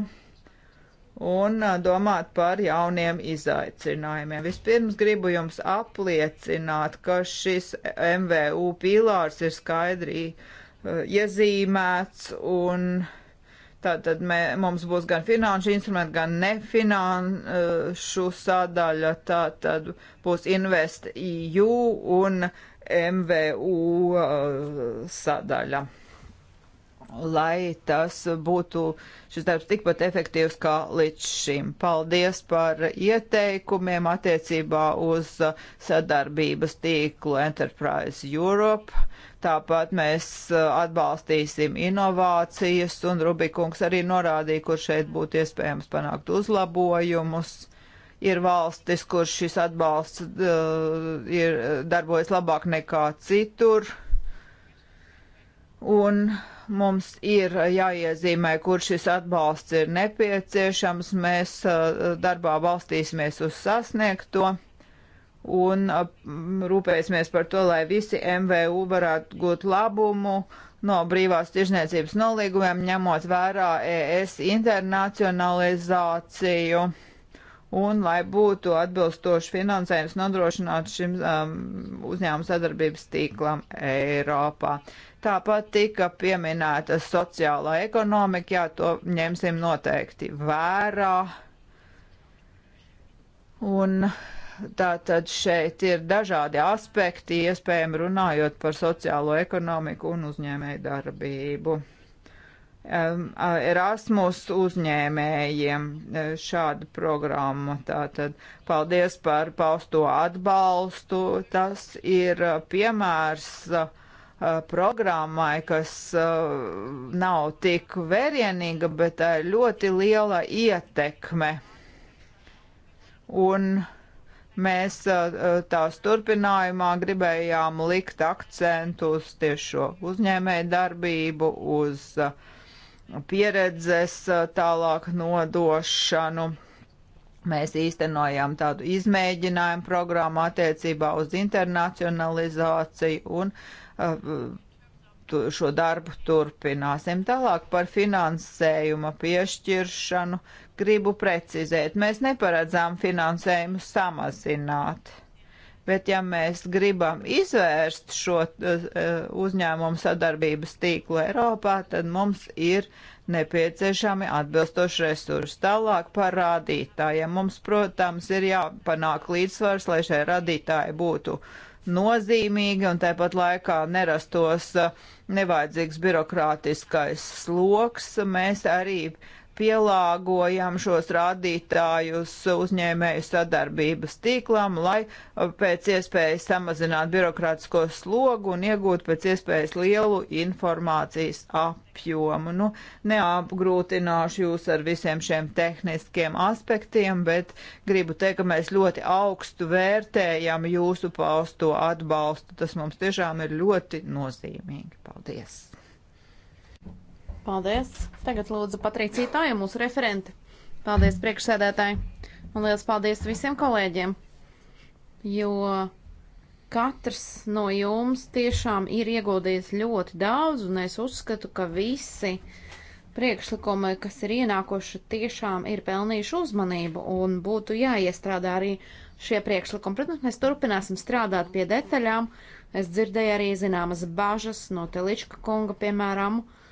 un domāt par jauniem izaicinājumiem. Vispirms gribu jums apliecināt, ka šis MVU pīlārs ir skaidri iezīmēts un uh, Tātad mē, mums būs gan finanšu instrumenti, gan nefinanšu sadaļa, tātad būs Invest EU un MVU uh, sadaļa. Lai tas būtu šis darbs tikpat efektīvs kā līdz šim. Paldies par ieteikumiem attiecībā uz sadarbības tīklu Enterprise Europe Tāpat mēs uh, atbalstīsim inovācijas, un Rubikungs arī norādīja, kur šeit būtu iespējams panākt uzlabojumus. Ir valstis, kur šis atbalsts uh, ir, darbojas labāk nekā citur, un mums ir jāiezīmē, kur šis atbalsts ir nepieciešams. Mēs uh, darbā balstīsimies uz sasniegto un rūpēsimies par to, lai visi MVU varētu gūt labumu no brīvās tirzniecības nolīgumiem, ņemot vērā ES internacionalizāciju un lai būtu atbilstoši finansējums nodrošināt šim um, uzņēmumu sadarbības tīklam Eiropā. Tāpat tika pieminēta sociālā ekonomika, jā, to ņemsim noteikti vērā. Un Tātad šeit ir dažādi aspekti, iespējami runājot par sociālo ekonomiku un uzņēmēju darbību. Erasmus uzņēmējiem e, šāda programma. Tātad paldies par pausto atbalstu. Tas ir e, piemērs e, programmai, kas nav tik vērienīga, bet tā ir ļoti liela ietekme. Un mēs uh, uh, tās turpinājumā gribējām likt akcentu uz tiešo uzņēmēju darbību, uz uh, pieredzes tālāk nodošanu. Mēs īstenojām tādu izmēģinājumu programmu attiecībā uz internacionalizāciju un šo darbu turpināsim. Tālāk par finansējuma piešķiršanu gribu precizēt, mēs neparedzām finansējumu samazināt. Bet ja mēs gribam izvērst šo uh, uzņēmumu sadarbības tīklu Eiropā, tad mums ir nepieciešami atbilstoši resursi. Tālāk par rādītājiem. Mums, protams, ir jāpanāk līdzsvars, lai šie rādītāji būtu nozīmīgi un tāpat laikā nerastos eh, nevajadzīgs birokrātiskais sloks. Mēs arī uh, pielāgojam šos rādītājus uzņēmēju sadarbības tīklam, lai uh, pēc iespējas samazinātu birokrātisko slogu un iegūtu pēc iespējas lielu informācijas apjomu. Nu, neapgrūtināšu jūs ar visiem šiem tehniskiem aspektiem, bet gribu teikt, ka mēs ļoti augstu vērtējam jūsu pausto atbalstu. Tas mums tiešām ir ļoti nozīmīgi. Paldies! Paldies. Tagad lūdzu Patricija Tāja, mūsu referenti. Paldies priekšsēdētāji. Un liels paldies visiem kolēģiem, jo katrs no jums tiešām ir ieguldījis ļoti daudz, un es uzskatu, ka visi priekšlikumi, kas ir ienākoši, tiešām ir pelnījuši uzmanību, un būtu jāiestrādā arī šie priekšlikumi. Protams, mēs turpināsim strādāt pie detaļām. Es dzirdēju arī zināmas bažas no Telička kunga, piemēram, uh,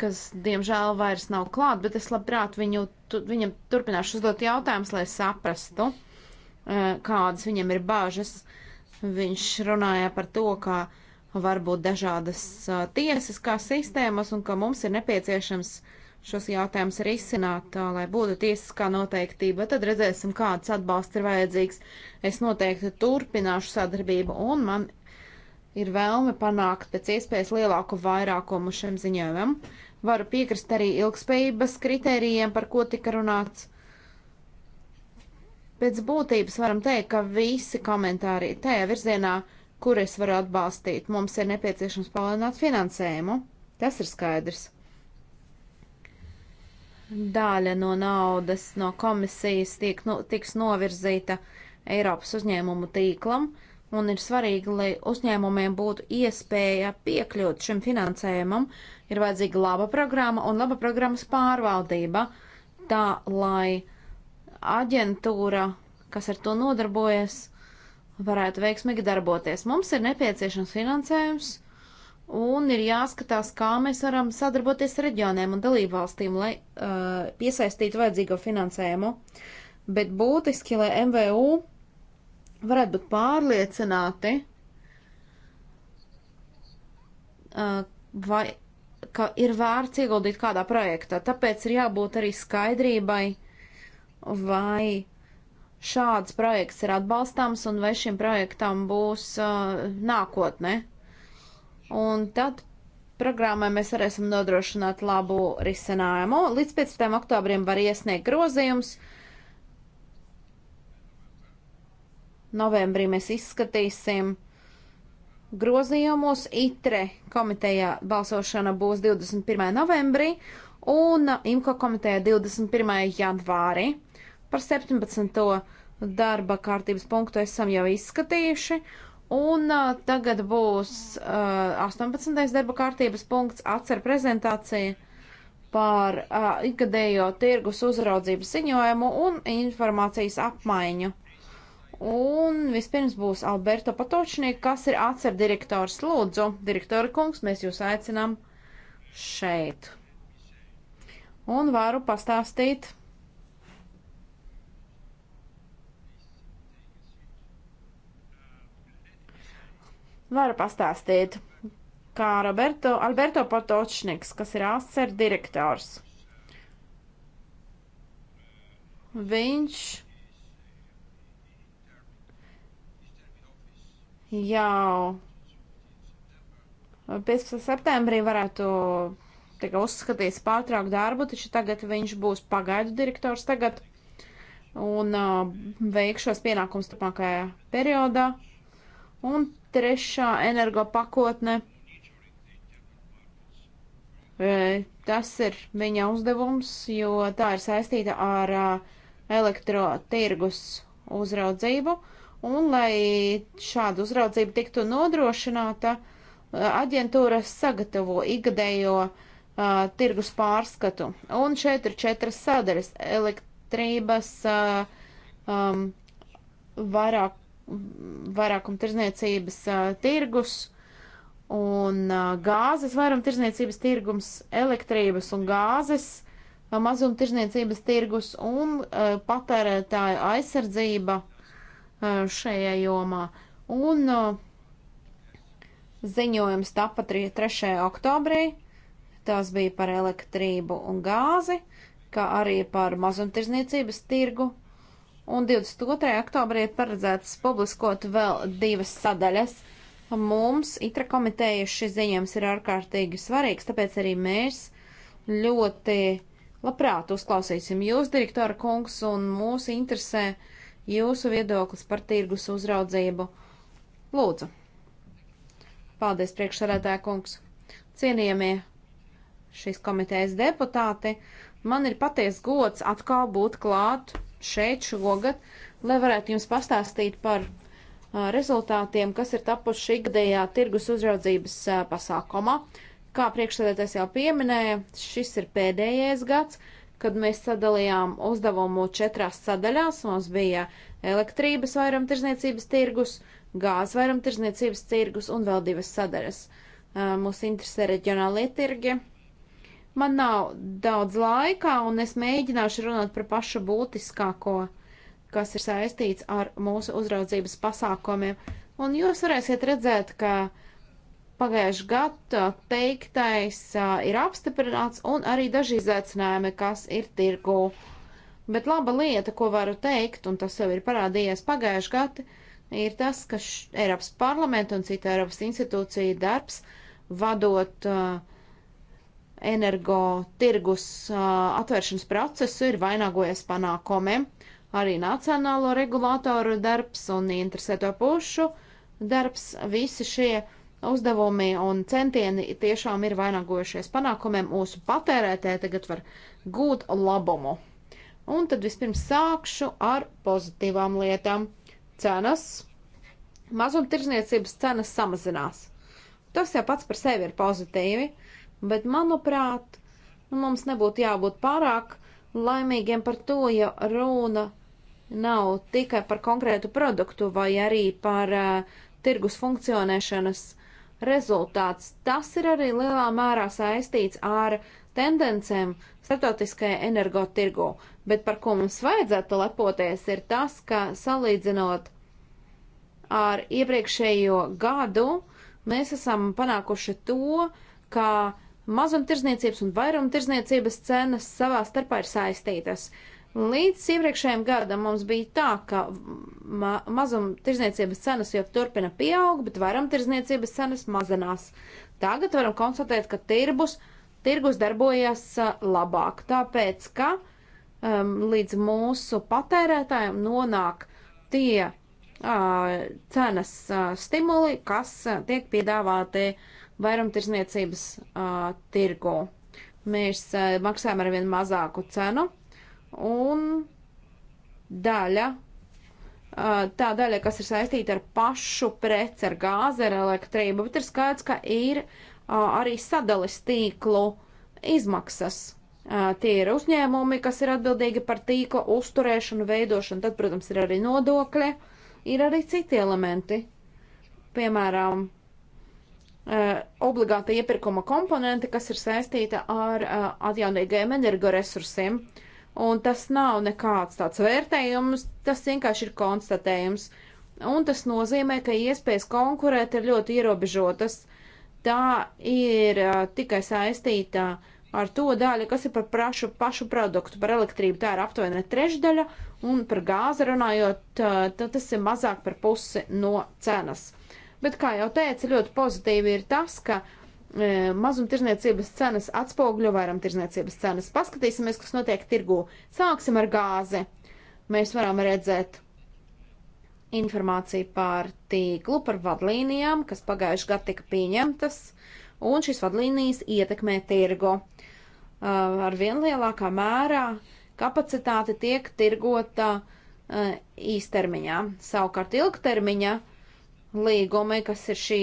kas diemžēl vairs nav klāt, bet es labprāt viņu, tu, viņam turpināšu uzdot jautājumus, lai saprastu, eh, kādas viņam ir bāžas. Viņš runāja par to, ka var būt dažādas eh, tiesiskās sistēmas un ka mums ir nepieciešams šos jautājumus risināt, eh, lai būtu tiesiskā noteiktība. Tad redzēsim, kāds atbalsts ir vajadzīgs. Es noteikti turpināšu sadarbību un man ir vēlme panākt pēc iespējas lielāku vairākumu šiem ziņojumam. Uh, Varu piekrist arī ilgspējības kritērijiem, par ko tika runāts. Pēc būtības varam teikt, ka visi komentāri ir tajā virzienā, kur es varu atbalstīt. Mums ir nepieciešams palielināt finansējumu. Tas ir skaidrs. Daļa no naudas no komisijas tiek, no, tiks novirzīta Eiropas uzņēmumu tīklam, un ir svarīgi, lai uzņēmumiem būtu iespēja piekļūt šim finansējumam, uh, Ir vajadzīga laba programma un laba programmas pārvaldība, tā lai aģentūra, kas ar to nodarbojas, varētu veiksmīgi darboties. Mums ir nepieciešams finansējums un ir jāskatās, kā mēs varam sadarboties ar reģioniem un dalībvalstīm, lai uh, piesaistītu vajadzīgo finansējumu. Bet būtiski, lai MVU varētu būt pārliecināti, uh, vai ka ir vērts ieguldīt kādā projektā. Tāpēc ir jābūt arī skaidrībai, vai šāds projekts ir atbalstāms un vai šim projektam būs uh, nākotne. Un tad programmai mēs varēsim nodrošināt labu risinājumu. Līdz 15. oktobrim var iesniegt grozījums. Novembrī mēs izskatīsim grozījumos. ITRE komitejā balsošana būs 21. novembrī un IMCO komitejā 21. janvārī. Par 17. darba kārtības punktu esam jau izskatījuši. Un uh, tagad būs uh, 18. darba kārtības punkts atcer prezentācija par uh, ikgadējo tirgus uzraudzības ziņojumu un informācijas apmaiņu. Un vispirms būs Alberto Patočnieks, kas ir atcer direktors Lūdzu. Direktora kungs, mēs jūs aicinām šeit. Un varu pastāstīt. Varu pastāstīt, kā Roberto, Alberto Patočnieks, kas ir atcer direktors. Viņš jau 15. septembrī varētu tika uzskatīts pārtraukt darbu, taču tagad viņš būs pagaidu direktors tagad un uh, veikšos pienākums turpmākajā periodā. Un trešā energo pakotne. E, tas ir viņa uzdevums, jo tā ir saistīta ar uh, elektrotirgus uzraudzību. Uh, Un, lai šāda uzraudzība tiktu nodrošināta, aģentūra sagatavo ikgadējo uh, tirgus pārskatu. Un šeit ir četras sadaļas - elektrības, uh, um, vairāk, vairākuma tirzniecības uh, tirgus un uh, gāzes vairumtirzniecības tirgums, elektrības un gāzes mazumtirzniecības tirgus un uh, patērētāju aizsardzība šajā jomā. Un ziņojums tapa 3. oktobrī. Tas bija par elektrību un gāzi, kā arī par mazumtirzniecības tirgu. Un 22. oktobrī ir paredzēts publiskot vēl divas sadaļas. Mums itra komiteja šis ziņojums ir ārkārtīgi svarīgs, tāpēc arī mēs ļoti labprāt uzklausīsim jūs, direktora kungs, un mūs interesē uh, jūsu viedoklis par tirgus uzraudzību. Lūdzu. Paldies, priekšsarētāja kungs. Cienījamie šīs komitejas deputāti, man ir paties gods atkal būt klāt šeit šogad, lai varētu jums pastāstīt par rezultātiem, kas ir tapuši šī gadējā tirgus uzraudzības pasākumā. Kā priekšsēdētājs jau pieminēja, šis ir pēdējais gads, kad mēs sadalījām uzdevumu četrās sadaļās. Mums bija elektrības vairumtirdzniecības tirgus, gāzes vairumtirdzniecības tirgus un vēl divas sadaļas. Mūs interesē reģionālie tirgi. Man nav daudz laika, un es mēģināšu runāt par pašu būtiskāko, kas ir saistīts ar mūsu uzraudzības pasākumiem. Un jūs varēsiet redzēt, ka uh, pagājuši gadu teiktais ir apstiprināts un arī daži izaicinājumi, kas ir tirgu. Bet laba lieta, ko varu teikt, un tas jau ir parādījies pagājuši gadu, ir tas, ka Eiropas parlamenta un cita Eiropas institūcija darbs vadot uh, energo tirgus uh, atvēršanas procesu ir vainagojies panākumiem. Arī nacionālo regulātoru darbs un interesēto pušu darbs, visi šie uh, uzdevumi un centieni tiešām ir vainagojušies panākumiem. Mūsu patērētē tagad var gūt labumu. Un tad vispirms sākšu ar pozitīvām lietām. Cenas. Mazumtirdzniecības cenas samazinās. Tas jau pats par sevi ir pozitīvi, bet manuprāt, mums nebūtu jābūt pārāk laimīgiem par to, ja runa nav tikai par konkrētu produktu vai arī par uh, tirgus funkcionēšanas rezultāts. Tas ir arī lielā mērā saistīts ar tendencēm starptautiskajā energotirgu, bet par ko mums vajadzētu lepoties ir tas, ka salīdzinot ar iepriekšējo gadu, mēs esam panākuši to, ka mazumtirdzniecības un vairumtirdzniecības cenas savā starpā ir saistītas. Uh, Līdz iepriekšējiem gadam mums bija tā, ka ma mazumtirdzniecības cenas jau turpina pieaugt, bet vairumtirdzniecības cenas mazinās. Tagad varam konstatēt, ka tirbus, tirgus darbojas labāk, tāpēc ka um, līdz mūsu patērētājiem nonāk tie uh, cenas uh, stimuli, kas uh, tiek piedāvāti vairumtirdzniecības uh, tirgu. Mēs uh, maksājam ar vien mazāku cenu un daļa, tā daļa, kas ir saistīta ar pašu preci, ar gāzi, ar elektrību, bet ir skaidrs, ka ir arī sadales tīklu izmaksas. Tie ir uzņēmumi, kas ir atbildīgi par tīkla uzturēšanu, veidošanu, tad, protams, ir arī nodokļi, ir arī citi elementi. Piemēram, obligāta iepirkuma komponente, kas ir saistīta ar atjaunīgajiem energoresursiem. resursiem Un tas nav nekāds tāds vērtējums, tas vienkārši ir konstatējums. Un tas nozīmē, ka iespējas konkurēt ir ļoti ierobežotas. Tā ir uh, tikai saistīta ar to daļu, kas ir par prašu, pašu produktu, par elektrību. Tā ir aptuveni trešdaļa, un par gāzi runājot, uh, tas ir mazāk par pusi no cenas. Bet, kā jau teicu, ļoti pozitīvi ir tas, ka uh, E, mazumtirdzniecības cenas atspoguļo vairumtirdzniecības cenas. Paskatīsimies, kas notiek tirgū. Sāksim ar gāzi. Mēs varam redzēt informāciju par tīklu, par vadlīnijām, kas pagājuši gadu tika pieņemtas, un šīs vadlīnijas ietekmē tirgu. Ar vien lielākā mērā kapacitāte tiek tirgota īstermiņā. Savukārt ilgtermiņā līgumi, kas ir šī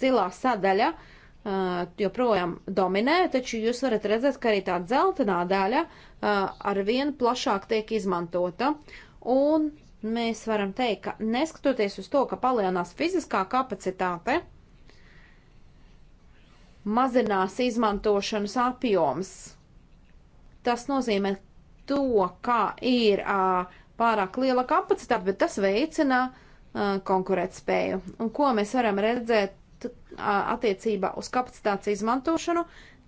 zilā sadaļa, uh, Uh, joprojām dominē, taču jūs varat redzēt, ka arī tā dzeltenā daļa uh, ar vien plašāk tiek izmantota. Un mēs varam teikt, ka neskatoties uz to, ka palielinās fiziskā kapacitāte, mazinās izmantošanas apjoms. Tas nozīmē to, kā ir uh, pārāk liela kapacitāte, bet tas veicina konkurētspēju. Un ko mēs varam redzēt attiecībā uz kapacitātes izmantošanu,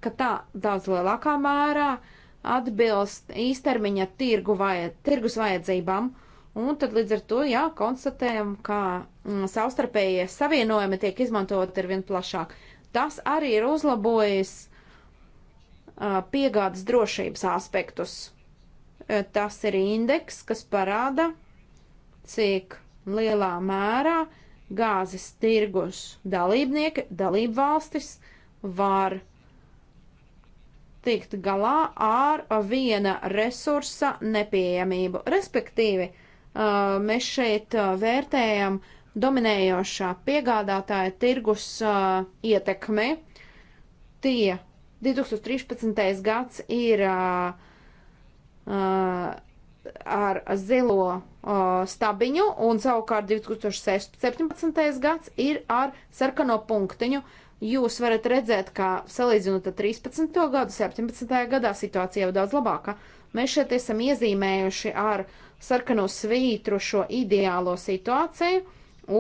ka tā daudz lielākā mērā atbilst īstermiņa tirgu vajad, tirgus vajadzībām. Un tad līdz ar to, jā, konstatējam, ka mm, savstarpējie savienojumi tiek izmantot ar vien plašāk. Tas arī ir uzlabojis uh, piegādes drošības aspektus. Uh, tas ir indeks, kas parāda, cik lielā mērā uh, gāzes tirgus dalībnieki, dalību valstis var tikt galā ar viena resursa nepieejamību. Respektīvi, mēs šeit vērtējam dominējošā piegādātāja tirgus ietekmi. Tie 2013. gads ir ar zilo uh, stabiņu, un savukārt 2017. gads ir ar sarkano punktiņu. Jūs varat redzēt, ka salīdzinot ar 13. gadu, 17. gadā situācija jau daudz labāka. Mēs šeit esam iezīmējuši ar sarkano svītru šo ideālo situāciju,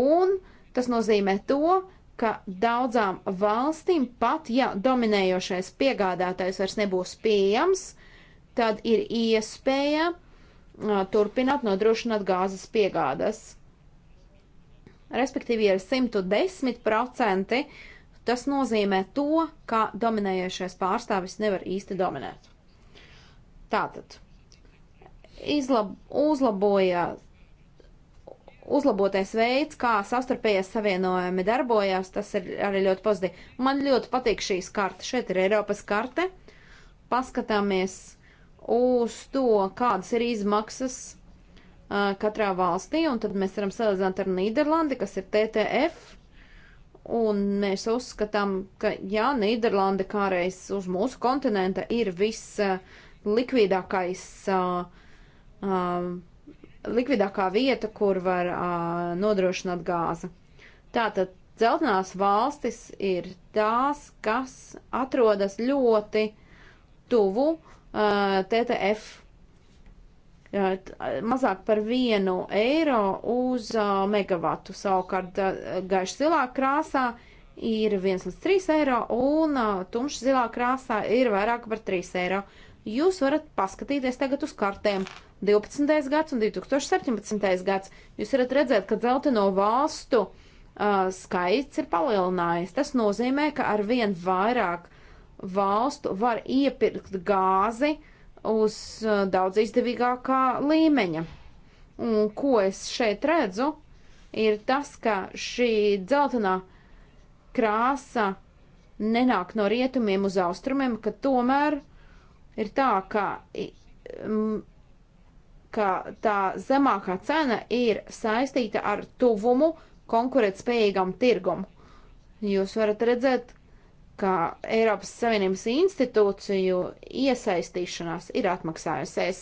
un tas nozīmē to, ka daudzām valstīm pat, ja dominējošais piegādātājs vairs nebūs pieejams, tad ir iespēja uh, turpināt nodrošināt gāzes piegādas. Respektīvi, ir 110%. Tas nozīmē to, ka dominējošais pārstāvis nevar īsti dominēt. Tātad, izlab, uzlaboja, uzlabotais veids, kā savstarpējās savienojumi darbojās, tas ir arī ļoti pozitīvi. Man ļoti patīk šīs kartes. Šeit ir Eiropas karte. Paskatāmies uz to, kādas ir izmaksas uh, katrā valstī, un tad mēs varam salīdzināt ar Nīderlandi, kas ir TTF, un mēs uzskatām, ka jā, Nīderlanda kāreiz uz mūsu kontinenta ir viss uh, likvidākais, uh, likvidākā vieta, kur var uh, nodrošināt gāzi. Tātad dzeltenās valstis ir tās, kas atrodas ļoti tuvu uh, Eh, TTF. Eh, eh, mazāk par vienu eiro uz megavatu. Savukārt gaiši zilā krāsā ir 1 līdz 3 eiro un tumšs zilā krāsā ir vairāk par 3 eiro. Jūs varat paskatīties tagad uz kartēm. 12. gads un 2017. gads. Jūs varat redzēt, ka dzelteno valstu uh, skaits ir palielinājies. Tas nozīmē, ka ar vien vairāk uh, valstu var iepirkt gāzi uz uh, daudz izdevīgākā līmeņa. Un ko es šeit redzu, ir tas, ka šī dzeltenā krāsa nenāk no rietumiem uz austrumiem, ka tomēr ir tā, ka, ka tā zemākā cena ir saistīta ar tuvumu konkurētspējīgam tirgum. Jūs varat redzēt, ka Eiropas Savienības institūciju iesaistīšanās ir atmaksājusies.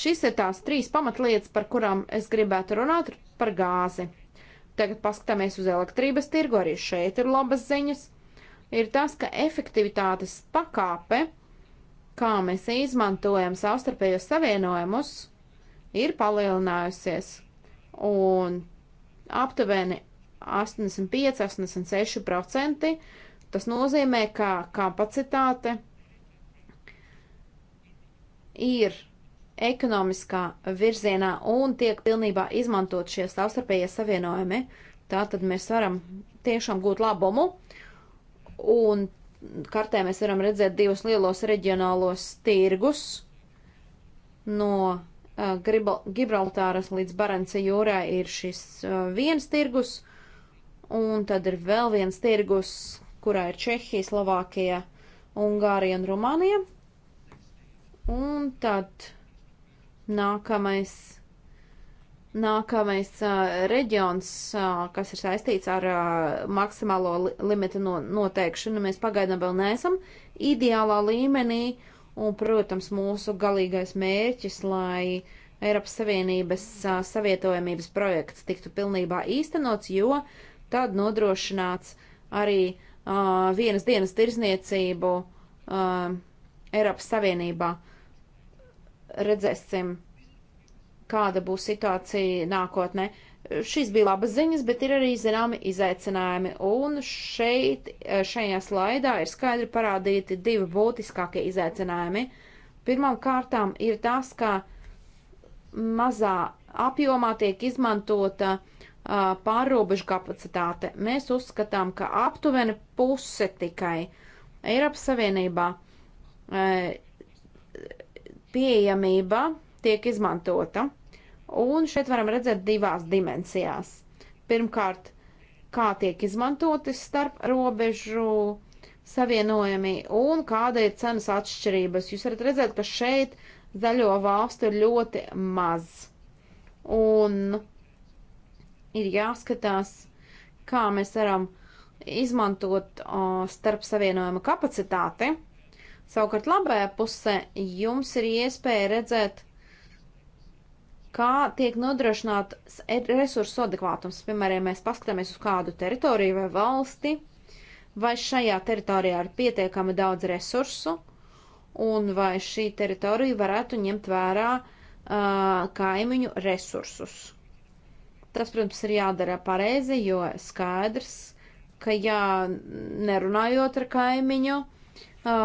Šis ir tās trīs pamatlietas, par kurām es gribētu runāt par gāzi. Tagad paskatāmies uz elektrības tirgu, arī šeit ir labas ziņas. Ir tas, ka efektivitātes pakāpe, kā mēs izmantojam savstarpējos savienojumus, ir palielinājusies un aptuveni 85-86% Tas nozīmē, ka kapacitāte ir ekonomiskā virzienā un tiek pilnībā izmantot šie savstarpējie savienojumi. Tā tad mēs varam tiešām gūt labumu. Un kartē mēs varam redzēt divus lielos reģionālos tirgus no uh, Gibraltāras līdz Barenca jūrā ir šis uh, viens tirgus, un tad ir vēl viens tirgus, kurā ir Čehija, Slovākija, Ungārija un Rumānija. Un tad nākamais, nākamais uh, reģions, uh, kas ir saistīts ar uh, maksimālo li limitu no noteikšanu, mēs pagaidām vēl neesam ideālā līmenī. Un, protams, mūsu galīgais mērķis, lai uh, Eiropas Savienības a, savietojamības projekts tiktu pilnībā īstenots, jo tad nodrošināts arī uh, vienas dienas tirzniecību uh, Eiropas Savienībā. Redzēsim, kāda būs situācija nākotnē. Šīs bija labas ziņas, bet ir arī zināmi izaicinājumi, un šeit, šajā slaidā ir skaidri parādīti divi būtiskākie izaicinājumi. Pirmām kārtām ir tas, ka mazā apjomā tiek izmantota uh, pārrobežu kapacitāte. Mēs uzskatām, ka aptuveni puse tikai Eiropas Savienībā pieejamība tiek izmantota. Un šeit varam redzēt divās dimensijās. Pirmkārt, kā tiek izmantoti starp robežu savienojumi un kāda ir cenas atšķirības. Jūs varat redzēt, ka šeit zaļo valstu ir ļoti maz. Un uh, ir jāskatās, kā mēs varam izmantot uh, starp savienojuma kapacitāti. Savukārt labajā pusē jums ir iespēja redzēt, kā tiek nodrošināts e, resursu adekvātums. Piemēram, mēs paskatāmies uz kādu teritoriju vai valsti, vai šajā teritorijā ir pietiekami daudz resursu, un vai šī teritorija varētu ņemt vērā uh, kaimiņu resursus. Tas, protams, ir jādara pareizi, jo skaidrs, ka jā, nerunājot ar kaimiņu,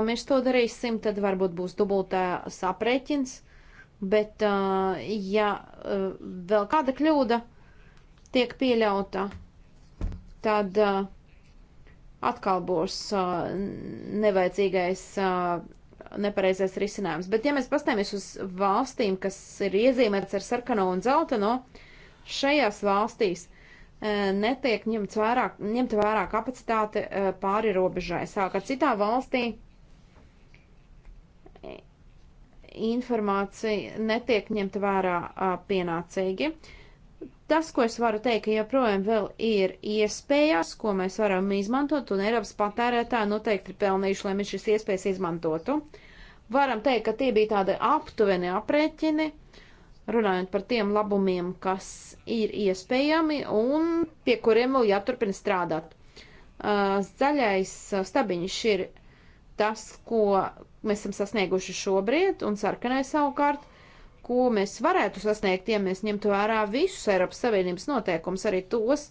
mēs to darīsim, tad varbūt būs dubultā saprēķins, bet ja vēl kāda kļūda tiek pieļauta, tad atkal būs nevajadzīgais nepareizais risinājums. Bet, ja mēs pastāmies uz valstīm, kas ir iezīmētas ar sarkano un zeltaino, no, šajās valstīs e, netiek ņemta vērā, ņemt vērā kapacitāte e, pāri robežai. Sākot citā valstī e, informācija netiek ņemta vērā pienācīgi. Tas, ko es varu teikt, ka joprojām vēl ir iespējas, ko mēs varam izmantot, un Eiropas patērētāji noteikti ir pelnījuši, lai mēs šīs iespējas izmantotu. Varam teikt, ka tie bija tādi aptuveni aprēķini, uh, runājot par tiem labumiem, kas ir iespējami un pie kuriem vēl jāturpina strādāt. Zaļais stabiņš ir tas, ko mēs esam sasnieguši šobrīd, un sarkanais savukārt, ko mēs varētu sasniegt, ja mēs ņemtu vērā visus Eiropas Savienības noteikumus, arī tos,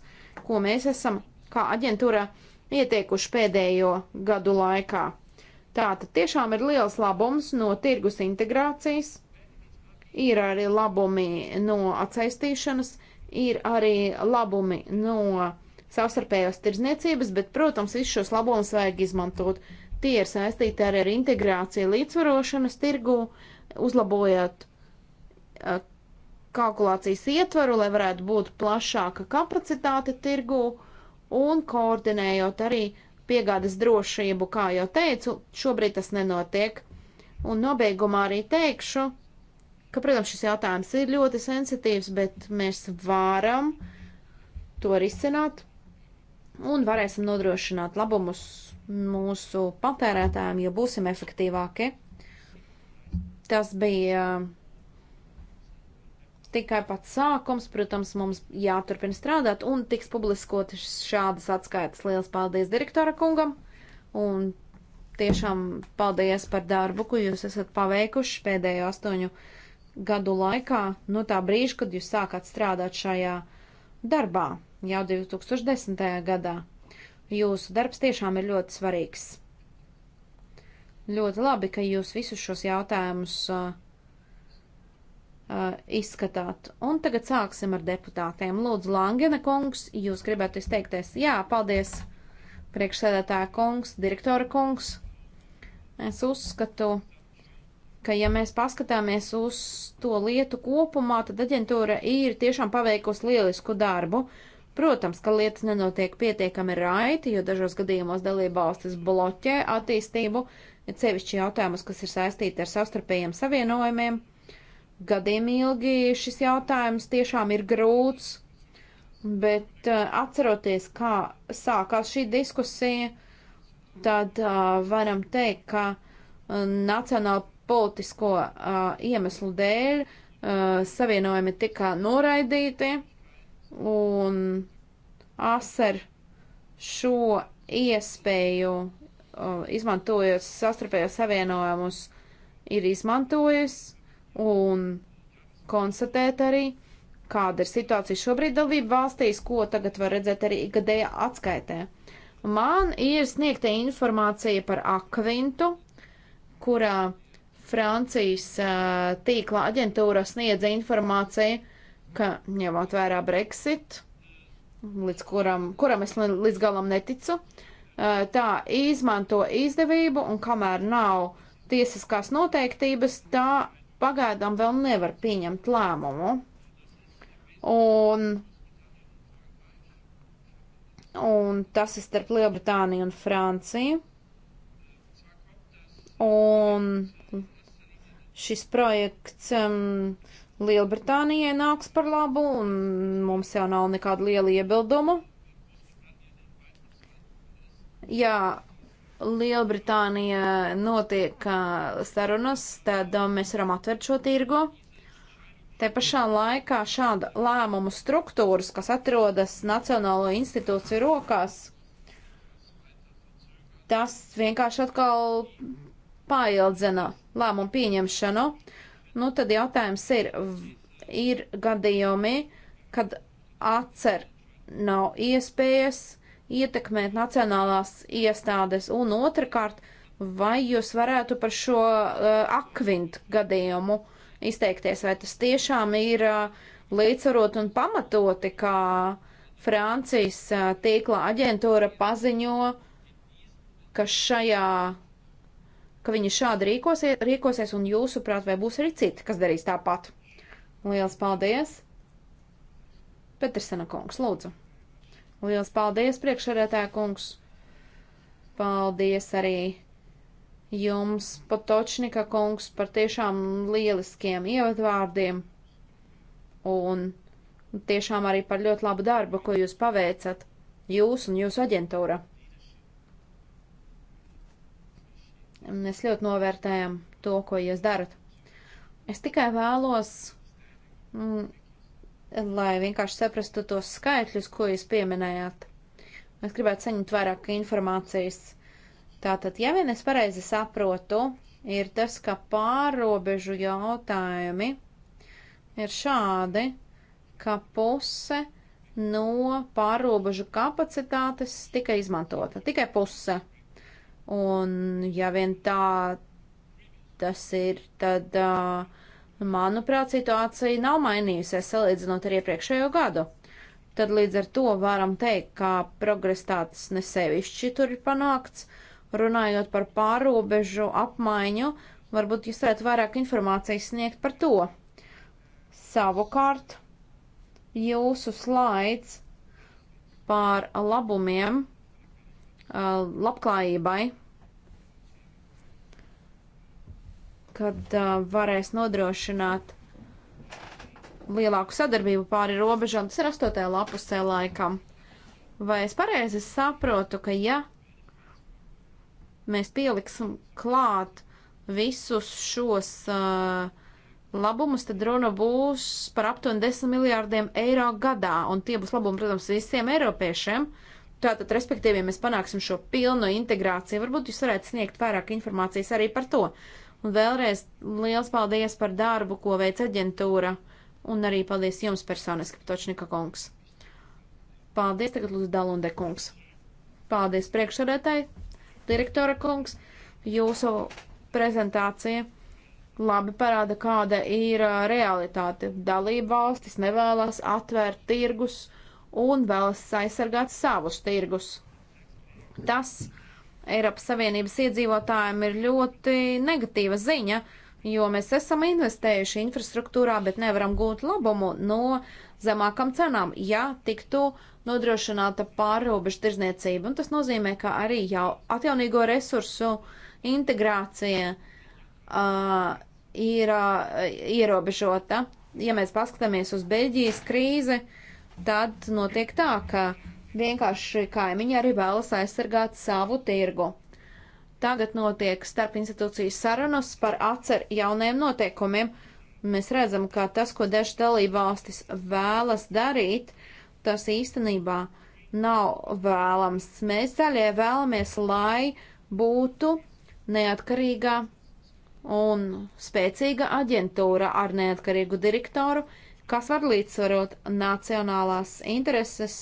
ko mēs esam kā aģentūra ieteikuši pēdējo gadu laikā. Tātad tiešām ir liels labums no tirgus integrācijas Ir arī labumi no atsaistīšanas, ir arī labumi no savstarpējās tirzniecības, bet, protams, visus šos labumus vajag izmantot. Tie ir saistīti arī ar integrāciju līdzvarošanas tirgu, uzlabojot eh, kalkulācijas ietvaru, lai varētu būt plašāka kapacitāte tirgu un koordinējot arī piegādes drošību, kā jau teicu, šobrīd tas nenotiek. Un nobeigumā arī teikšu, ka, protams, šis jautājums ir ļoti sensitīvs, bet mēs varam to risināt un varēsim nodrošināt labumus mūsu patērētājiem, ja būsim efektīvāki. Tas bija tikai pats sākums, protams, mums jāturpina strādāt un tiks publiskotas šādas atskaitas. Lielas paldies direktora kungam un tiešām paldies par darbu, ko jūs esat paveikuši pēdējo astoņu gadu gadu laikā no tā brīža, kad jūs sākat strādāt šajā darbā, jau 2010. gadā. Jūsu darbs tiešām ir ļoti svarīgs. Ļoti labi, ka jūs visus šos jautājumus uh, uh, izskatāt. Un tagad sāksim ar deputātiem. Lūdzu, Langena kungs, jūs gribētu izteikties? Jā, paldies, priekšsēdētāja kungs, direktora kungs. Es uzskatu, uh, ka, ja mēs paskatāmies uz to lietu kopumā, tad aģentūra ir tiešām paveikusi lielisku darbu. Protams, ka lietas nenotiek pietiekami raiti, jo dažos gadījumos dalībvalstis bloķē attīstību, ir sevišķi jautājumus, kas ir saistīti ar savstarpējiem savienojumiem. Gadiem ilgi šis jautājums tiešām ir grūts, bet eh, atceroties, kā sākās šī diskusija, tad uh, varam teikt, ka uh, nacionāla politisko uh, iemeslu dēļ uh, savienojumi tika noraidīti, un ASER šo iespēju, uh, izmantojot sastarpējos savienojumus, ir izmantojis un konstatēt arī, kāda ir situācija šobrīd dalību valstīs, ko tagad var redzēt arī ikgadējā atskaitē. Man ir sniegta informācija par akvintu, kurā Francijas uh, tīkla aģentūra sniedza informāciju, ka ņemot vērā Brexit, līdz kuram, kuram es līdz galam neticu, uh, tā izmanto izdevību un kamēr nav tiesiskās noteiktības, tā pagaidām vēl nevar pieņemt lēmumu. Un, un tas ir starp Lielbritāniju un Franciju. Un šis projekts um, Lielbritānijai nāks par labu, un mums jau nav nekādu lielu iebildumu. Jā, Lielbritānija notiek uh, sarunas, tad um, mēs varam atvērt šo tirgu. Te pašā laikā šāda lēmumu struktūras, kas atrodas Nacionālo institūciju rokās, tas vienkārši atkal paildzina lēmumu pieņemšanu, nu tad jautājums ir, ir gadījumi, kad atcer nav iespējas ietekmēt nacionālās iestādes, un otrkārt, vai jūs varētu par šo uh, eh, akvintu gadījumu izteikties, vai tas tiešām ir uh, līdzsvarot un pamatoti, kā Francijas uh, tīkla aģentūra paziņo, ka šajā ka viņi šādi rīkosies, rīkosies un jūsuprāt, vai būs arī citi, kas darīs tāpat? Lielas paldies! Petersena kungs, lūdzu! Lielas paldies, priekšsarētāja kungs! Paldies arī jums, Patočnika kungs, par tiešām lieliskiem ievadvārdiem un tiešām arī par ļoti labu darbu, ko jūs paveicat, jūs un jūsu aģentūra. Mēs ļoti novērtējam to, ko jūs darat. Es tikai vēlos, mm, lai vienkārši saprastu tos skaitļus, ko jūs pieminējāt. Es gribētu saņemt vairāk informācijas. Tātad, ja vien es pareizi saprotu, ir tas, ka pārobežu jautājumi ir šādi, ka puse no pārobežu kapacitātes tika izmantota. Tikai puse. Un, ja vien tā tas ir, tad, manuprāt, situācija nav mainījusies salīdzinot ar iepriekšējo gadu. Tad līdz ar to varam teikt, ka progress tāds nesevišķi tur ir panākts. Runājot par pārobežu apmaiņu, varbūt jūs varētu vairāk informācijas sniegt par to. Savukārt, jūsu slaids par labumiem Uh, labklājībai, kad uh, varēs nodrošināt lielāku sadarbību pāri robežām. Tas ir astotajā lapusē laikam. Vai es pareizi saprotu, ka ja mēs pieliksim klāt visus šos uh, labumus, tad runa būs par aptuveni 10 miljārdiem eiro gadā, un tie būs labumi, protams, visiem eiropiešiem. Uh, Tātad, respektīvi, ja mēs panāksim šo pilnu integrāciju, varbūt jūs varētu sniegt vairāk informācijas arī par to. Un vēlreiz liels paldies par darbu, ko veic aģentūra, un arī paldies jums personiski, Točnika kungs. Paldies, tagad lūdzu Dalunde kungs. Paldies priekšsēdētāji, direktora kungs, jūsu prezentācija labi parāda, kāda ir realitāte. Dalība valstis nevēlas atvērt tirgus un vēlas aizsargāt savus tirgus. Tas Eiropas Savienības iedzīvotājiem ir ļoti negatīva ziņa, jo mēs esam investējuši infrastruktūrā, bet nevaram gūt labumu no zemākām cenām, ja tiktu nodrošināta pārrobežu tirzniecība. Un tas nozīmē, ka arī jau atjaunīgo resursu integrācija uh, ir uh, ierobežota. Ja mēs paskatāmies uz Beļģijas krīzi, uh, tad notiek tā, ka vienkārši kaimiņi arī vēlas aizsargāt savu tirgu. Tagad notiek starp institūcijas sarunas par atcer jauniem noteikumiem. Mēs redzam, ka tas, ko daži dalība valstis vēlas darīt, tas īstenībā nav vēlams. Mēs daļai vēlamies, lai būtu neatkarīga un spēcīga aģentūra ar neatkarīgu direktoru, kas var līdzsvarot nacionālās intereses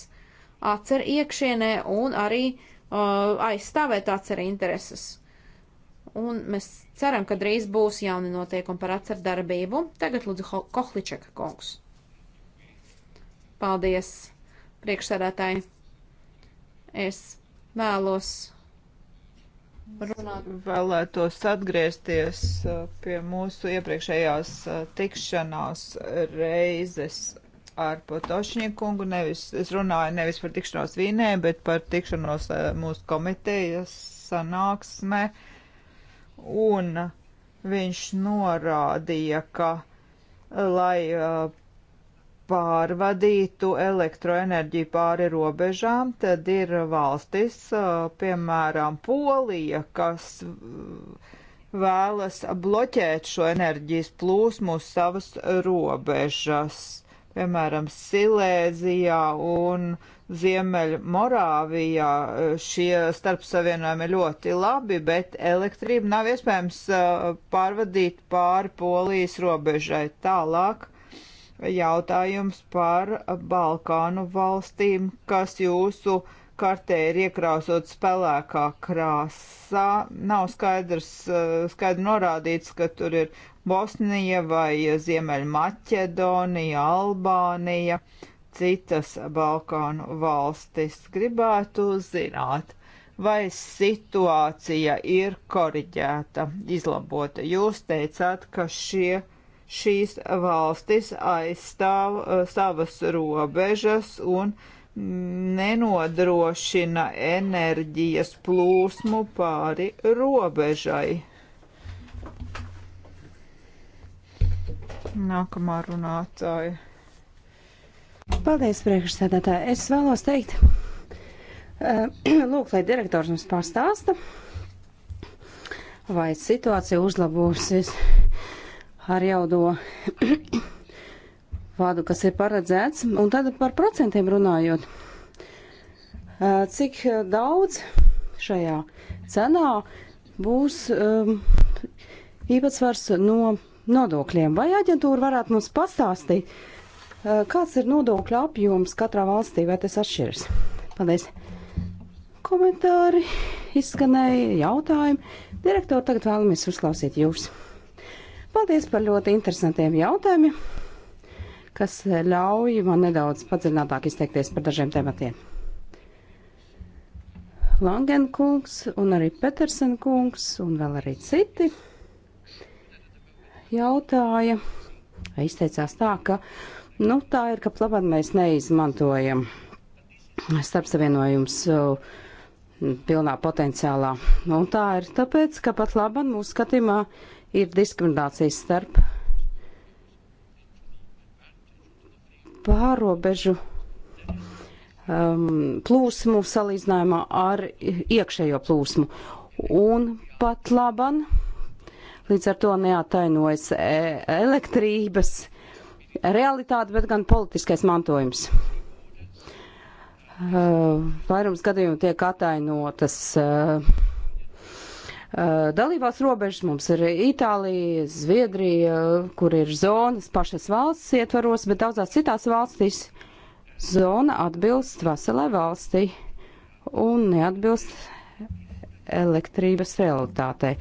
atcer iekšienē un arī uh, aizstāvēt atcer intereses. Un mēs ceram, ka drīz būs jauni noteikumi par atcer darbību. Tagad lūdzu Kohličeka kungs. Paldies, priekšsēdētāji. Es vēlos runāt. Vēlētos atgriezties uh, pie mūsu iepriekšējās uh, tikšanās reizes ar Potošņikungu. Nevis, es runāju nevis par tikšanos Vīnē, bet par tikšanos uh, mūsu komitejas sanāksmē. Un viņš norādīja, ka, lai pārvadītu elektroenerģiju pāri robežām, tad ir valstis, piemēram, Polija, kas vēlas bloķēt šo enerģijas plūsmu uz savas robežas, piemēram, Silēzijā un Ziemeļa Morāvijā šie starpsavienojumi ļoti labi, bet elektrību nav iespējams pārvadīt pāri Polijas robežai tālāk jautājums par Balkānu valstīm, kas jūsu kartē ir iekrāsot spēlēkā krāsā. Nav skaidrs, eh, skaidri norādīts, ka tur ir Bosnija vai Ziemeļmaķedonija, Albānija, citas Balkānu valstis. Gribētu zināt, vai situācija ir koriģēta, izlabota. Jūs teicāt, ka šie šīs valstis aizstāv uh, savas robežas un nenodrošina enerģijas plūsmu pāri robežai. Nākamā runātāja. Paldies, priekšsēdētāji. Es vēlos teikt, uh, lūk, lai direktors mums pārstāsta, vai situācija uzlabosies. Uh, ar jaudo vādu, kas ir paredzēts. Un tad par procentiem runājot. Cik daudz šajā cenā būs um, īpatsvars no nodokļiem? Vai aģentūra varētu mums pastāstīt, uh, kāds ir nodokļu apjoms katrā valstī, vai tas atšķiras? Paldies! Komentāri izskanēja jautājumi. Direktori, tagad vēlamies uzklausīt jūs. Paldies par ļoti interesantiem jautājumiem, kas ļauj man nedaudz padziļinātāk izteikties par dažiem tematiem. Langen kungs un arī Petersen kungs un vēl arī citi jautāja, izteicās tā, ka nu, tā ir, ka labāk mēs neizmantojam starpsavienojums uh, pilnā potenciālā. Un tā ir tāpēc, ka pat labāk mūsu skatījumā ir diskriminācijas starp pārobežu um, plūsmu salīdzinājumā ar iekšējo plūsmu. Un pat laban līdz ar to neatainojas e, elektrības realitāte, bet gan politiskais mantojums. Uh, vairums gadījumu tiek atainotas uh, Eh, dalībās robežas, mums ir Itālija, Zviedrija, kur ir zonas pašas valsts ietvaros, bet daudzās citās valstīs zona atbilst veselai valstī un neatbilst elektrības realitātei.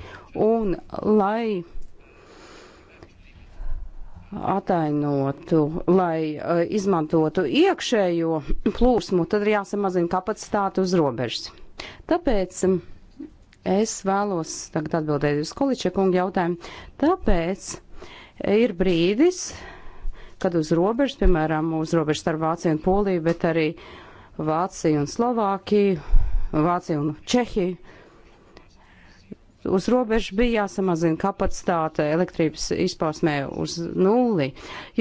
Un lai atainotu, lai uh, izmantotu iekšējo plūsmu, tad ir jāsamazina kapacitāte uz robežas. Tāpēc um, Es vēlos tagad atbildēt uz Količa kunga jautājumu. Tāpēc ir brīdis, kad uz robežas, piemēram, uz robežas starp Vāciju un Poliju, bet arī Vāciju un Slovākiju, Vāciju un Čehiju. Uz robežas bija jāsamazina kapacitāte elektrības izpausmē uz nulli,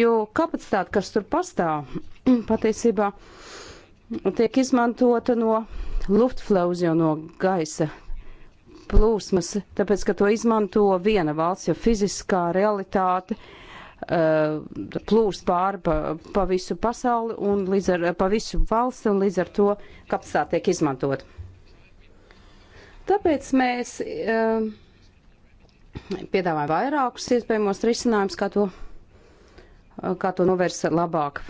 jo kapacitāte, kas tur pastāv, patiesībā tiek izmantota no Luftflows jau no gaisa plūsmas, tāpēc, ka to izmanto viena valsts, jo fiziskā realitāte uh, plūst pāri pa, pa visu pasauli un līdz ar, pa visu valsti un līdz ar to kapacitāte tiek izmantot. Tāpēc mēs uh, piedāvājam vairākus iespējamos risinājumus, kā to, uh, kā to novērst labāk,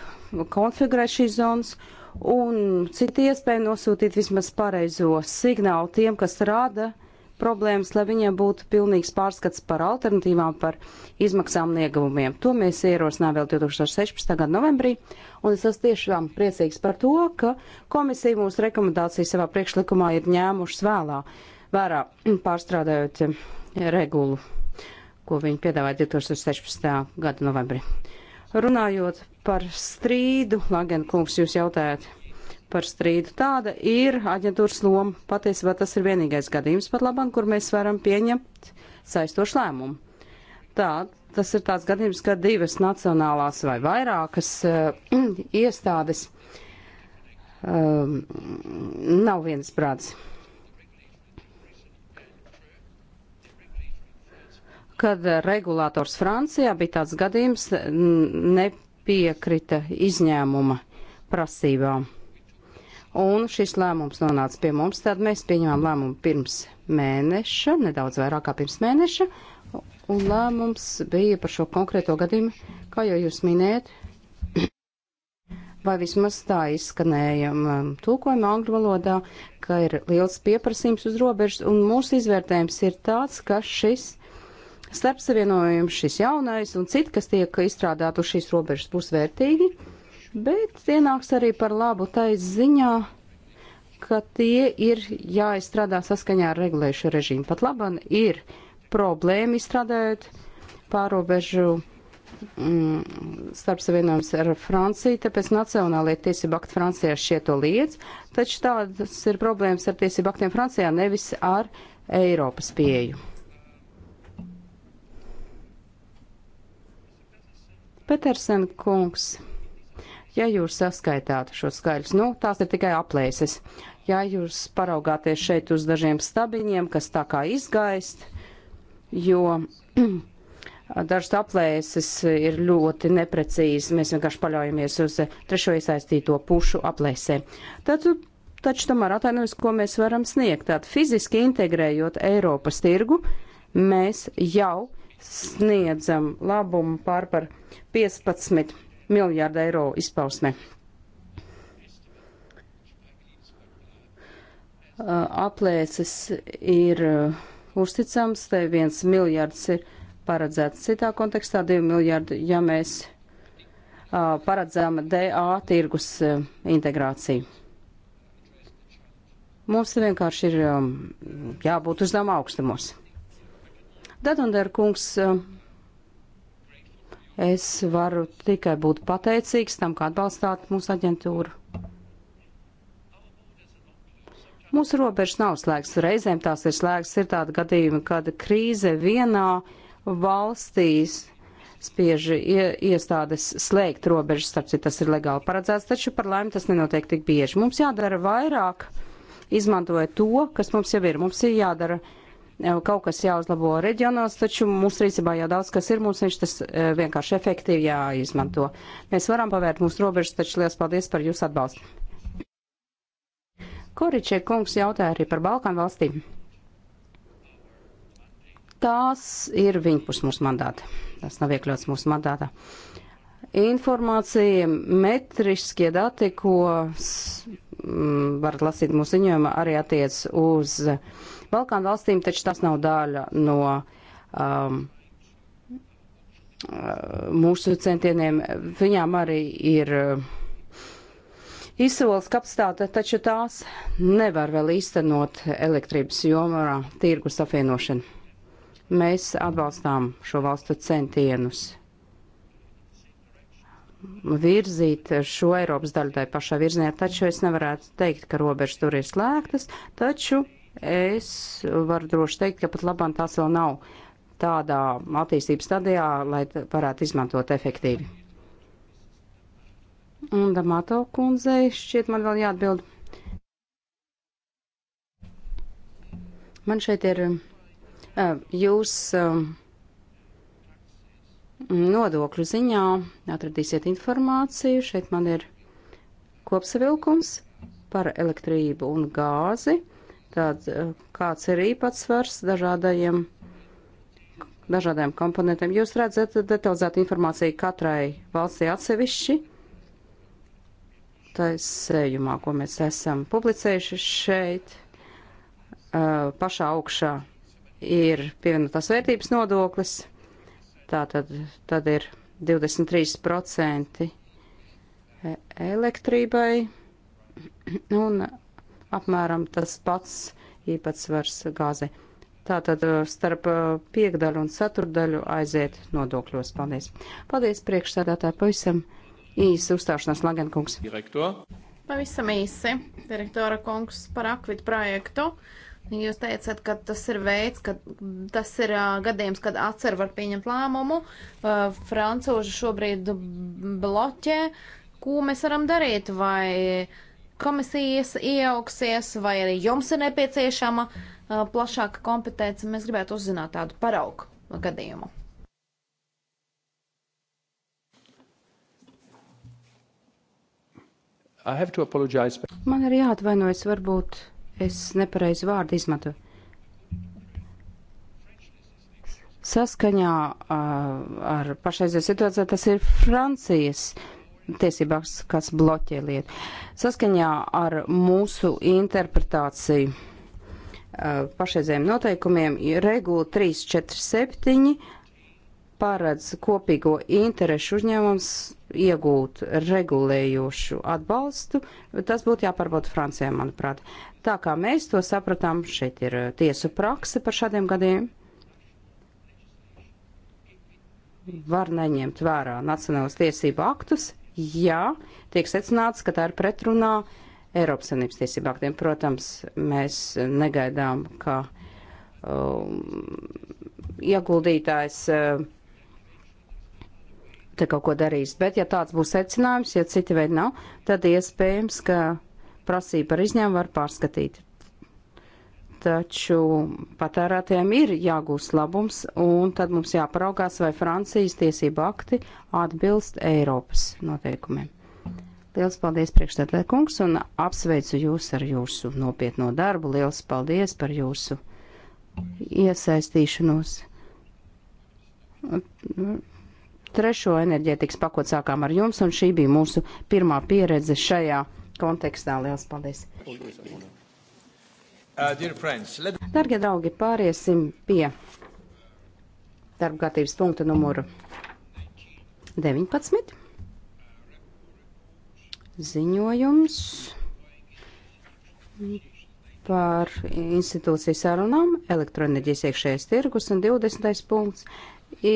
konfigurēt šīs zonas un citi iespēja nosūtīt vismaz pareizo signālu tiem, kas rada uh, problēmas, lai viņiem būtu pilnīgs pārskats par alternatīvām, par izmaksām un ieguvumiem. To mēs ierosinām vēl 2016. gada novembrī, un es esmu tiešām priecīgs par to, ka komisija mūsu rekomendācijas savā priekšlikumā ir ņēmušas vēlā, vērā pārstrādājot eh, regulu, ko viņi piedāvāja 2016. gada novembrī. Runājot par strīdu, Lagen kungs, jūs jautājat par strīdu. Tāda ir aģentūras loma. Patiesībā tas ir vienīgais gadījums pat labam, kur mēs varam pieņemt saistošu lēmumu. Tā, tas ir tāds gadījums, ka divas nacionālās vai vairākas uh, iestādes um, nav viens prāts. Kad regulators Francijā bija tāds gadījums, nepiekrita izņēmuma prasībām un šis lēmums nonāca pie mums, tad mēs pieņēmām lēmumu pirms mēneša, nedaudz vairāk kā pirms mēneša, un lēmums bija par šo konkrēto gadījumu, kā jau jūs minējat, vai vismaz tā izskanēja um, tūkojuma angļu valodā, ka ir liels pieprasījums uz robežas, un mūsu izvērtējums ir tāds, ka šis starpsavienojums, šis jaunais un citi, kas tiek izstrādāti uz šīs robežas, būs vērtīgi bet ienāks arī par labu taisa ziņā, ka tie ir jāizstrādā saskaņā ar regulējušo režīmu. Pat laban ir problēma izstrādājot pārobežu mm, starp savienojums ar Franciju, tāpēc nacionālajie tiesību akti Francijā šiet to liedz, taču tādas ir problēmas ar tiesību aktiem Francijā, nevis ar Eiropas pieju. Petersen kungs Ja jūs saskaitāt šo skaļus, nu, tās ir tikai aplēses. Ja jūs paraugāties šeit uz dažiem stabiņiem, kas tā kā izgaist, jo dažas aplēses ir ļoti neprecīzi, mēs vienkārši paļaujamies uz trešo iesaistīto pušu aplēsē. Tad, taču tomēr atvainojas, ko mēs varam sniegt. Tātad fiziski integrējot Eiropas tirgu, mēs jau sniedzam labumu pār par 15 miljārdu eiro izpausme. Uh, aplēses ir uh, uzticams, te viens miljards ir paredzēts citā kontekstā, divi miljardi, ja mēs uh, paredzam DA tirgus integrāciju. Mums vienkārši ir um, jābūt uz tām augstumos. Dadundēra kungs um, Es varu tikai būt pateicīgs tam, kā atbalstāt mūsu aģentūru. Mūsu robežas nav slēgts. Reizēm tās ir slēgts. Ir tāda gadījuma, kad krīze vienā valstīs spiež iestādes slēgt robežas, starp citu, tas ir legāli paredzēts, taču par laimi tas nenotiek tik bieži. Mums jādara vairāk, izmantojot to, kas mums jau ir. Mums ir jādara vairāk Eh, kaut kas jāuzlabo reģionos, taču mūsu rīcībā jau daudz kas ir, mums viņš tas eh, vienkārši efektīvi jāizmanto. Mēs varam pavērt mūsu robežas, taču liels paldies par jūsu atbalstu. Koričē kungs jautāja arī par Balkānu valstīm. Tās ir viņpus mūsu mandāta. Tas nav iekļauts mūsu mandātā. Informācija, metriskie dati, ko varat lasīt mūsu ziņojumā, arī attiec uz Balkānu valstīm, taču tas nav daļa no um, uh, mūsu centieniem. Viņām arī ir uh, izsoles kapacitāte, taču tās nevar vēl īstenot elektrības jomā tirgus apvienošanu. Mēs atbalstām šo valstu centienus virzīt šo Eiropas daļu tai pašā virzienā, taču es nevarētu teikt, ka robežas tur ir slēgtas, taču Es varu droši teikt, ka pat labam tās vēl nav tādā attīstības stadijā, lai varētu izmantot efektīvi. Un Damato kundzei šķiet man vēl jāatbild. Man šeit ir um, jūs um, nodokļu ziņā atradīsiet informāciju. Šeit man ir kopsavilkums par elektrību un gāzi Tād, kāds ir īpatsvars dažādajiem, dažādajiem komponentiem? Jūs redzat detalizētu informāciju katrai valstī atsevišķi. Tā ir sējumā, ko mēs esam publicējuši šeit. Pašā augšā ir pievienotās vērtības nodoklis. Tā tad, tad ir 23% elektrībai un apmēram tas pats īpatsvars gāzei. Tātad uh, starp uh, piekdaļu un ceturdaļu aiziet nodokļos. Paldies. Paldies priekšsēdētāji. Pavisam īsi uzstāšanās Lagenkungs. Direktor. Pavisam īsi, direktora kungs, par akvitu projektu. Jūs teicat, ka tas ir veids, ka tas ir uh, gadījums, kad atcer var pieņemt lēmumu. Uh, Francūži šobrīd bloķē. Ko mēs varam darīt? Vai uh, komisijas iejauksies, vai arī jums ir nepieciešama uh, plašāka kompetence. Mēs gribētu uzzināt tādu paraugu gadījumu. Man ir jāatvainojas, varbūt es nepareizu vārdu izmantoju. Saskaņā uh, ar pašreizēju situāciju tas ir Francijas uh, tiesībās, kas bloķē lietu. Saskaņā ar mūsu interpretāciju eh, pašreizējiem noteikumiem regula 347 paredz kopīgo interešu uzņēmums iegūt regulējošu atbalstu. Tas būtu jāpārbauda Francijā, manuprāt. Tā kā mēs to sapratām, šeit ir eh, tiesu prakse par šādiem gadiem. Var neņemt vērā nacionālas tiesību aktus, ja tiek secināts, ka tā ir pretrunā Eiropas Savienības tiesību aktiem. Protams, mēs negaidām, ka um, ieguldītājs uh, te kaut ko darīs, bet ja tāds būs secinājums, ja citi veidi nav, tad iespējams, ka prasība par izņēmumu var pārskatīt taču patērētājiem ir jāgūst labums, un tad mums jāparaugās, vai Francijas tiesība akti atbilst Eiropas noteikumiem. Liels paldies priekšstādē kungs un apsveicu jūs ar jūsu nopietno darbu. Liels paldies par jūsu iesaistīšanos. Trešo enerģētikas pakot sākām ar jums, un šī bija mūsu pirmā pieredze šajā kontekstā. Liels paldies! paldies. Uh, let... Dargie draugi, pāriesim pie darbgatības punkta numuru 19. Ziņojums par institūciju sarunām, elektroenerģijas iekšējais tirgus un 20. punkts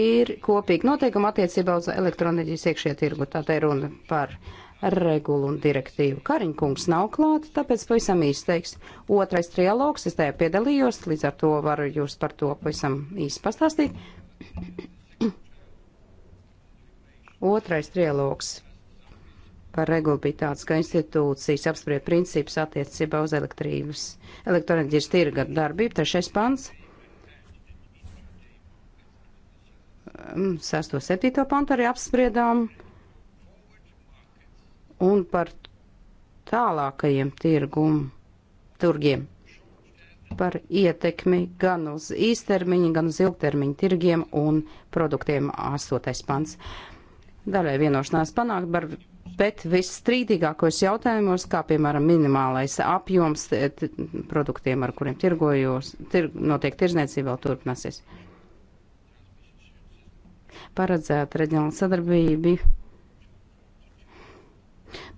ir kopīgi noteikumi attiecībā uz elektroenerģijas iekšējā tirgu. Tā te runa par uh, regulu un direktīvu. Kariņkungs nav klāt, tāpēc pavisam īsti teiks. Otrais trialogs, es tajā piedalījos, līdz ar to varu jūs par to pavisam īsti pastāstīt. Otrais trialogs par regulu bija tāds, ka institūcijas apspried principus attiecībā uz elektrības, elektroenerģijas tirga darbību, trešais pants. 6. un 7. pantu arī apspriedām un par tālākajiem tirgum, turgiem, par ietekmi gan uz īstermiņu, gan uz ilgtermiņu tirgiem un produktiem 8. pants. Daļai vienošanās panākt, par, bet visstrīdīgākos jautājumos, kā piemēram minimālais apjoms produktiem, ar kuriem tirgojos, tir, notiek tirzniecība, vēl turpināsies. Paredzēta reģionāla sadarbība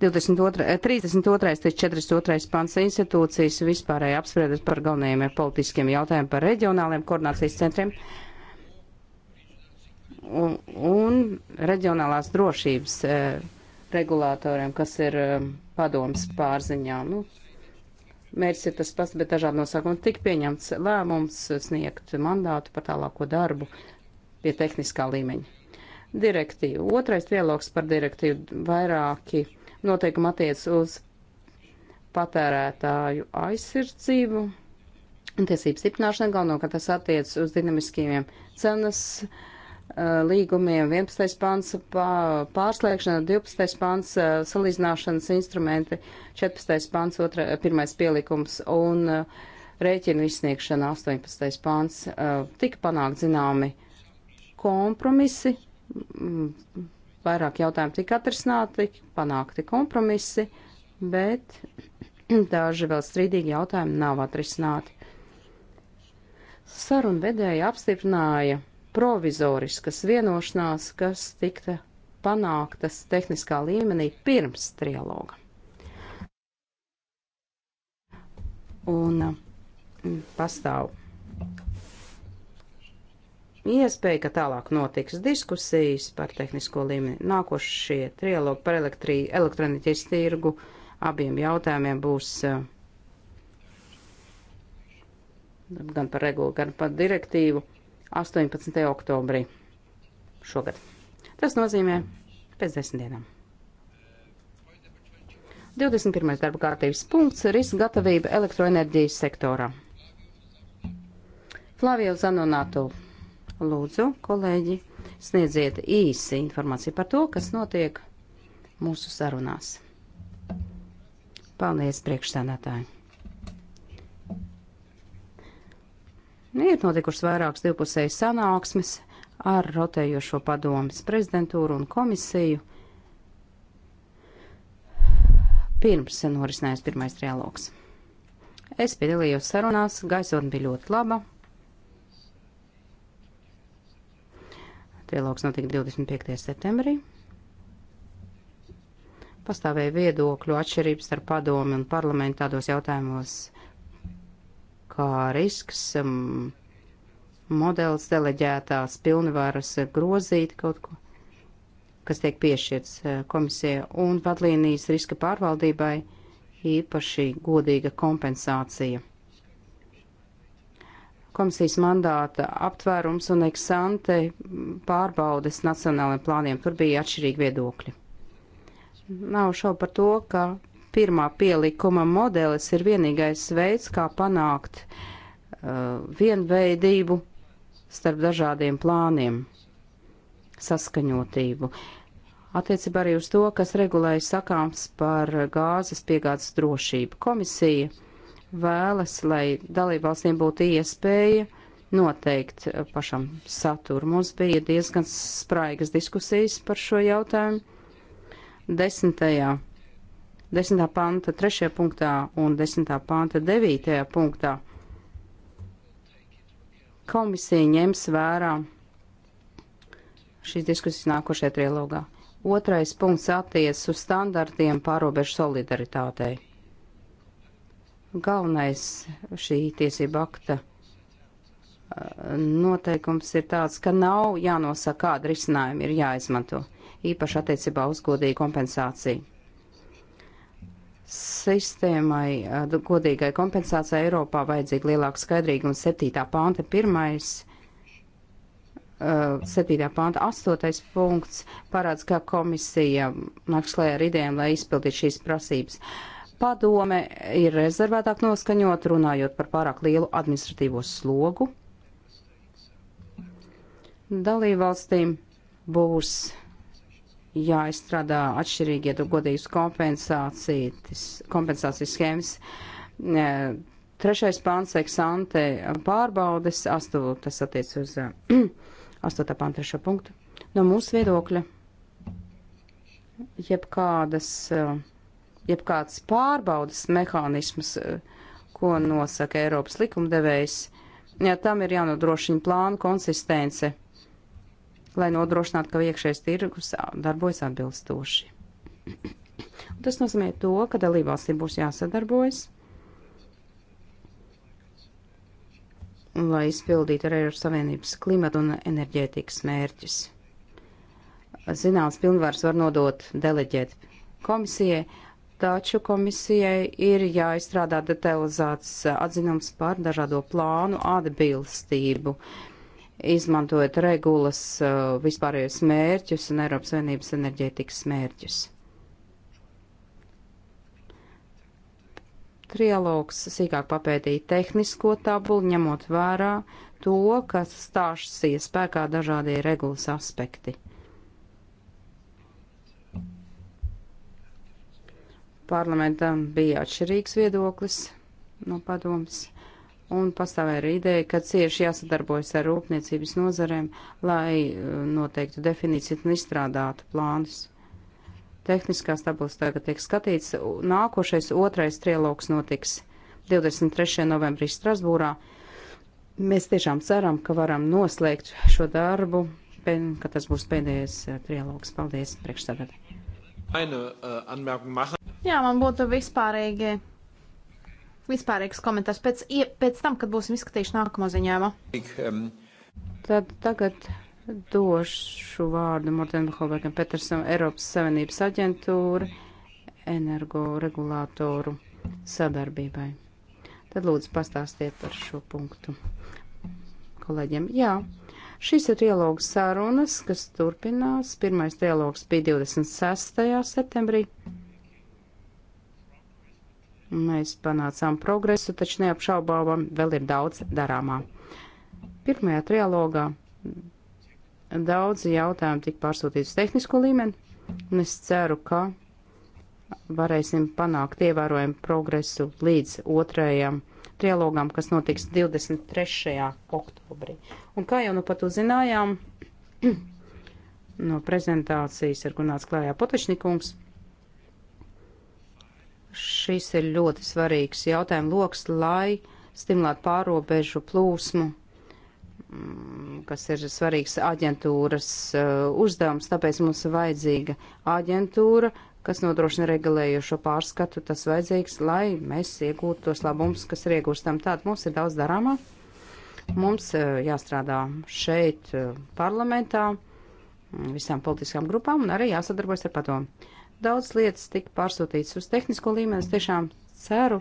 22, 32. Eh, līdz 42. pants institūcijas vispārēji apspriedas par galvenajiem politiskiem jautājumiem par reģionāliem koordinācijas centriem un, un reģionālās drošības eh, regulātoriem, kas ir eh, padoms pārziņā. Nu, mērķis ir tas pats, bet dažādi nosakumi tik pieņemts lēmums sniegt mandātu par tālāko darbu pie tehniskā līmeņa direktīvu. Otrais dialogs par direktīvu vairāki noteikumi attiec uz patērētāju aizsardzību un tiesību stiprināšanu, galvenokārt tas attiec uz dinamiskiem cenas uh, līgumiem, 11. pants pārslēgšana, 12. pants uh, salīdzināšanas instrumenti, 14. pants, 1. pielikums un uh, rēķinu izsniegšana, 18. pants. Tika panākt zināmi kompromisi mm, vairāk jautājumu tika atrisināti, panākti kompromisi, bet daži vēl strīdīgi jautājumi nav atrisināti. Saruna vedēja apstiprināja provizoriskas vienošanās, kas tikta panāktas tehniskā līmenī pirms trialoga. Un mm, pastāv iespēja, ka tālāk notiks diskusijas par tehnisko līmeni. Nākošie trialogi par elektrī, elektroniķis tirgu abiem jautājumiem būs eh, gan par regulu, gan par direktīvu 18. oktobrī šogad. Tas nozīmē pēc desmit dienām. 21. darba kārtības punkts - riska gatavība elektroenerģijas sektorā. Flavio Zanonato. Mm. Lūdzu, kolēģi, sniedziet īsi informāciju par to, kas notiek mūsu sarunās. Paldies, priekšstādātāji! Ir notikušas vairākas divpusējas sanāksmes ar rotējošo padomas prezidentūru un komisiju. Pirms norisinājās pirmais trialogs. Es piedalījos sarunās, gaisotne bija ļoti laba. Dialogs notika 25. septembrī. Pastāvēja viedokļu atšķirības starp padomi un parlamentu tādos jautājumos, kā risks, um, modelis deleģētās pilnvaras grozīt kaut ko, kas tiek piešķirts uh, komisija, un vadlīnijas riska pārvaldībai īpaši godīga kompensācija komisijas mandāta aptvērums un eksante pārbaudes nacionālajiem plāniem. Tur bija atšķirīgi viedokļi. Nav šau par to, ka pirmā pielikuma modelis ir vienīgais veids, kā panākt uh, vienveidību starp dažādiem plāniem, saskaņotību. Attiecībā arī uz to, kas regulēja sakāms par gāzes piegādes drošību. Komisija vēlas, lai dalībvalstīm būtu iespēja noteikt pašam saturu. Mums bija diezgan spraigas diskusijas par šo jautājumu. Desmitajā, desmitā panta trešajā punktā un desmitā panta devītajā punktā komisija ņems vērā šīs diskusijas nākošajā trilogā. Otrais punkts attiec uz standartiem pārobežu solidaritātei. Galvenais šī tiesība akta noteikums ir tāds, ka nav jānosaka, kāda risinājuma ir jāizmanto, īpaši attiecībā uz godīgu kompensāciju. Sistēmai godīgai kompensācijai Eiropā vajadzīga lielāka skaidrība un 7. panta 1. 7. panta 8. punkts parāds, ka komisija nāks klajā ar idejām, lai izpildītu šīs prasības. Uh, Padome ir rezervētāk noskaņot, runājot par pārāk lielu administratīvo slogu. Dalībvalstīm būs jāizstrādā atšķirīgie godīgas kompensācijas, kompensācijas schēmas. Trešais pāns eksante pārbaudes, astu, tas attiec uz 8. pānta trešo punktu. No mūsu viedokļa jebkādas uh, jeb kāds pārbaudas mehānismus, eh, ko nosaka Eiropas likumdevējs, ja tam ir jānodrošina plānu konsistence, lai nodrošinātu, ka iekšējais tirgus darbojas atbilstoši. Tas nozīmē to, ka dalībvalstīm būs jāsadarbojas. lai izpildītu arī Eiropas Savienības klimata un enerģētikas mērķus. Zināms, pilnvars var nodot deleģēt komisijai, taču komisijai ir jāizstrādā detalizēts eh, atzinums par dažādo plānu atbilstību, izmantojot regulas eh, vispārējos mērķus un Eiropas Savienības enerģētikas mērķus. trialogs sīkāk papētīja tehnisko tabulu, ņemot vērā to, ka stāšas iespēkā dažādie regulas aspekti. Parlamentam bija atšķirīgs viedoklis no padomas un pastāvēja arī ideja, ka cieši jāsadarbojas ar rūpniecības nozarēm, lai uh, noteiktu definīciju un izstrādātu plānus. Tehniskās tabulas tagad tiek skatīts. Nākošais otrais trialogs notiks 23. novembrī Strasbūrā. Mēs tiešām ceram, ka varam noslēgt šo darbu, ka tas būs pēdējais uh, trialogs. Paldies, priekšstādātāji! Äh, jā, man būtu vispārīgi, vispārīgs komentārs pēc, pēc tam, kad būsim izskatījuši nākamo ziņojumu. Tad tagad došu vārdu Mortenam Holbekam Petersam, Eiropas Savienības aģentūra, energoregulātoru sadarbībai. Tad lūdzu pastāstiet par šo punktu kolēģiem. Jā, Šīs ir dialogu sarunas, kas turpinās. Pirmais dialogs bija 26. septembrī. Mēs panācām progresu, taču neapšaubām vēl ir daudz darāmā. Pirmajā trialogā daudzi jautājumi tika pārsūtīti uz tehnisko līmeni, un es ceru, ka varēsim panākt ievērojumu progresu līdz otrajam trialogam, kas notiks 23. oktobrī. Un kā jau nu pat uzzinājām no prezentācijas ar Gunārs Klājā Potečnikums, šis ir ļoti svarīgs jautājums loks, lai stimulētu pārobežu plūsmu mm, kas ir svarīgs aģentūras uh, uzdevums, tāpēc mums ir vajadzīga aģentūra, kas nodrošina regulējošo pārskatu, tas vajadzīgs, lai mēs iegūtu tos labumus, kas ir iegūstam. Tātad mums ir daudz darāmā. Mums eh, jāstrādā šeit eh, parlamentā, mm, visām politiskām grupām un arī jāsadarbojas ar padomu. Daudz lietas tika pārsūtītas uz tehnisko līmeni. Es tiešām ceru,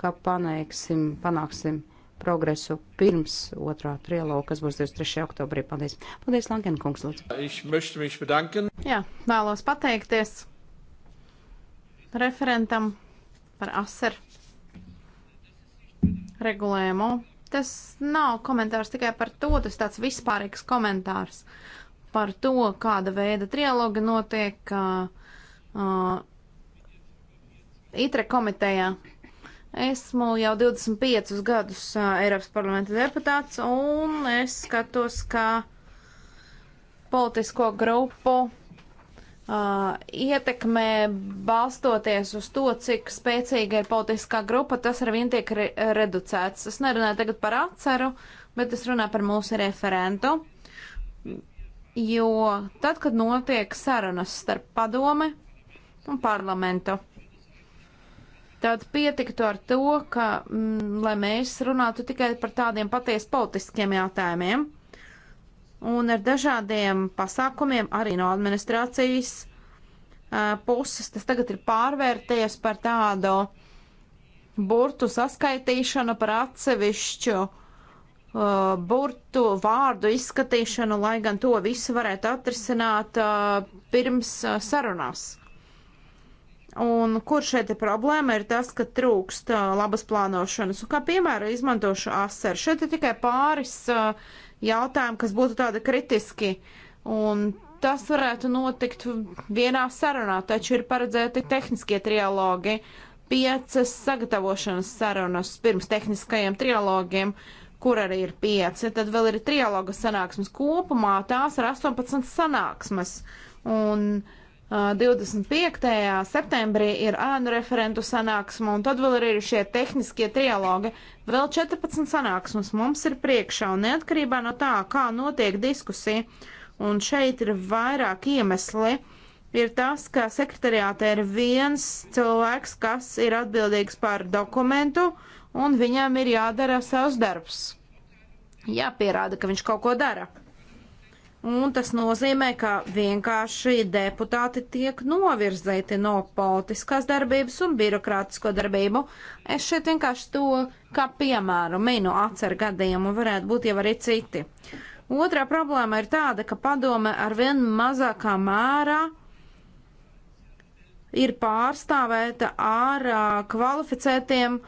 ka paneiksim, panāksim progresu pirms otrā trialoga, kas būs 23. oktobrī. Paldies! Paldies, Lankenkungs, lūdzu! Jā, vēlos pateikties! referentam par ASER regulējumu. Tas nav komentārs tikai par to, tas tāds vispārīgs komentārs par to, kāda veida trialoga notiek uh, uh, ITRE komitejā. Esmu jau 25 gadus uh, Eiropas parlamenta deputāts, un es skatos, ka politisko grupu Uh, ietekmē balstoties uz to, cik spēcīga ir politiskā grupa, tas ar vien tiek re reducēts. Es nerunāju tagad par atceru, bet es runāju par mūsu referentu. Jo tad, kad notiek sarunas starp padome un parlamentu, tad pietiktu ar to, ka, mm, lai mēs runātu tikai par tādiem patiesi politiskiem jautājumiem un ar dažādiem pasākumiem arī no administrācijas uh, puses tas tagad ir pārvērties par tādu burtu saskaitīšanu, par atsevišķu uh, burtu vārdu izskatīšanu, lai gan to visu varētu atrisināt uh, pirms uh, sarunās. Un kur šeit ir problēma, ir tas, ka trūkst uh, labas plānošanas. Un kā piemēru izmantošu asaru. Šeit ir tikai pāris uh, jautājumi, kas būtu tādi kritiski. Un tas varētu notikt vienā sarunā, taču ir paredzēti tehniskie trialogi, piecas sagatavošanas sarunas pirms tehniskajiem trialogiem, kur arī ir pieci. Tad vēl ir trialoga sanāksmes kopumā, tās ir 18 sanāksmes. Un uh, 25. septembrī ir ānu referentu sanāksme, un tad vēl ir šie tehniskie trialogi. Vēl 14 sanāksmes mums ir priekšā, un neatkarībā no tā, kā notiek diskusija, un šeit ir vairāk iemesli, ir tas, ka sekretariātē ir viens cilvēks, kas ir atbildīgs par dokumentu, un viņam ir jādara savs darbs. Jāpierāda, ka viņš kaut ko dara. Un tas nozīmē, ka vienkārši deputāti tiek novirzēti no politiskās darbības un birokrātisko darbību. Es šeit vienkārši to, kā piemēru, minu atceru gadījumu, varētu būt jau arī citi. Otrā problēma ir tāda, ka padome ar vien mazākā mērā ir pārstāvēta ar uh, kvalificētiem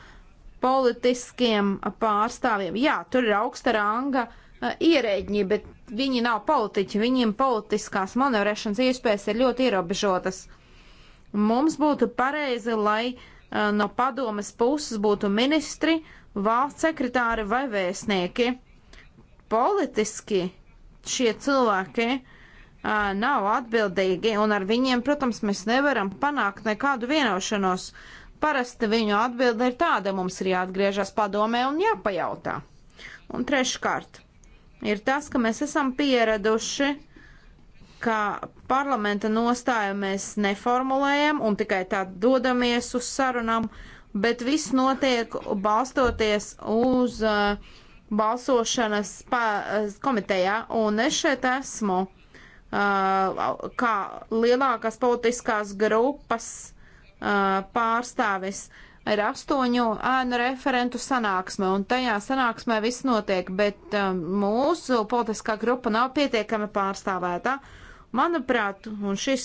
politiskiem pārstāvjiem. Jā, tur ir augsta ranga uh, Uh, ierēģi, bet viņi nav politiķi, viņiem politiskās manevrēšanas iespējas ir ļoti ierobežotas. Mums būtu pareizi, lai uh, no padomes puses būtu ministri, valsts sekretāri vai vēstnieki. Politiski šie cilvēki uh, nav atbildīgi, un ar viņiem, protams, mēs nevaram panākt nekādu vienošanos. Parasti viņu atbilde ir tāda, mums ir jāatgriežas padomē un jāpajautā. Un treškārt, ir tas, ka mēs esam pieraduši, ka parlamenta nostāju mēs neformulējam un tikai tā dodamies uz sarunām, bet viss notiek balstoties uz uh, balsošanas pa, uh, komitejā, un es šeit esmu uh, kā lielākās politiskās grupas uh, pārstāvis. Uh, ir astoņu ēnu referentu sanāksme, un tajā sanāksmē viss notiek, bet um, mūsu politiskā grupa nav pietiekami pārstāvēta. Manuprāt, un šis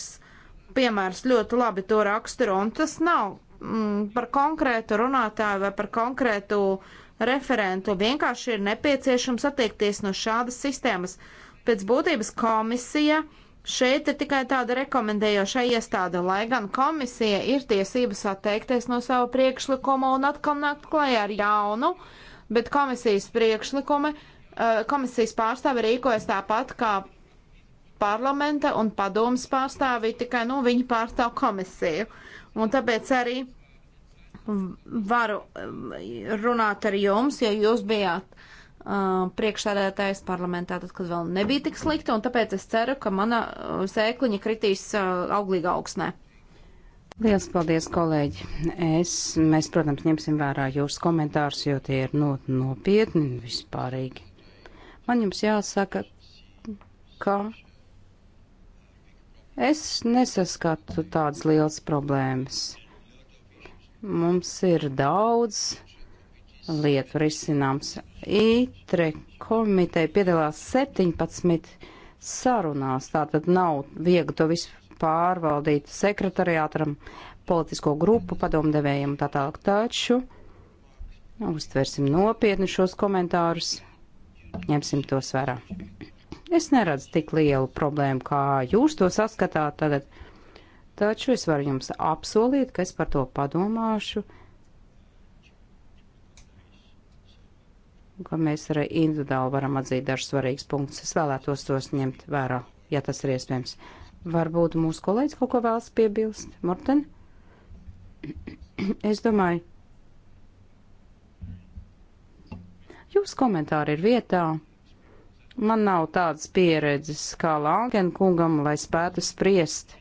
piemērs ļoti labi to raksturo, un tas nav mm, par konkrētu runātāju vai par konkrētu referentu. Vienkārši ir nepieciešams attiekties no šādas sistēmas. Pēc būtības komisija uh, Šeit ir tikai tāda rekomendējoša iestāde, lai gan komisija ir tiesības atteikties no sava priekšlikuma un atkal nākt klajā ar jaunu, bet komisijas priekšlikumi, eh, komisijas pārstāvi rīkojas tāpat kā parlamenta un padomas pārstāvi, tikai nu, viņi pārstāv komisiju. Un tāpēc arī varu eh, runāt ar jums, ja jūs bijāt um, priekšstādātājs parlamentā, tad, kad vēl nebija tik slikti, un tāpēc es ceru, ka mana sēkliņa kritīs uh, auglīga augsnē. Lielas paldies, kolēģi! Es, mēs, protams, ņemsim vērā jūsu komentārus, jo tie ir not, nopietni un vispārīgi. Man jums jāsaka, ka es nesaskatu tādas lielas problēmas. Mums ir daudz lietu risināms. ITRE komiteja piedalās 17 sarunās, tātad nav viegli to visu pārvaldīt sekretariātram, politisko grupu padomdevējiem un tā tālāk. Taču uztversim nopietni šos komentārus, ņemsim tos vērā. Es neredzu tik lielu problēmu, kā jūs to saskatāt tagad, taču es varu jums apsolīt, ka es par to padomāšu ka mēs arī individuāli varam atzīt dažus svarīgus punktus. Es vēlētos tos ņemt vērā, ja tas ir iespējams. Varbūt mūsu kolēģis kaut ko vēlas piebilst, Morten? Es domāju, jūsu komentāri ir vietā. Man nav tādas pieredzes kā Langen kungam, lai spētu spriest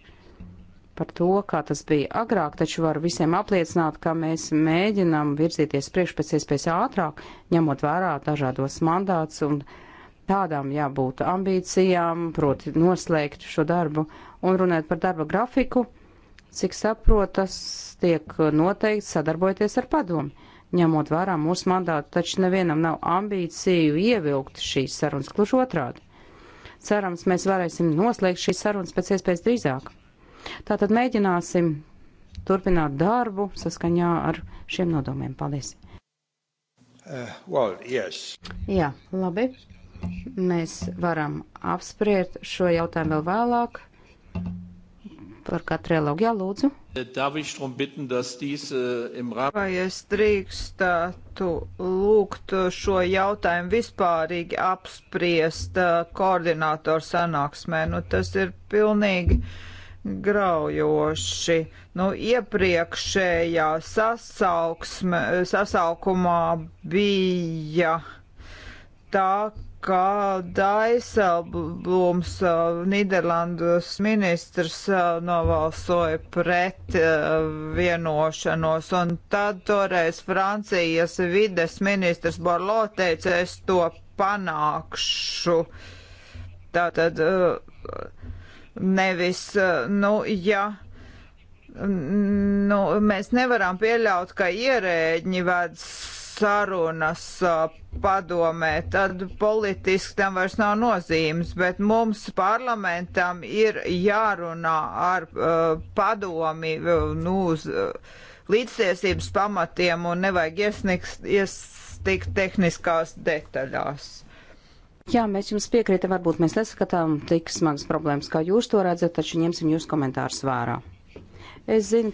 par to, kā tas bija agrāk, taču varu visiem apliecināt, ka mēs mēģinām virzīties priekš pēc iespējas ātrāk, ņemot vērā dažādos mandāts un tādām jābūt ambīcijām, proti noslēgt šo darbu un runāt par darba grafiku. Cik saprotu, tas tiek noteikts sadarbojoties ar padomu. Ņemot vērā mūsu mandātu, taču nevienam nav ambīciju ievilkt šīs sarunas, kluž otrādi. Cerams, mēs varēsim noslēgt šīs sarunas pēc iespējas drīzāk. Tātad mēģināsim turpināt darbu saskaņā ar šiem nodomiem. Paldies! Uh, well, yes. Jā, labi. Mēs varam apspriest šo jautājumu vēl vēlāk par katru trilogu. Jā, lūdzu. Vai es drīkstētu lūgt šo jautājumu vispārīgi apspriest uh, koordinātoru sanāksmē? Nu, tas ir pilnīgi graujoši. Nu, iepriekšējā sasauksme, sasaukumā bija tā, ka Daiselblūms uh, Niderlandes ministrs uh, novalsoja pret uh, vienošanos, un tad toreiz Francijas vides ministrs Borlo teica, es to panākšu. Tātad. Uh, Nevis, eh, nu, ja nu, mēs nevaram pieļaut, ka ierēģi ved sarunas eh, padomē, tad politiski tam vairs nav nozīmes, bet mums parlamentam ir jārunā ar uh, padomi nu, uz uh, līdztiesības pamatiem un nevajag iesnikt, iestikt tehniskās detaļās. Jā, mēs jums piekrītam, varbūt mēs neskatām tik smagas problēmas, kā jūs to redzat, taču ņemsim jūs komentārus vērā. Es zinu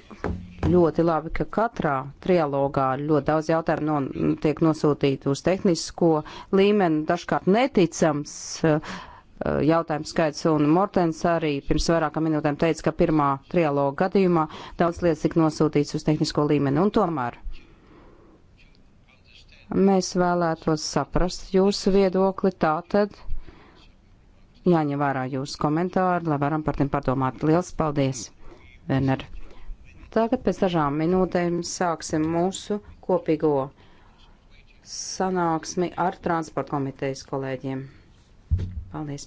ļoti labi, ka katrā trialogā ļoti daudz jautājumu no, tiek nosūtīti uz tehnisko līmeni, dažkārt neticams eh, eh, jautājumu skaits, un Mortens arī pirms vairākām minūtēm teica, ka pirmā trialoga gadījumā daudz lietas tika nosūtīts uz tehnisko līmeni, un tomēr Mēs vēlētos saprast jūsu viedokli, tātad jāņem vērā jūsu komentāri, lai varam par tiem padomāt. Liels paldies, Vener! Tagad pēc dažām minūtēm sāksim mūsu kopīgo sanāksmi ar transporta komitejas kolēģiem. Paldies!